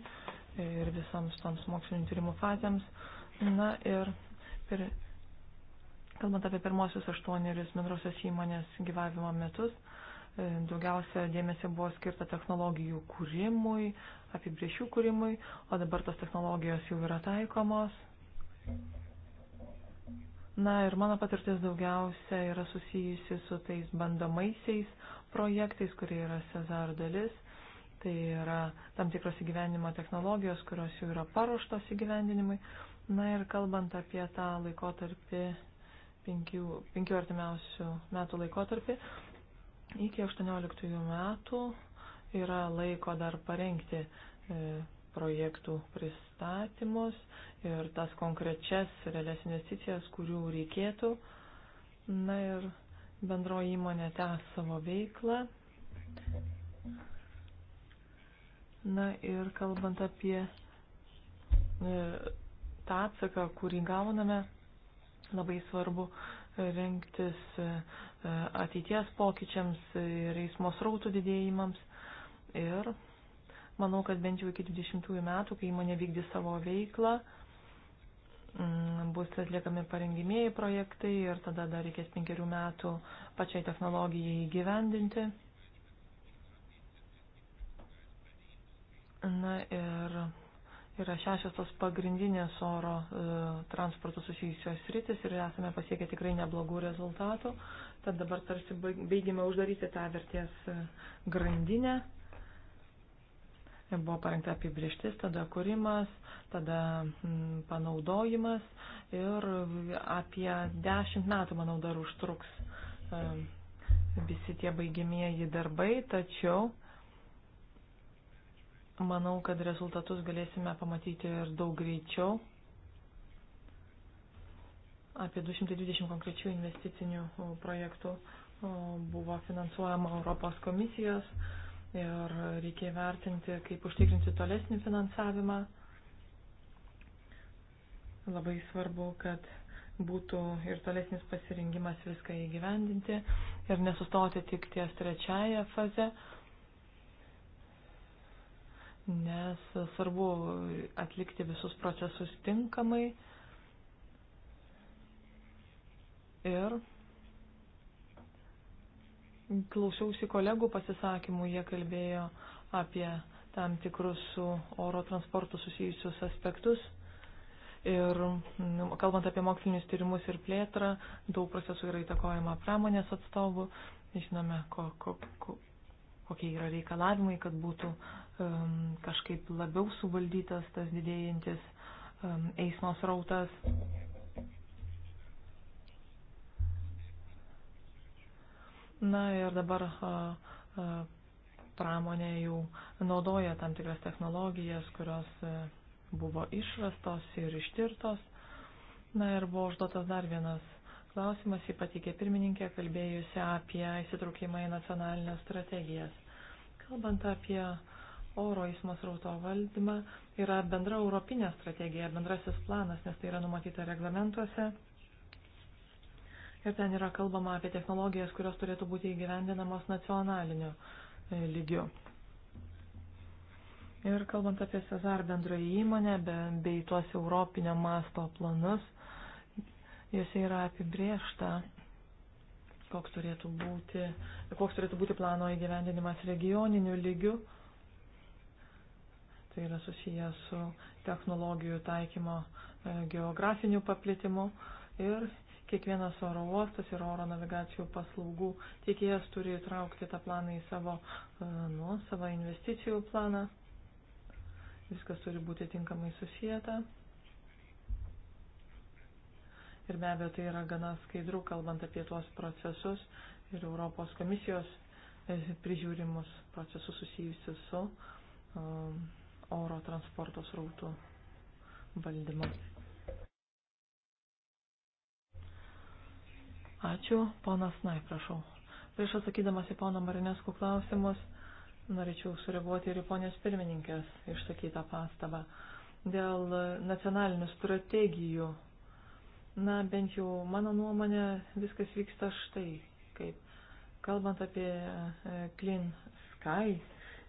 ir visams toms mokslinio tyrimų fazėms. Na ir per, kalbant apie pirmosius aštuonerius bendrosios įmonės gyvavimo metus, e, daugiausia dėmesio buvo skirta technologijų kūrimui, apibriešių kūrimui, o dabar tos technologijos jau yra taikomos. Na ir mano patirtis daugiausia yra susijusi su tais bandomaisiais projektais, kurie yra Cezar dalis. Tai yra tam tikros įgyvendinimo technologijos, kurios jau yra paruoštos įgyvendinimui. Na ir kalbant apie tą laikotarpį, penkių, penkių artimiausių metų laikotarpį, iki 18 metų yra laiko dar parengti e, projektų pristatymus ir tas konkrečias realias investicijas, kurių reikėtų. Na ir bendroji įmonė tęs savo veiklą. Na ir kalbant apie e, tą atsaką, kurį gauname, labai svarbu e, rengtis e, ateities pokyčiams ir eismo srautų didėjimams. Ir manau, kad bent jau iki 20 metų, kai įmonė vykdys savo veiklą, Mm, bus atliekami parengimieji projektai ir tada dar reikės penkerių metų pačiai technologijai įgyvendinti. Na ir yra šešios tos pagrindinės oro e, transportų susijusios rytis ir esame pasiekę tikrai neblogų rezultatų. Tad dabar tarsi baigime uždaryti tą vertės e, grandinę. Buvo parengta apibrieštis, tada kūrimas, tada mm, panaudojimas ir apie dešimt metų, manau, dar užtruks visi tie baigimieji darbai, tačiau manau, kad rezultatus galėsime pamatyti ir daug greičiau. Apie 220 konkrečių investicinių projektų buvo finansuojama Europos komisijos ir reikia vertinti, kaip užtikrinti tolesnį finansavimą. Labai svarbu, kad būtų ir tolesnis pasirinkimas viską įgyvendinti ir nesustoti tik ties trečiaja faze, nes svarbu atlikti visus procesus tinkamai ir Klausiausi kolegų pasisakymų, jie kalbėjo apie tam tikrus su oro transportu susijusius aspektus. Ir nu, kalbant apie mokslinius tyrimus ir plėtrą, daug procesų yra įtakojama pramonės atstovų. Žinome, ko, ko, ko, kokie yra reikalavimai, kad būtų um, kažkaip labiau suvaldytas tas didėjantis um, eismo srautas. Na ir dabar pramonė jau naudoja tam tikras technologijas, kurios e, buvo išrastos ir ištirtos. Na ir buvo užduotas dar vienas klausimas, jį patikė pirmininkė, kalbėjusi apie įsitraukimą į nacionalinės strategijas. Kalbant apie oro eismo srauto valdymą, yra bendra europinė strategija, bendrasis planas, nes tai yra numatyta reglamentuose. Ir ten yra kalbama apie technologijas, kurios turėtų būti įgyvendinamos nacionaliniu e, lygiu. Ir kalbant apie Cezar bendrąjį įmonę bei tuos europinio masto planus, juose yra apibriešta, koks turėtų būti, koks turėtų būti plano įgyvendinimas regioniniu lygiu. Tai yra susiję su technologijų taikymo e, geografiniu paplitimu ir Kiekvienas oro uostas ir oro navigacijų paslaugų teikėjas turi įtraukti tą planą į savo, e, nu, savo investicijų planą. Viskas turi būti tinkamai susijęta. Ir be abejo, tai yra gana skaidru, kalbant apie tuos procesus ir Europos komisijos e, prižiūrimus procesus susijusius su um, oro transporto srautų valdymu. Ačiū, ponas Nai, prašau. Prieš atsakydamas į pono Marinesko klausimus, norėčiau sureaguoti ir į ponės pirmininkės išsakytą pastabą dėl nacionalinių strategijų. Na, bent jau mano nuomonė, viskas vyksta štai, kaip kalbant apie e, Clean Sky,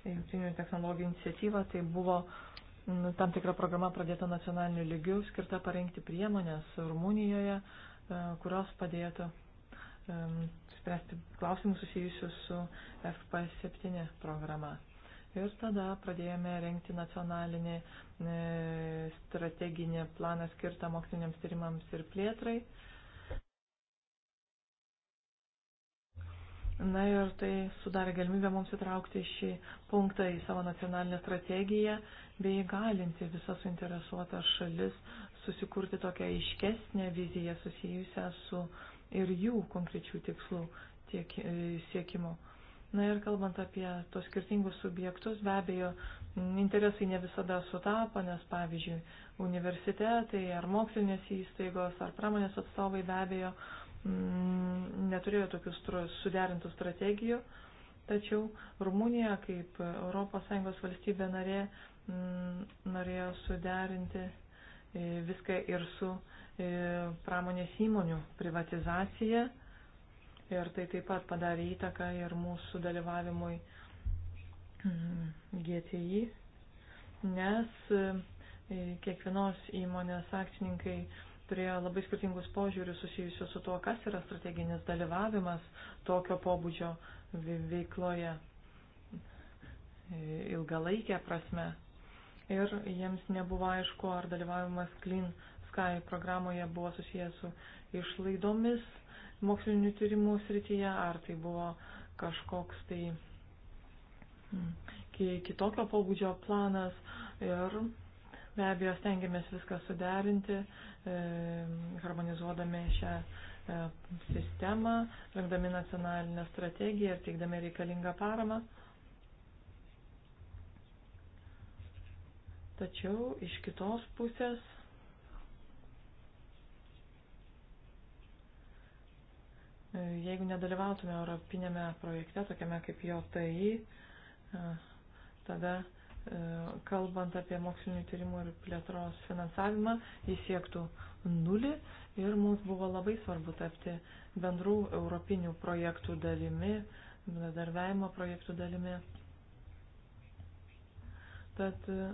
jungtinių technologijų iniciatyvą, tai buvo tam tikra programa pradėta nacionaliniu lygiu, skirta parengti priemonės Rumunijoje, e, kurios padėtų Um, spręsti klausimus susijusius su FP7 programa. Ir tada pradėjome renkti nacionalinį e, strateginį planą skirtą moksliniams tyrimams ir plėtrai. Na ir tai sudarė galimybę mums įtraukti šį punktą į savo nacionalinę strategiją bei įgalinti visas suinteresuotas šalis susikurti tokią aiškesnę viziją susijusią su uh, ir jų konkrečių tikslų tiek, e, siekimo. Na ir kalbant apie tos skirtingus subjektus, be abejo, interesai ne visada sutapo, nes pavyzdžiui, universitetai ar mokslinės įstaigos ar pramonės atstovai be abejo m, mm, neturėjo tokių suderintų strategijų, tačiau Rumunija kaip ES valstybė narė m, mm, norėjo suderinti e, viską ir su pramonės įmonių privatizacija ir tai taip pat padarė įtaką ir mūsų dalyvavimui mm, GTI, nes e, kiekvienos įmonės akcininkai turėjo labai skirtingus požiūrius susijusius su tuo, kas yra strateginis dalyvavimas tokio pobūdžio veikloje e, ilgalaikė prasme. Ir jiems nebuvo aišku, ar dalyvavimas klin Sky programoje buvo susijęs su išlaidomis mokslinių tyrimų srityje, ar tai buvo kažkoks tai mm, kitokio pobūdžio planas ir be abejo stengiamės viską suderinti, e, harmonizuodami šią e, sistemą, rengdami nacionalinę strategiją ir teikdami reikalingą paramą. Tačiau iš kitos pusės Jeigu nedalyvautume europinėme projekte, tokiame kaip JOTI, tada e, kalbant apie mokslinių tyrimų ir plėtros finansavimą, jis siektų nulį ir mums buvo labai svarbu tapti bendrų europinių projektų dalimi, bendradarbiavimo projektų dalimi. Tad e,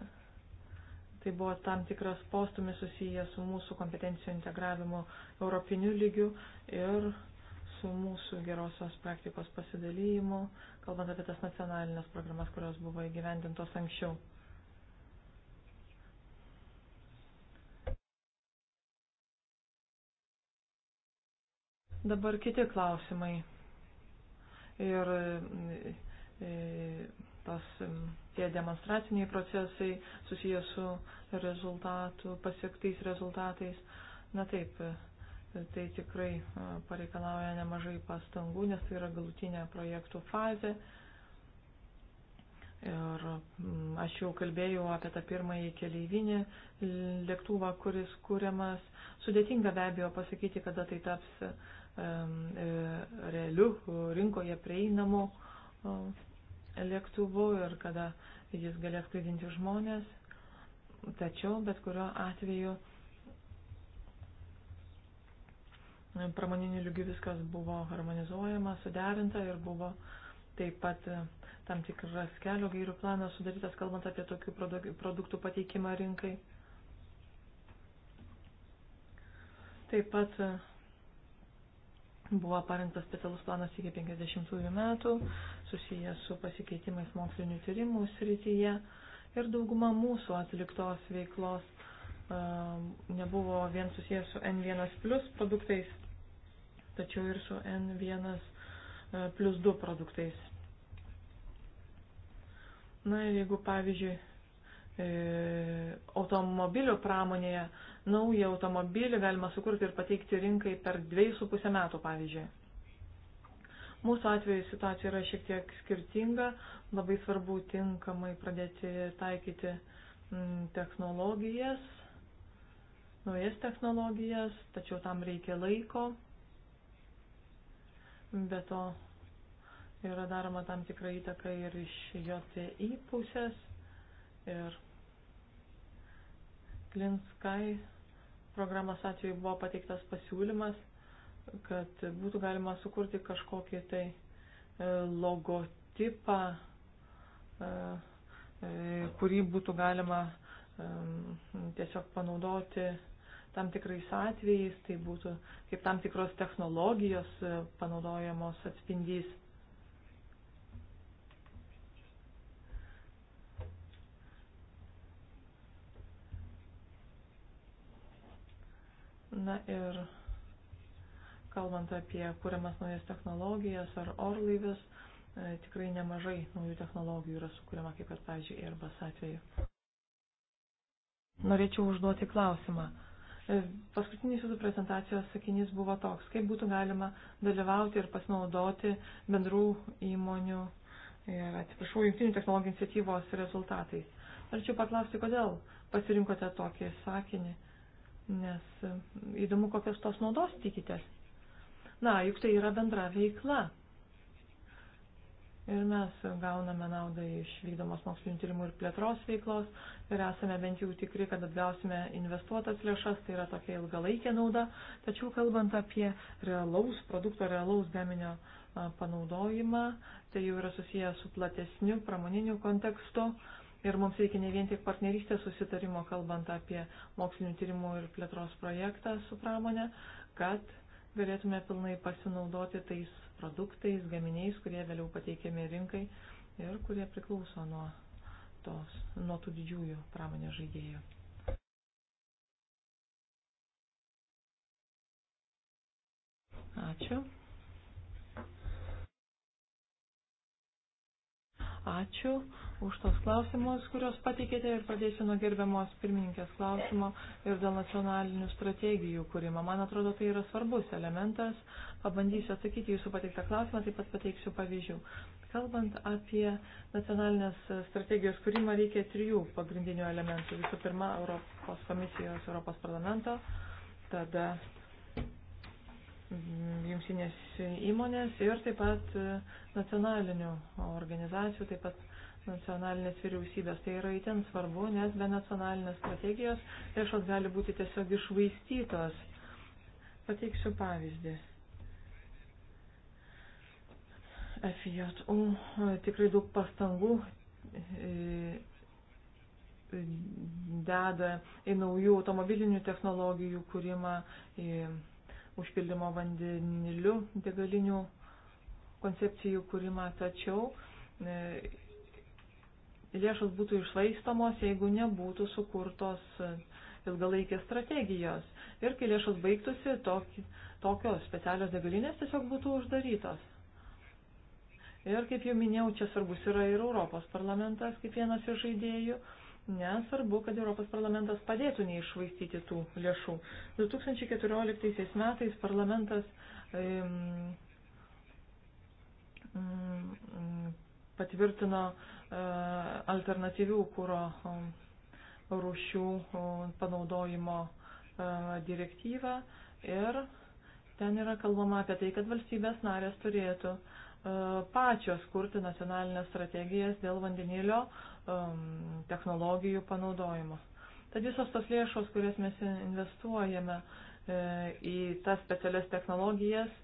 tai buvo tam tikras postumis susijęs su mūsų kompetencijų integravimu europiniu lygiu ir su mūsų gerosios praktikos pasidalymu, kalbant apie tas nacionalinės programas, kurios buvo įgyvendintos anksčiau. Dabar kiti klausimai. Ir e, e, tas, tie demonstraciniai procesai susijęs su rezultatų, pasiektais rezultatais. Na taip, Tai tikrai pareikalauja nemažai pastangų, nes tai yra galutinė projektų fazė. Ir aš jau kalbėjau apie tą pirmąjį keleivinį lėktuvą, kuris kūriamas. Sudėtinga be abejo pasakyti, kada tai taps e, realiu rinkoje prieinamu lėktuvu ir kada jis galės skraidinti žmonės. Tačiau bet kuriuo atveju pramoninių lygių viskas buvo harmonizuojama, suderinta ir buvo taip pat e, tam tikras kelio gairių planas sudarytas, kalbant apie tokių produktų pateikimą rinkai. Taip pat e, buvo parengtas specialus planas iki 50 metų, susijęs su pasikeitimais mokslinių tyrimų srityje ir dauguma mūsų atliktos veiklos nebuvo vien susijęs su N1 plus produktais, tačiau ir su N1 e, plus 2 produktais. Na ir jeigu pavyzdžiui e, automobilių pramonėje naują automobilį galima sukurti ir pateikti rinkai per 2,5 metų, pavyzdžiui. Mūsų atveju situacija yra šiek tiek skirtinga, labai svarbu tinkamai pradėti taikyti technologijas, naujas technologijas, tačiau tam reikia laiko. Be to yra daroma tam tikra įtaka ir iš JTI pusės. Ir Klinskai programos atveju buvo pateiktas pasiūlymas, kad būtų galima sukurti kažkokį tai e, logotipą, e, e, kurį būtų galima tiesiog panaudoti tam tikrais atvejais tai būtų kaip tam tikros technologijos e, panaudojamos atspindys. Na ir kalbant apie kuriamas naujas technologijas ar orlaivius, e, tikrai nemažai naujų technologijų yra sukūriama, kaip ir, pavyzdžiui, Airbus atveju. Norėčiau užduoti klausimą Paskutinis jūsų prezentacijos sakinys buvo toks, kaip būtų galima dalyvauti ir pasinaudoti bendrų įmonių ir, e, atsiprašau, jungtinių technologijų iniciatyvos rezultatais. Norėčiau paklausti, kodėl pasirinkote tokį sakinį, nes e, įdomu, kokios tos naudos tikitės. Na, juk tai yra bendra veikla ir mes gauname naudą iš vykdomos mokslinio tyrimų ir plėtros veiklos ir esame bent jau tikri, kad atgausime investuotas lėšas, tai yra tokia ilgalaikė nauda, tačiau kalbant apie realaus produkto, realaus gaminio panaudojimą, tai jau yra susiję su platesniu pramoniniu kontekstu. Ir mums reikia ne vien tik partnerystės susitarimo, kalbant apie mokslinių tyrimų ir plėtros projektą su pramonė, kad galėtume pilnai pasinaudoti tais produktais, gaminiais, kurie vėliau pateikiami rinkai ir kurie priklauso nuo, tos, nuo tų didžiųjų pramonės žaidėjų. Ačiū. Ačiū už tos klausimus, kurios pateikėte ir pradėsiu nuo gerbiamos pirmininkės klausimo ir dėl nacionalinių strategijų kūrimo. Man atrodo, tai yra svarbus elementas. Pabandysiu atsakyti jūsų pateiktą klausimą, taip pat pateiksiu pavyzdžių. Kalbant apie nacionalinės strategijos kūrimą, reikia trijų pagrindinių elementų. Visų pirma, Europos komisijos, Europos parlamento, tada jungtinės įmonės ir taip pat nacionalinių organizacijų, taip pat nacionalinės vyriausybės. Tai yra įten svarbu, nes be nacionalinės strategijos lėšos gali būti tiesiog išvaistytos. Pateiksiu pavyzdį. FJU tikrai daug pastangų e, deda į naujų automobilinių technologijų kūrimą, į užpildymo vandeniliu degalinių koncepcijų kūrimą, tačiau e, lėšos būtų išlaistomos, jeigu nebūtų sukurtos ilgalaikės strategijos. Ir kai lėšos baigtųsi, tokios specialios degalinės tiesiog būtų uždarytos. Ir kaip jau minėjau, čia svarbus yra ir Europos parlamentas kaip vienas iš žaidėjų. Nesvarbu, kad Europos parlamentas padėtų neišvaistyti tų lėšų. 2014 metais parlamentas um, um, patvirtino e, alternatyvių kūro e, rūšių e, panaudojimo direktyvą ir ten yra kalbama apie tai, kad valstybės narės turėtų pačios kurti nacionalinės strategijas dėl vandenilio technologijų panaudojimo. Tad visos tos lėšos, kurias mes investuojame į tas specialias technologijas,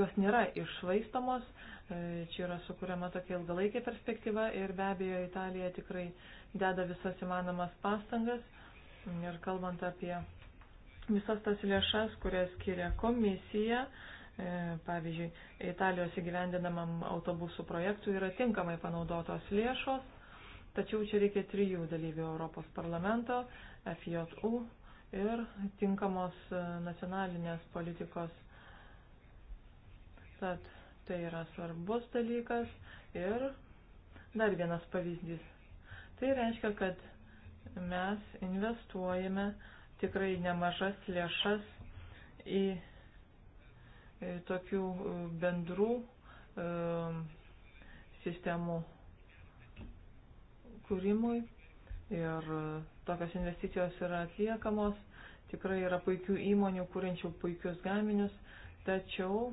jos nėra išvaistamos, E, čia yra sukūriama tokia ilgalaikė perspektyva ir be abejo Italija tikrai deda visas įmanomas pastangas. Ir kalbant apie visas tas lėšas, kurias skiria komisija, e, pavyzdžiui, Italijos įgyvendinamam autobusų projektui yra tinkamai panaudotos lėšos, tačiau čia reikia trijų dalyvių Europos parlamento, FJU ir tinkamos e, nacionalinės politikos. Tad Tai yra svarbus dalykas. Ir dar vienas pavyzdys. Tai reiškia, kad mes investuojame tikrai nemažas lėšas į tokių bendrų um, sistemų kūrimui ir tokios investicijos yra atliekamos. Tikrai yra puikių įmonių, kuriančių puikius gaminius, tačiau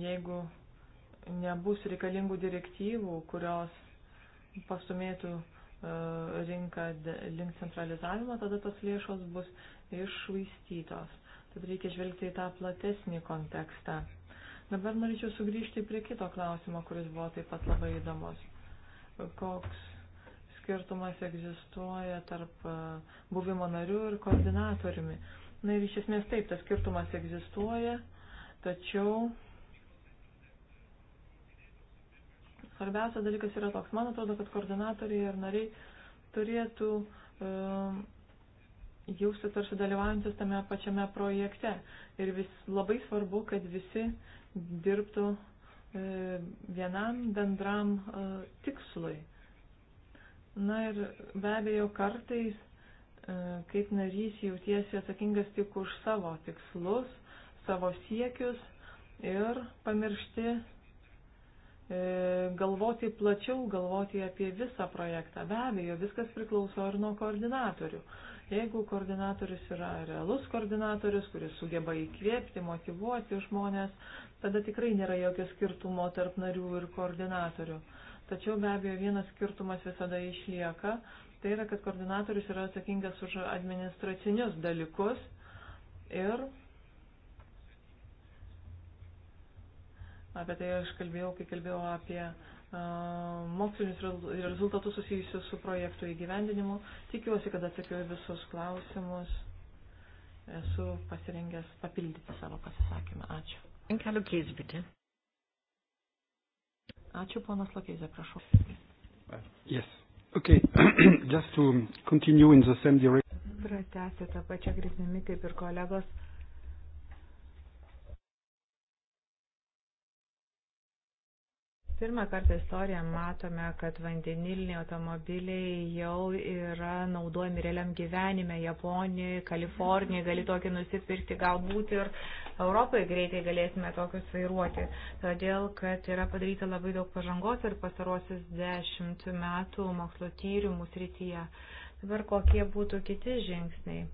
jeigu nebus reikalingų direktyvų, kurios pastumėtų e, rinką link centralizavimo, tada tos lėšos bus iššvaistytos. Tad reikia žvelgti į tą platesnį kontekstą. Dabar norėčiau sugrįžti prie kito klausimo, kuris buvo taip pat labai įdomus. Koks skirtumas egzistuoja tarp e, buvimo narių ir koordinatoriumi? Na ir iš esmės taip, tas skirtumas egzistuoja, tačiau Svarbiausia dalykas yra toks. Man atrodo, kad koordinatoriai ir nariai turėtų um, jausti tarsi dalyvaujantis tame pačiame projekte. Ir vis, labai svarbu, kad visi dirbtų e, vienam bendram e, tikslui. Na ir be abejo, kartais uh, kaip narys jautiesi atsakingas tik už savo tikslus, savo siekius ir pamiršti E, galvoti plačiau, galvoti apie visą projektą. Be abejo, viskas priklauso ir nuo koordinatorių. Jeigu koordinatorius yra realus koordinatorius, kuris sugeba įkvėpti, motivuoti žmonės, tada tikrai nėra jokio skirtumo tarp narių ir koordinatorių. Tačiau be abejo vienas skirtumas visada išlieka, tai yra, kad koordinatorius yra atsakingas už administracinius dalykus ir Apie tai aš kalbėjau, kai kalbėjau apie mokslinius rezultatus susijusius su projektų įgyvendinimu. Tikiuosi, kad atsakiau visus klausimus. Esu pasirengęs papildyti savo pasisakymą. Ačiū. Ačiū, ponas Lokėzė, prašau. Yes. Okay. Just to continue in the same direction. Pratęsiu tą pačią grįžtimį kaip ir kolegos. Uh, pirmą kartą istoriją matome, kad vandeniliniai automobiliai jau yra naudojami realiam gyvenime Japonijoje, Kalifornijoje, gali tokį nusipirkti, galbūt ir Europoje greitai galėsime tokius vairuoti. Todėl, kad yra padaryta labai daug pažangos ir pasarosius dešimt metų mokslo tyrimų srityje. Dabar kokie būtų kiti žingsniai?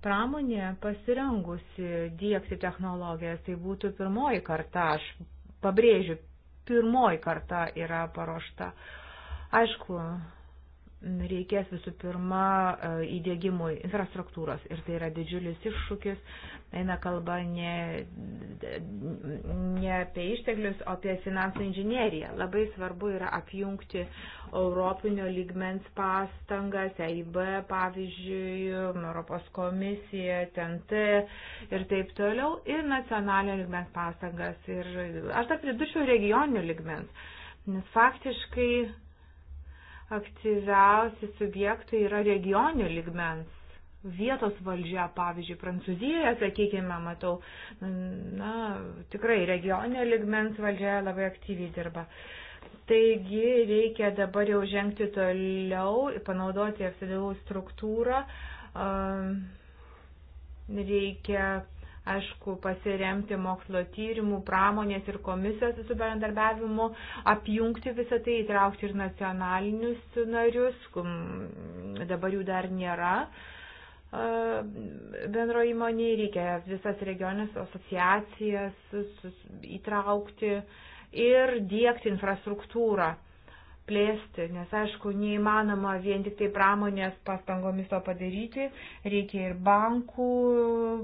Pramonė pasirengusi diegti technologijas, tai būtų pirmoji karta, aš pabrėžiu, pirmoji karta yra paruošta. Aišku, reikės visų pirma e, įdėgymui infrastruktūros ir tai yra didžiulis iššūkis. Eina kalba ne, ne apie išteklius, o apie finansų inžineriją. Labai svarbu yra apjungti Europinio lygmens pastangas, EIB pavyzdžiui, Europos komisija, TNT ir taip toliau, ir nacionalinio lygmens pastangas. Ir aš dar pridurčiau regioninio lygmens, nes faktiškai aktyviausi subjektai yra regionių ligmens. Vietos valdžia, pavyzdžiui, Prancūzijoje, sakykime, matau, na, tikrai regioninio ligmens valdžia labai aktyviai dirba. Taigi reikia dabar jau žengti toliau, panaudoti FCDU struktūrą, reikia aišku, pasiremti mokslo tyrimų, pramonės ir komisijos su bendarbiavimu, apjungti visą tai, įtraukti ir nacionalinius narius, dabar jų dar nėra bendro įmoniai, reikia visas regionės asociacijas įtraukti ir dėkti infrastruktūrą plėsti, nes aišku, neįmanoma vien tik tai pramonės pastangomis to padaryti, reikia ir bankų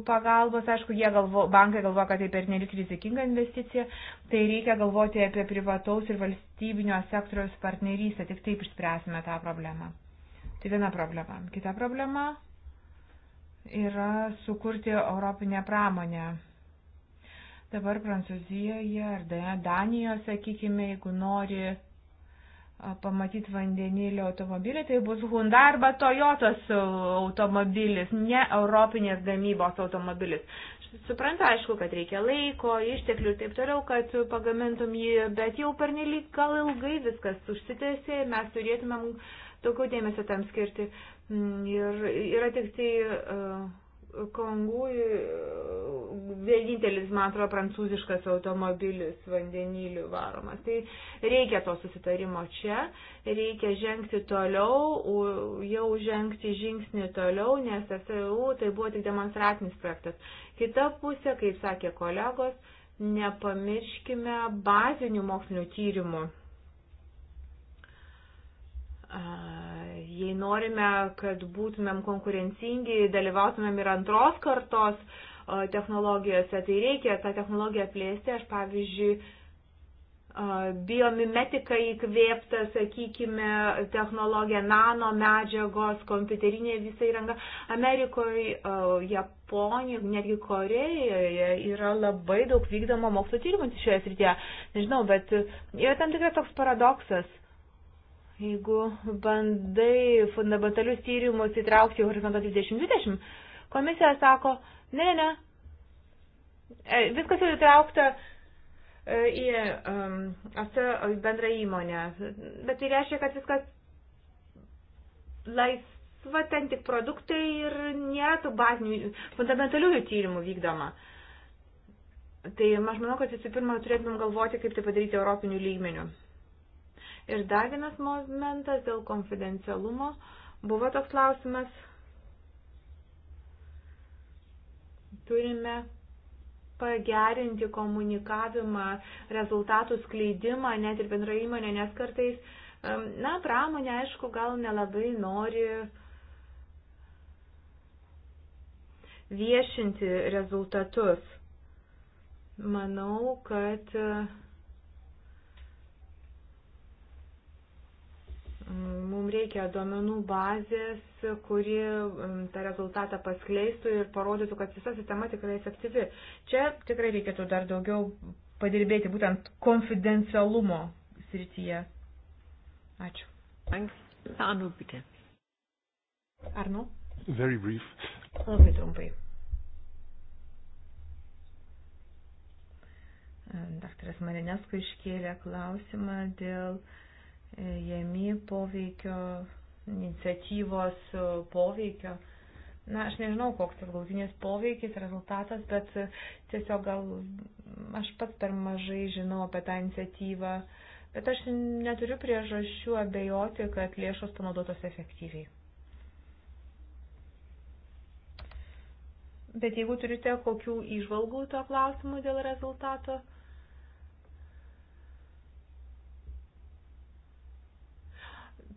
pagalbos, aišku, jie galvo, bankai galvoja, kad tai per nelik rizikinga investicija, tai reikia galvoti apie privataus ir valstybinio sektoriaus partnerystę, tik taip išspręsime tą problemą. Tai viena problema. Kita problema yra sukurti europinę pramonę dabar Prancūzijoje ar Danijoje, sakykime, jeigu nori pamatyti vandenilio automobilį, tai bus Hyundai arba Toyotos automobilis, ne europinės gamybos automobilis. Supranta, aišku, kad reikia laiko, išteklių ir taip toliau, kad pagamintum jį, bet jau pernelyg gal ilgai viskas užsitęsė ir mes turėtumėm daugiau dėmesio tam skirti. Mm, ir yra tik tai. Uh, Kongui vienintelis, man atrodo, prancūziškas automobilis vandeniliu varomas. Tai reikia to susitarimo čia, reikia žengti toliau, jau žengti žingsnį toliau, nes SAU tai buvo tik demonstratinis projektas. Kita pusė, kaip sakė kolegos, nepamirškime bazinių mokslinių tyrimų Jei norime, kad būtumėm konkurencingi, dalyvautumėm ir antros kartos technologijose, tai reikia tą technologiją plėsti. Aš pavyzdžiui, biomimetika įkvėpta, sakykime, technologija nano medžiagos, kompiuterinė visa įranga. Amerikoje, Japonijoje, netgi Korejoje yra labai daug vykdomo mokslo tyrimų šioje srityje. Nežinau, bet yra tam tikras toks paradoksas Jeigu bandai fundamentalius tyrimus įtraukti į horizontą 2020, komisija sako, ne, ne, ne, e, viskas jau įtraukta e, į um, bendrą įmonę. Bet tai reiškia, kad viskas laisva ten tik produktai ir nėra tų bazinių, fundamentaliųjų tyrimų vykdoma. Tai aš manau, kad visų pirma turėtumėm galvoti, kaip tai padaryti europinių lygmenių. Ir dar vienas momentas dėl konfidencialumo. Buvo toks klausimas. Turime pagerinti komunikavimą, rezultatų skleidimą, net ir bendra įmonė, nes kartais, na, pramonė, aišku, gal nelabai nori viešinti rezultatus. Manau, kad uh, Mums reikia duomenų bazės, kuri tą rezultatą paskleistų ir parodytų, kad visa sistema tikrai efektyvi. Čia tikrai reikėtų dar daugiau padirbėti būtent konfidencialumo srityje. Ačiū. Arnu, bitė. Arnu? Very brief. Labai trumpai. Daktaras Marinesko iškėlė klausimą dėl uh, jėmi poveikio, iniciatyvos e, poveikio. Na, aš nežinau, koks tas galutinis poveikis, rezultatas, bet e, tiesiog gal aš pats per mažai žinau apie tą iniciatyvą, bet aš neturiu priežasčių abejoti, kad lėšos panaudotos efektyviai. Bet jeigu turite kokių išvalgų tuo klausimu dėl rezultato,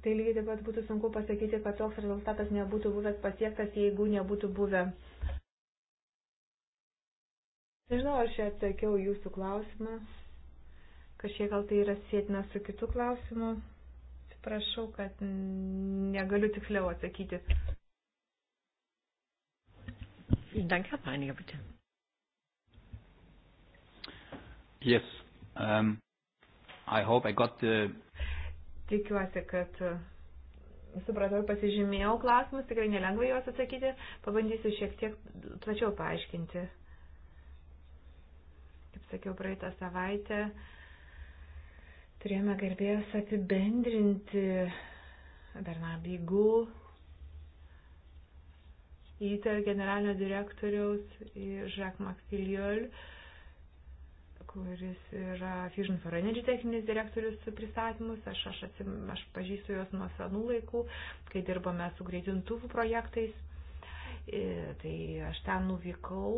Tai lygiai taip pat būtų sunku pasakyti, kad toks rezultatas nebūtų buvęs pasiektas, jeigu nebūtų buvę. Nežinau, aš atsakiau jūsų klausimą. Kažkiek gal tai yra sėtina su kitu klausimu. Atsiprašau, kad negaliu tiksliau atsakyti. Danke, Herr Peiniger, bitte. Yes. Um, I hope I got the Tikiuosi, kad e, supratau ir pasižymėjau klausimus, tikrai nelengva juos atsakyti, pabandysiu šiek tiek plačiau paaiškinti. Kaip sakiau, praeitą savaitę turėjome garbės apibendrinti Bernardai Gul, įter generalinio direktoriaus ir Jacques Maxiliol kuris yra Fusion for Energy techninis direktorius pristatymus. Aš, aš, atsim, aš pažįstu juos nuo senų laikų, kai dirbame su greitintuvų projektais. Ir, e, tai aš ten nuvykau.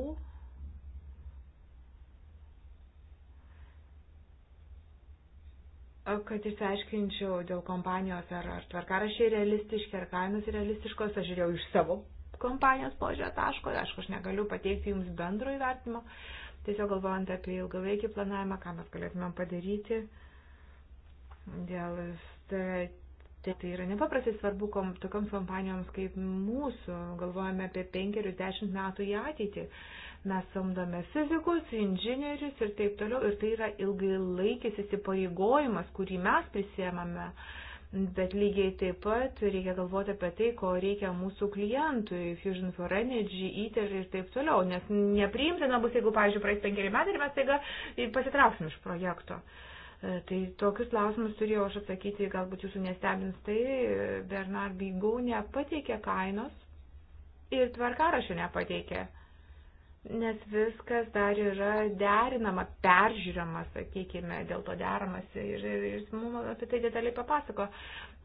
E, kad išsiaiškinčiau dėl kompanijos, ar, ar tvarkarašiai realistiški, ar kainos realistiškos, aš žiūrėjau iš savo kompanijos požiūrio taško, aišku, aš negaliu pateikti jums bendro įvertimo, uh, Tiesiog galvojant apie ilgalaikį planavimą, ką mes galėtumėm padaryti dėl strategijos. Tai yra nepaprastai svarbu kom, tokioms kompanijoms kaip mūsų, galvojame apie penkerius, dešimt metų į ateitį. Mes samdome fizikus, inžinierius ir taip toliau. Ir tai yra ilgalaikis įsipareigojimas, kurį mes prisėmame. Uh, bet lygiai taip pat reikia galvoti apie tai, ko reikia mūsų klientui, Fusion for Energy, ITER ir taip toliau, nes nepriimtina bus, jeigu, pavyzdžiui, praeis penkeri metai ir mes taiga pasitrauksim iš projekto. E, tai tokius klausimus turėjau aš atsakyti, galbūt jūsų nestebins tai, Bernard Bigau nepateikė kainos ir tvarkarašio nepateikė nes viskas dar yra derinama, peržiūrama, sakykime, dėl to deramasi ir, ir, ir jis mums apie tai detaliai papasako.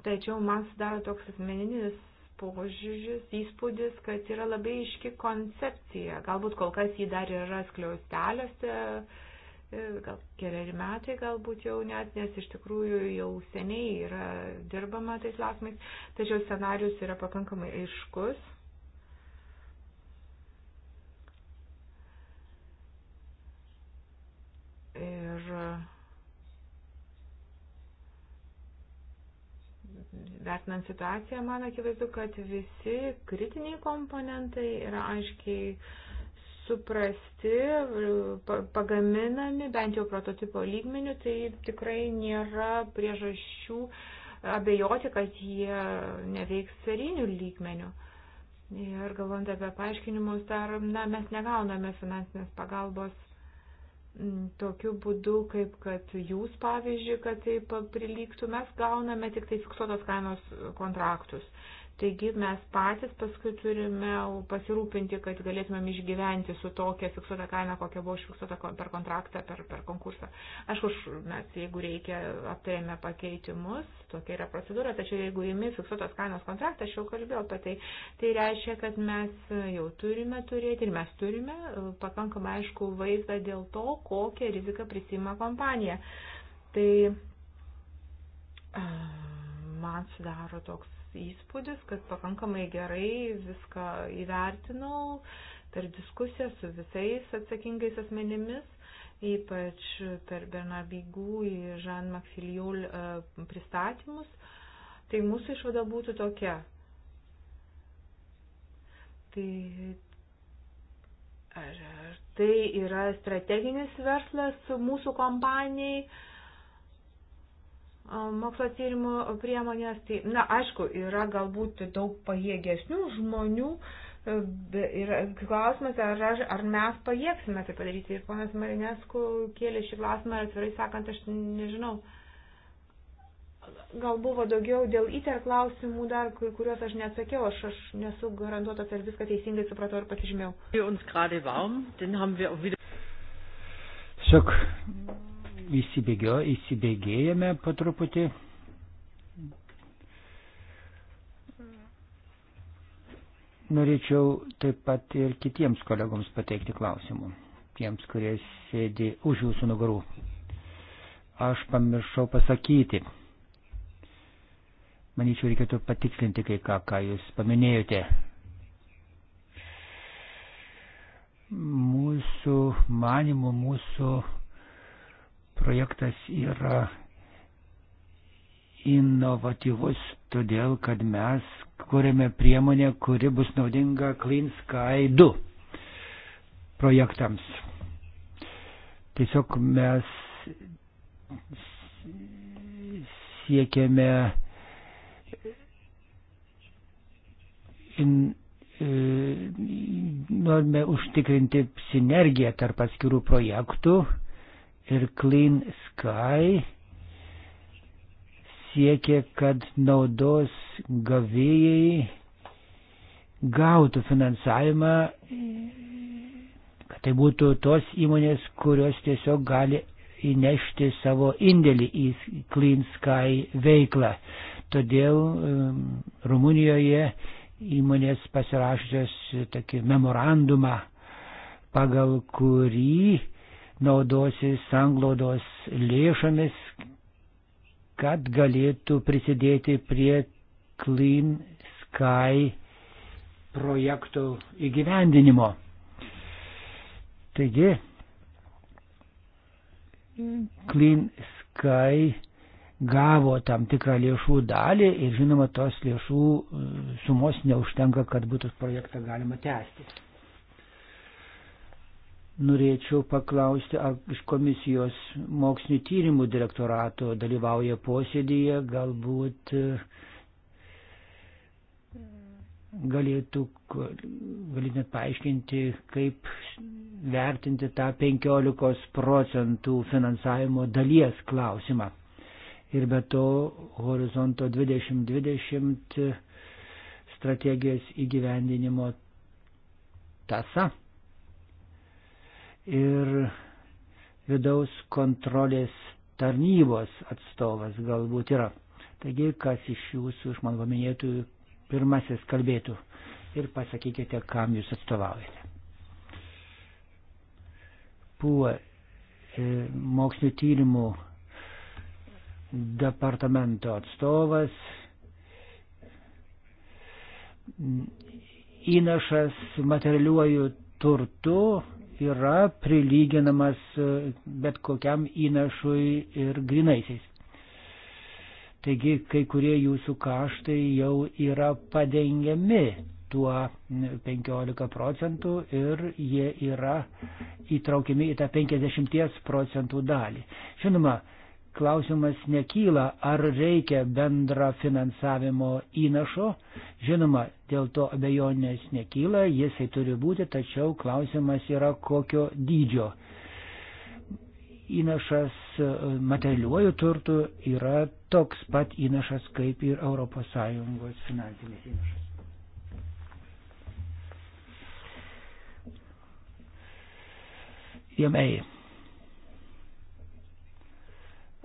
Tačiau man sudaro toks asmeninis požiūris, įspūdis, kad yra labai iški koncepcija. Galbūt kol kas jį dar yra skliausteliuose, e, gal keliari metai galbūt jau net, nes iš tikrųjų jau seniai yra dirbama tais lasmais, tačiau scenarius yra pakankamai aiškus Ir vertinant situaciją, man akivaizdu, kad visi kritiniai komponentai yra aiškiai suprasti, pagaminami, bent jau prototipo lygmenių, tai tikrai nėra priežasčių abejoti, kad jie neveiks serinių lygmenių. Ir galvant apie paaiškinimus, dar na, mes negauname finansinės pagalbos Mm, tokiu būdu, kaip kad jūs, pavyzdžiui, kad tai prilygtų, mes gauname tik tai fiksuotos kainos kontraktus. Taigi mes patys paskui turime pasirūpinti, kad galėtumėm išgyventi su tokia fiksuota kaina, kokia buvo užfiksuota per kontraktą, per, per konkursą. Aišku, mes jeigu reikia, aptarėme pakeitimus, tokia yra procedūra, tačiau jeigu įimi fiksuotos kainos kontraktą, aš jau kalbėjau apie tai, tai reiškia, kad mes jau turime turėti ir mes turime e, pakankamai aišku vaizdą dėl to, kokią riziką prisima kompanija. Tai e, man sudaro toks įspūdis, kad pakankamai gerai viską įvertinau per diskusiją su visais atsakingais asmenimis, ypač per Bernabigų ir Žan Maksiliul e, pristatymus. Tai mūsų išvada būtų tokia. Tai ar, ar tai yra strateginis verslas mūsų kompanijai? mokslo tyrimų priemonės. Tai, na, aišku, yra galbūt daug pajėgesnių žmonių e, ir klausimas, ar, ar mes pajėgsime tai padaryti. Ir ponas Marinesku kėlė šį klausimą ir atvirai sakant, aš nežinau. Gal buvo daugiau dėl įter klausimų dar, kuriuos aš neatsakiau, aš, aš nesu garantuotas, ar viską teisingai supratau ir pasižymėjau. Tiesiog įsibėgio, įsibėgėjame po truputį. Norėčiau taip pat ir kitiems kolegoms pateikti klausimų, tiems, kurie sėdi už jūsų nugarų. Aš pamiršau pasakyti. Manyčiau, reikėtų patikslinti kai ką, ką jūs paminėjote. Mūsų manimų, mūsų Projektas yra inovatyvus, todėl kad mes kūrėme priemonę, kuri bus naudinga Clean Sky 2 projektams. Tiesiog mes siekiame in, e, norime užtikrinti sinergiją tarp atskirų projektų ir Clean Sky siekia, kad naudos gavėjai gautų finansavimą, kad tai būtų tos įmonės, kurios tiesiog gali įnešti savo indėlį į Clean Sky veiklą. Todėl um, Rumunijoje įmonės pasirašęs tokį memorandumą, pagal kurį naudosis sanglaudos lėšomis, kad galėtų prisidėti prie Clean Sky projektų įgyvendinimo. Taigi, Clean Sky gavo tam tikrą lėšų dalį ir žinoma, tos lėšų sumos neužtenka, kad būtų projektą galima tęsti. Norėčiau paklausti, ar iš komisijos mokslinio tyrimų direktorato dalyvauja posėdėje, galbūt e, galėtų, galėtumėt paaiškinti, kaip vertinti tą 15 procentų finansavimo dalies klausimą. Ir be to, horizonto 2020 e, strategijos įgyvendinimo tasa ir vidaus kontrolės tarnybos atstovas galbūt yra. Taigi, kas iš jūsų, iš mano paminėtųjų, pirmasis kalbėtų ir pasakykite, kam jūs atstovaujate. Puo e, mokslinio tyrimų departamento atstovas. Įnašas materialiuoju turtu yra prilyginamas e, bet kokiam įnašui ir grinaisiais. Taigi kai kurie jūsų kaštai jau yra padengiami tuo 15 procentų ir jie yra įtraukiami į tą 50 procentų dalį. Žinoma, klausimas nekyla, ar reikia bendra finansavimo įnašo. Žinoma, dėl to abejonės nekyla, jisai turi būti, tačiau klausimas yra kokio dydžio. Įnašas e, materialiuoju turtu yra toks pat įnašas kaip ir ES finansinis įnašas. EMA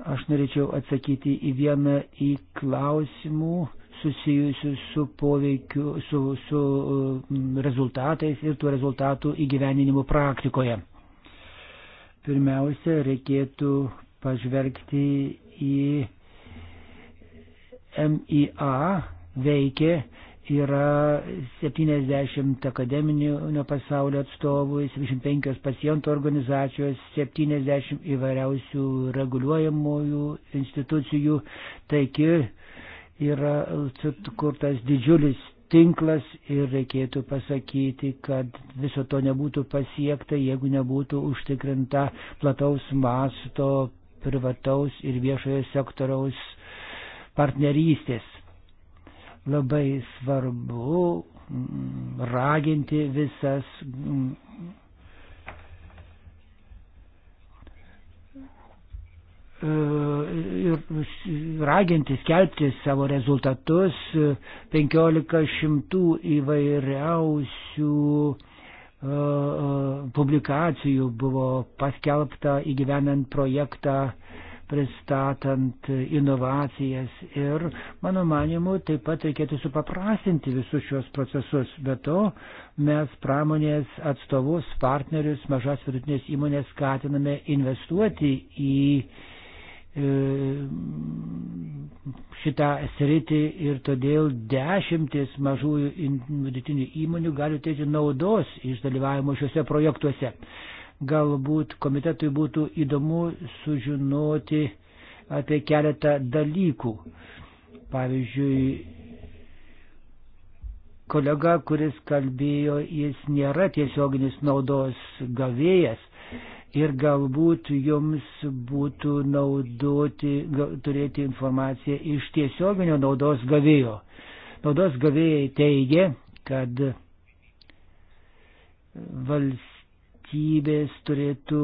Aš norėčiau atsakyti į vieną į klausimų susijusių su poveikiu, su, su mm, rezultatais ir tų rezultatų įgyveninimo praktikoje. Pirmiausia, reikėtų pažvelgti į MIA veikė yra 70 akademinio pasaulio atstovų, 75 pacientų organizacijos, 70 įvairiausių reguliuojamųjų institucijų. Taigi yra sukurtas didžiulis tinklas ir reikėtų pasakyti, kad viso to nebūtų pasiekta, jeigu nebūtų užtikrinta plataus masto privataus ir viešojo sektoriaus partnerystės labai svarbu mm, raginti visas mm, e, ir raginti skelbti savo rezultatus 1500 įvairiausių e, e, publikacijų buvo paskelbta įgyvenant projektą pristatant inovacijas ir, mano manimu, taip pat reikėtų supaprastinti visus šios procesus. Be to, mes pramonės atstovus, partnerius, mažas vidutinės įmonės skatiname investuoti į e, šitą sritį ir todėl dešimtis mažųjų vidutinių įmonių gali turėti naudos iš dalyvavimo šiuose projektuose. Galbūt komitetui būtų įdomu sužinoti apie keletą dalykų. Pavyzdžiui, kolega, kuris kalbėjo, jis nėra tiesioginis naudos gavėjas ir galbūt jums būtų naudoti, turėti informaciją iš tiesioginio naudos gavėjo. Naudos gavėjai teigia, kad vals, valstybės turėtų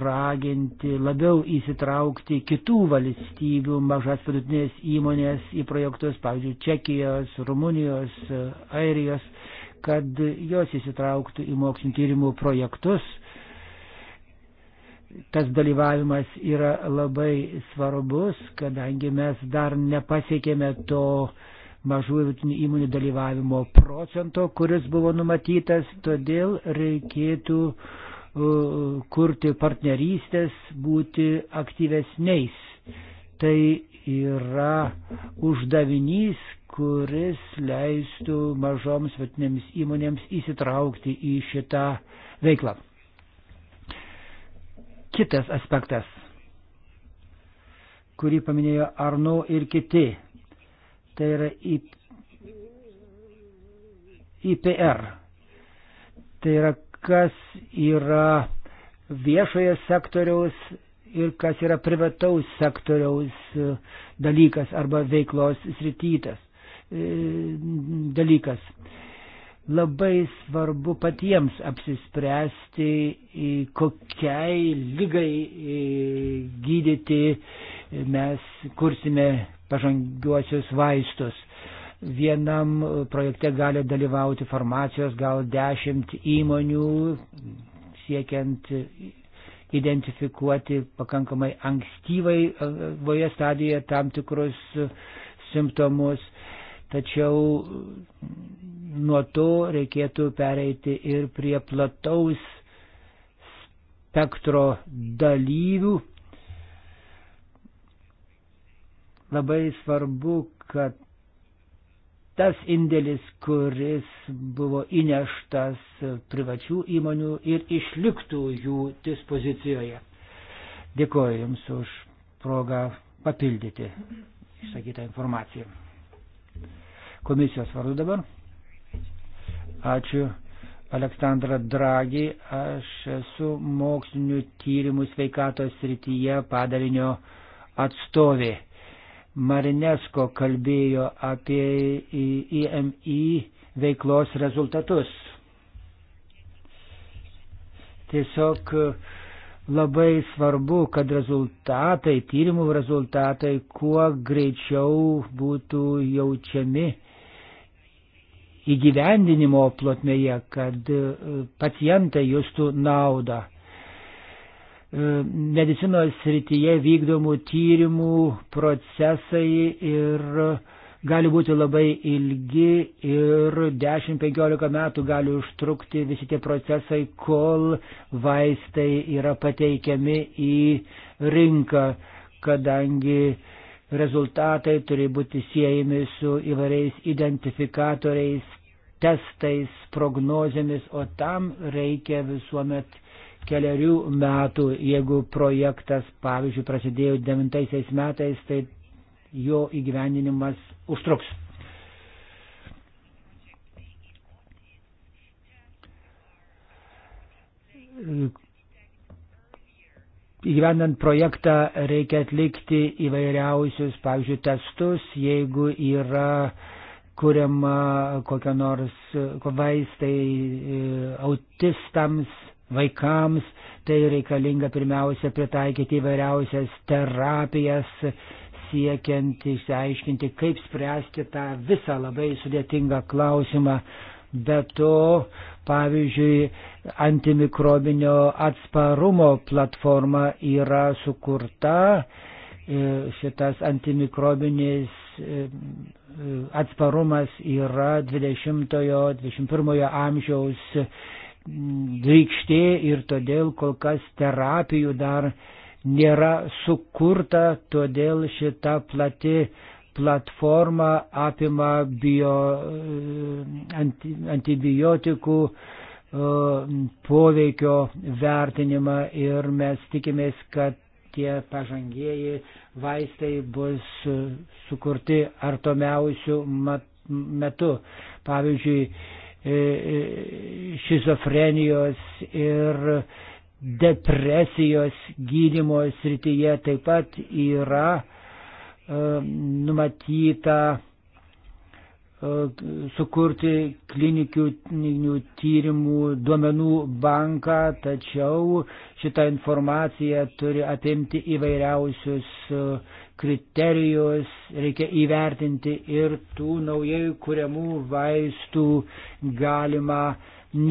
raginti labiau įsitraukti kitų valstybių mažas vidutinės įmonės į projektus, pavyzdžiui, Čekijos, Rumunijos, Airijos, kad jos įsitrauktų į mokslinio tyrimų projektus. Tas dalyvavimas yra labai svarbus, kadangi mes dar nepasiekėme to uh, mažų ir vidutinių įmonių dalyvavimo procento, kuris buvo numatytas, todėl reikėtų uh, kurti partnerystės, būti aktyvesniais. Tai yra uždavinys, kuris leistų mažoms vietinėms įmonėms įsitraukti į šitą veiklą. Kitas aspektas, kurį paminėjo Arno ir kiti tai yra IPR. Tai yra, kas yra viešoje sektoriaus ir kas yra privataus sektoriaus e, dalykas arba veiklos sritytas e, dalykas. Labai svarbu patiems apsispręsti, kokiai lygai e, gydyti mes kursime pažangiuosius vaistus. Vienam projekte gali dalyvauti farmacijos gal dešimt įmonių, siekiant identifikuoti pakankamai ankstyvai voje stadijoje tam tikrus simptomus. Tačiau nuo to reikėtų pereiti ir prie plataus spektro dalyvių Labai svarbu, kad tas indėlis, kuris buvo įneštas privačių įmonių ir išliktų jų dispozicijoje. Dėkuoju Jums už progą papildyti išsakytą informaciją. Komisijos vardu dabar. Ačiū. Aleksandra Dragi, aš esu mokslinių tyrimų sveikatos srityje padalinio atstovė. Marinesko kalbėjo apie IMI veiklos rezultatus. Tiesiog labai svarbu, kad rezultatai, tyrimų rezultatai kuo greičiau būtų jaučiami įgyvendinimo plotmėje, kad pacientai justų naudą. E, medicinos srityje vykdomų tyrimų procesai ir gali būti labai ilgi ir 10-15 metų gali užtrukti visi tie procesai, kol vaistai yra pateikiami į rinką, kadangi rezultatai turi būti siejami su įvairiais identifikatoriais, testais, prognozėmis, o tam reikia visuomet keliarių metų, jeigu projektas, pavyzdžiui, prasidėjo 9 metais, tai jo įgyvendinimas užtruks. Įgyvendant projektą reikia atlikti įvairiausius, pavyzdžiui, testus, jeigu yra kuriama kokia nors vaistai e, autistams, vaikams, tai reikalinga pirmiausia pritaikyti įvairiausias terapijas, siekiant išsiaiškinti, kaip spręsti tą visą labai sudėtingą klausimą. Be to, pavyzdžiui, antimikrobinio atsparumo platforma yra sukurta, e, šitas antimikrobinis e, e, atsparumas yra 20-21 amžiaus drykštė ir todėl kol kas terapijų dar nėra sukurta, todėl šita plati platforma apima bio, e, anti, antibiotikų e, poveikio vertinimą ir mes tikimės, kad tie pažangieji vaistai bus sukurti artomiausių metų. Pavyzdžiui, E, e, šizofrenijos ir depresijos gydimo srityje taip pat yra e, numatyta sukurti klinikinių tyrimų duomenų banką, tačiau šitą informaciją turi apimti įvairiausius kriterijus, reikia įvertinti ir tų naujai kuriamų vaistų galimą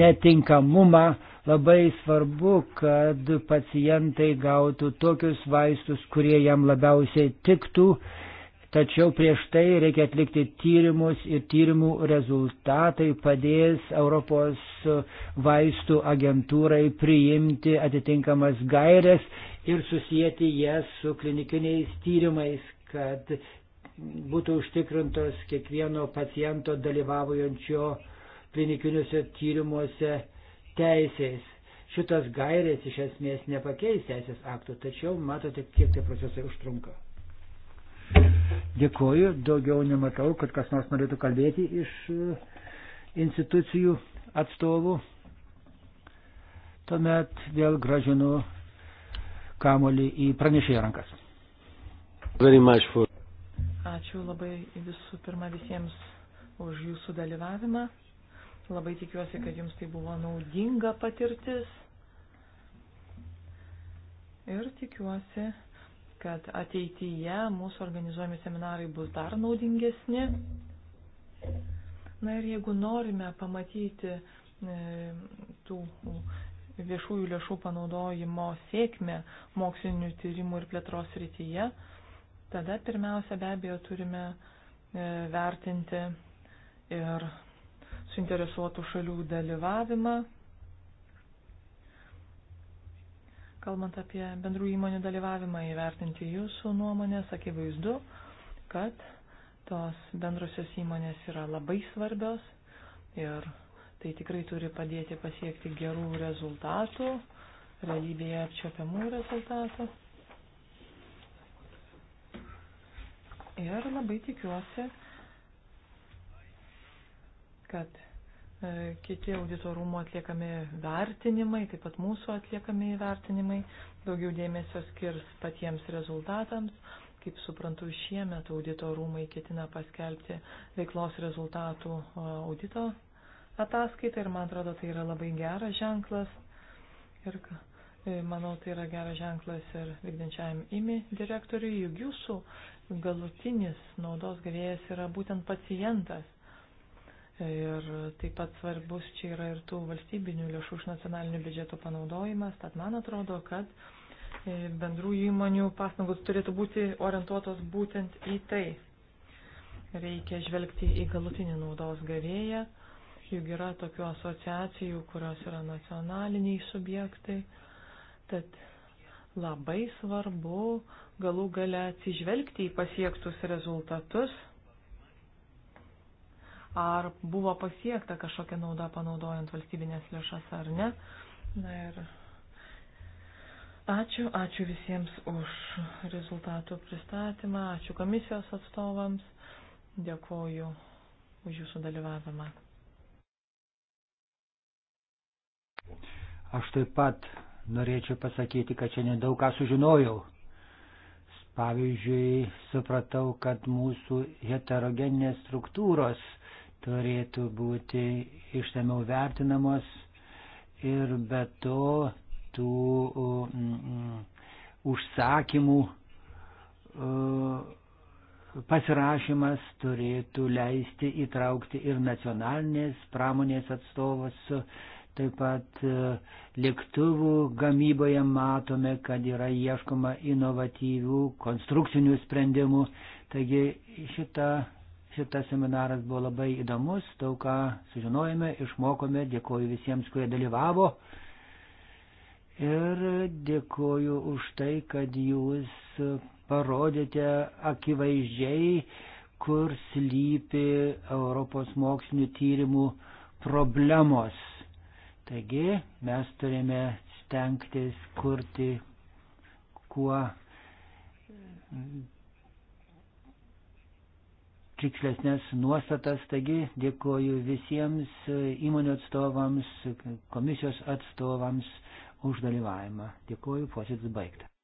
netinkamumą. Labai svarbu, kad pacientai gautų tokius vaistus, kurie jam labiausiai tiktų, tačiau prieš tai reikia atlikti tyrimus ir tyrimų rezultatai padės Europos vaistų agentūrai priimti atitinkamas gairias ir susijęti jas su klinikiniais tyrimais, kad būtų užtikrintos kiekvieno paciento dalyvaujančio klinikiniuose tyrimuose teisės. Šitas gairės iš esmės nepakeis teisės aktų, tačiau matote, kiek tie procesai užtrunka. Dėkuoju, daugiau nematau, kad kas nors norėtų kalbėti iš e, institucijų atstovų. Tuomet vėl gražinu kamolį į pranešėjo rankas. Ačiū labai visų pirma visiems už jūsų dalyvavimą. Labai tikiuosi, kad jums tai buvo naudinga patirtis. Ir tikiuosi, kad ateityje mūsų organizuojami seminarai bus dar naudingesni. Na ir jeigu norime pamatyti e, tų viešųjų lėšų panaudojimo sėkmę mokslinių tyrimų ir plėtros rytyje, tada pirmiausia be abejo turime e, vertinti ir suinteresuotų šalių dalyvavimą. Kalbant apie bendrų įmonių dalyvavimą, įvertinti jūsų nuomonės, akivaizdu, kad tos bendrosios įmonės yra labai svarbios ir Tai tikrai turi padėti pasiekti gerų rezultatų, realybėje apčiopiamų rezultatų. Ir labai tikiuosi, kad e, kiti auditorumo atliekami vertinimai, taip pat mūsų atliekami vertinimai, daugiau dėmesio skirs patiems rezultatams. Kaip suprantu, šiemet auditorumai ketina paskelbti veiklos rezultatų e, audito ataskaitą ir man atrodo tai yra labai geras ženklas. Ir e, manau, tai yra geras ženklas ir vykdančiajam IMI direktoriui, juk jūsų galutinis naudos gavėjas yra būtent pacientas. E, ir taip pat svarbus čia yra ir tų valstybinių lėšų iš nacionalinių biudžeto panaudojimas, tad man atrodo, kad e, bendrųjų įmonių pastangos turėtų būti orientuotos būtent į tai. Reikia žvelgti į galutinį naudos gavėją juk yra tokių asociacijų, kurios yra nacionaliniai subjektai. Tad labai svarbu galų gale atsižvelgti į pasiektus rezultatus. Ar buvo pasiekta kažkokia nauda panaudojant valstybinės lėšas ar ne. Na ir ačiū, ačiū visiems už rezultatų pristatymą, ačiū komisijos atstovams, dėkoju už jūsų dalyvavimą. Aš taip pat norėčiau pasakyti, kad šiandien daug ką sužinojau. Pavyzdžiui, supratau, kad mūsų heterogeninės struktūros turėtų būti išsameu vertinamos ir be to tų mm, užsakymų pasirašymas turėtų leisti įtraukti ir nacionalinės pramonės atstovus Taip pat e, lėktuvų gamyboje matome, kad yra ieškoma inovatyvių konstrukcinių sprendimų. Taigi šita, šitas seminaras buvo labai įdomus, daug ką sužinojome, išmokome, dėkoju visiems, kurie dalyvavo. Ir dėkoju už tai, kad jūs parodėte akivaizdžiai, kur slypi Europos mokslinių tyrimų problemos. Taigi mes turime stengtis kurti kuo tikslesnės nuostatas. Taigi dėkoju visiems įmonių atstovams, komisijos atstovams už dalyvavimą. Dėkoju, posėdis baigtas.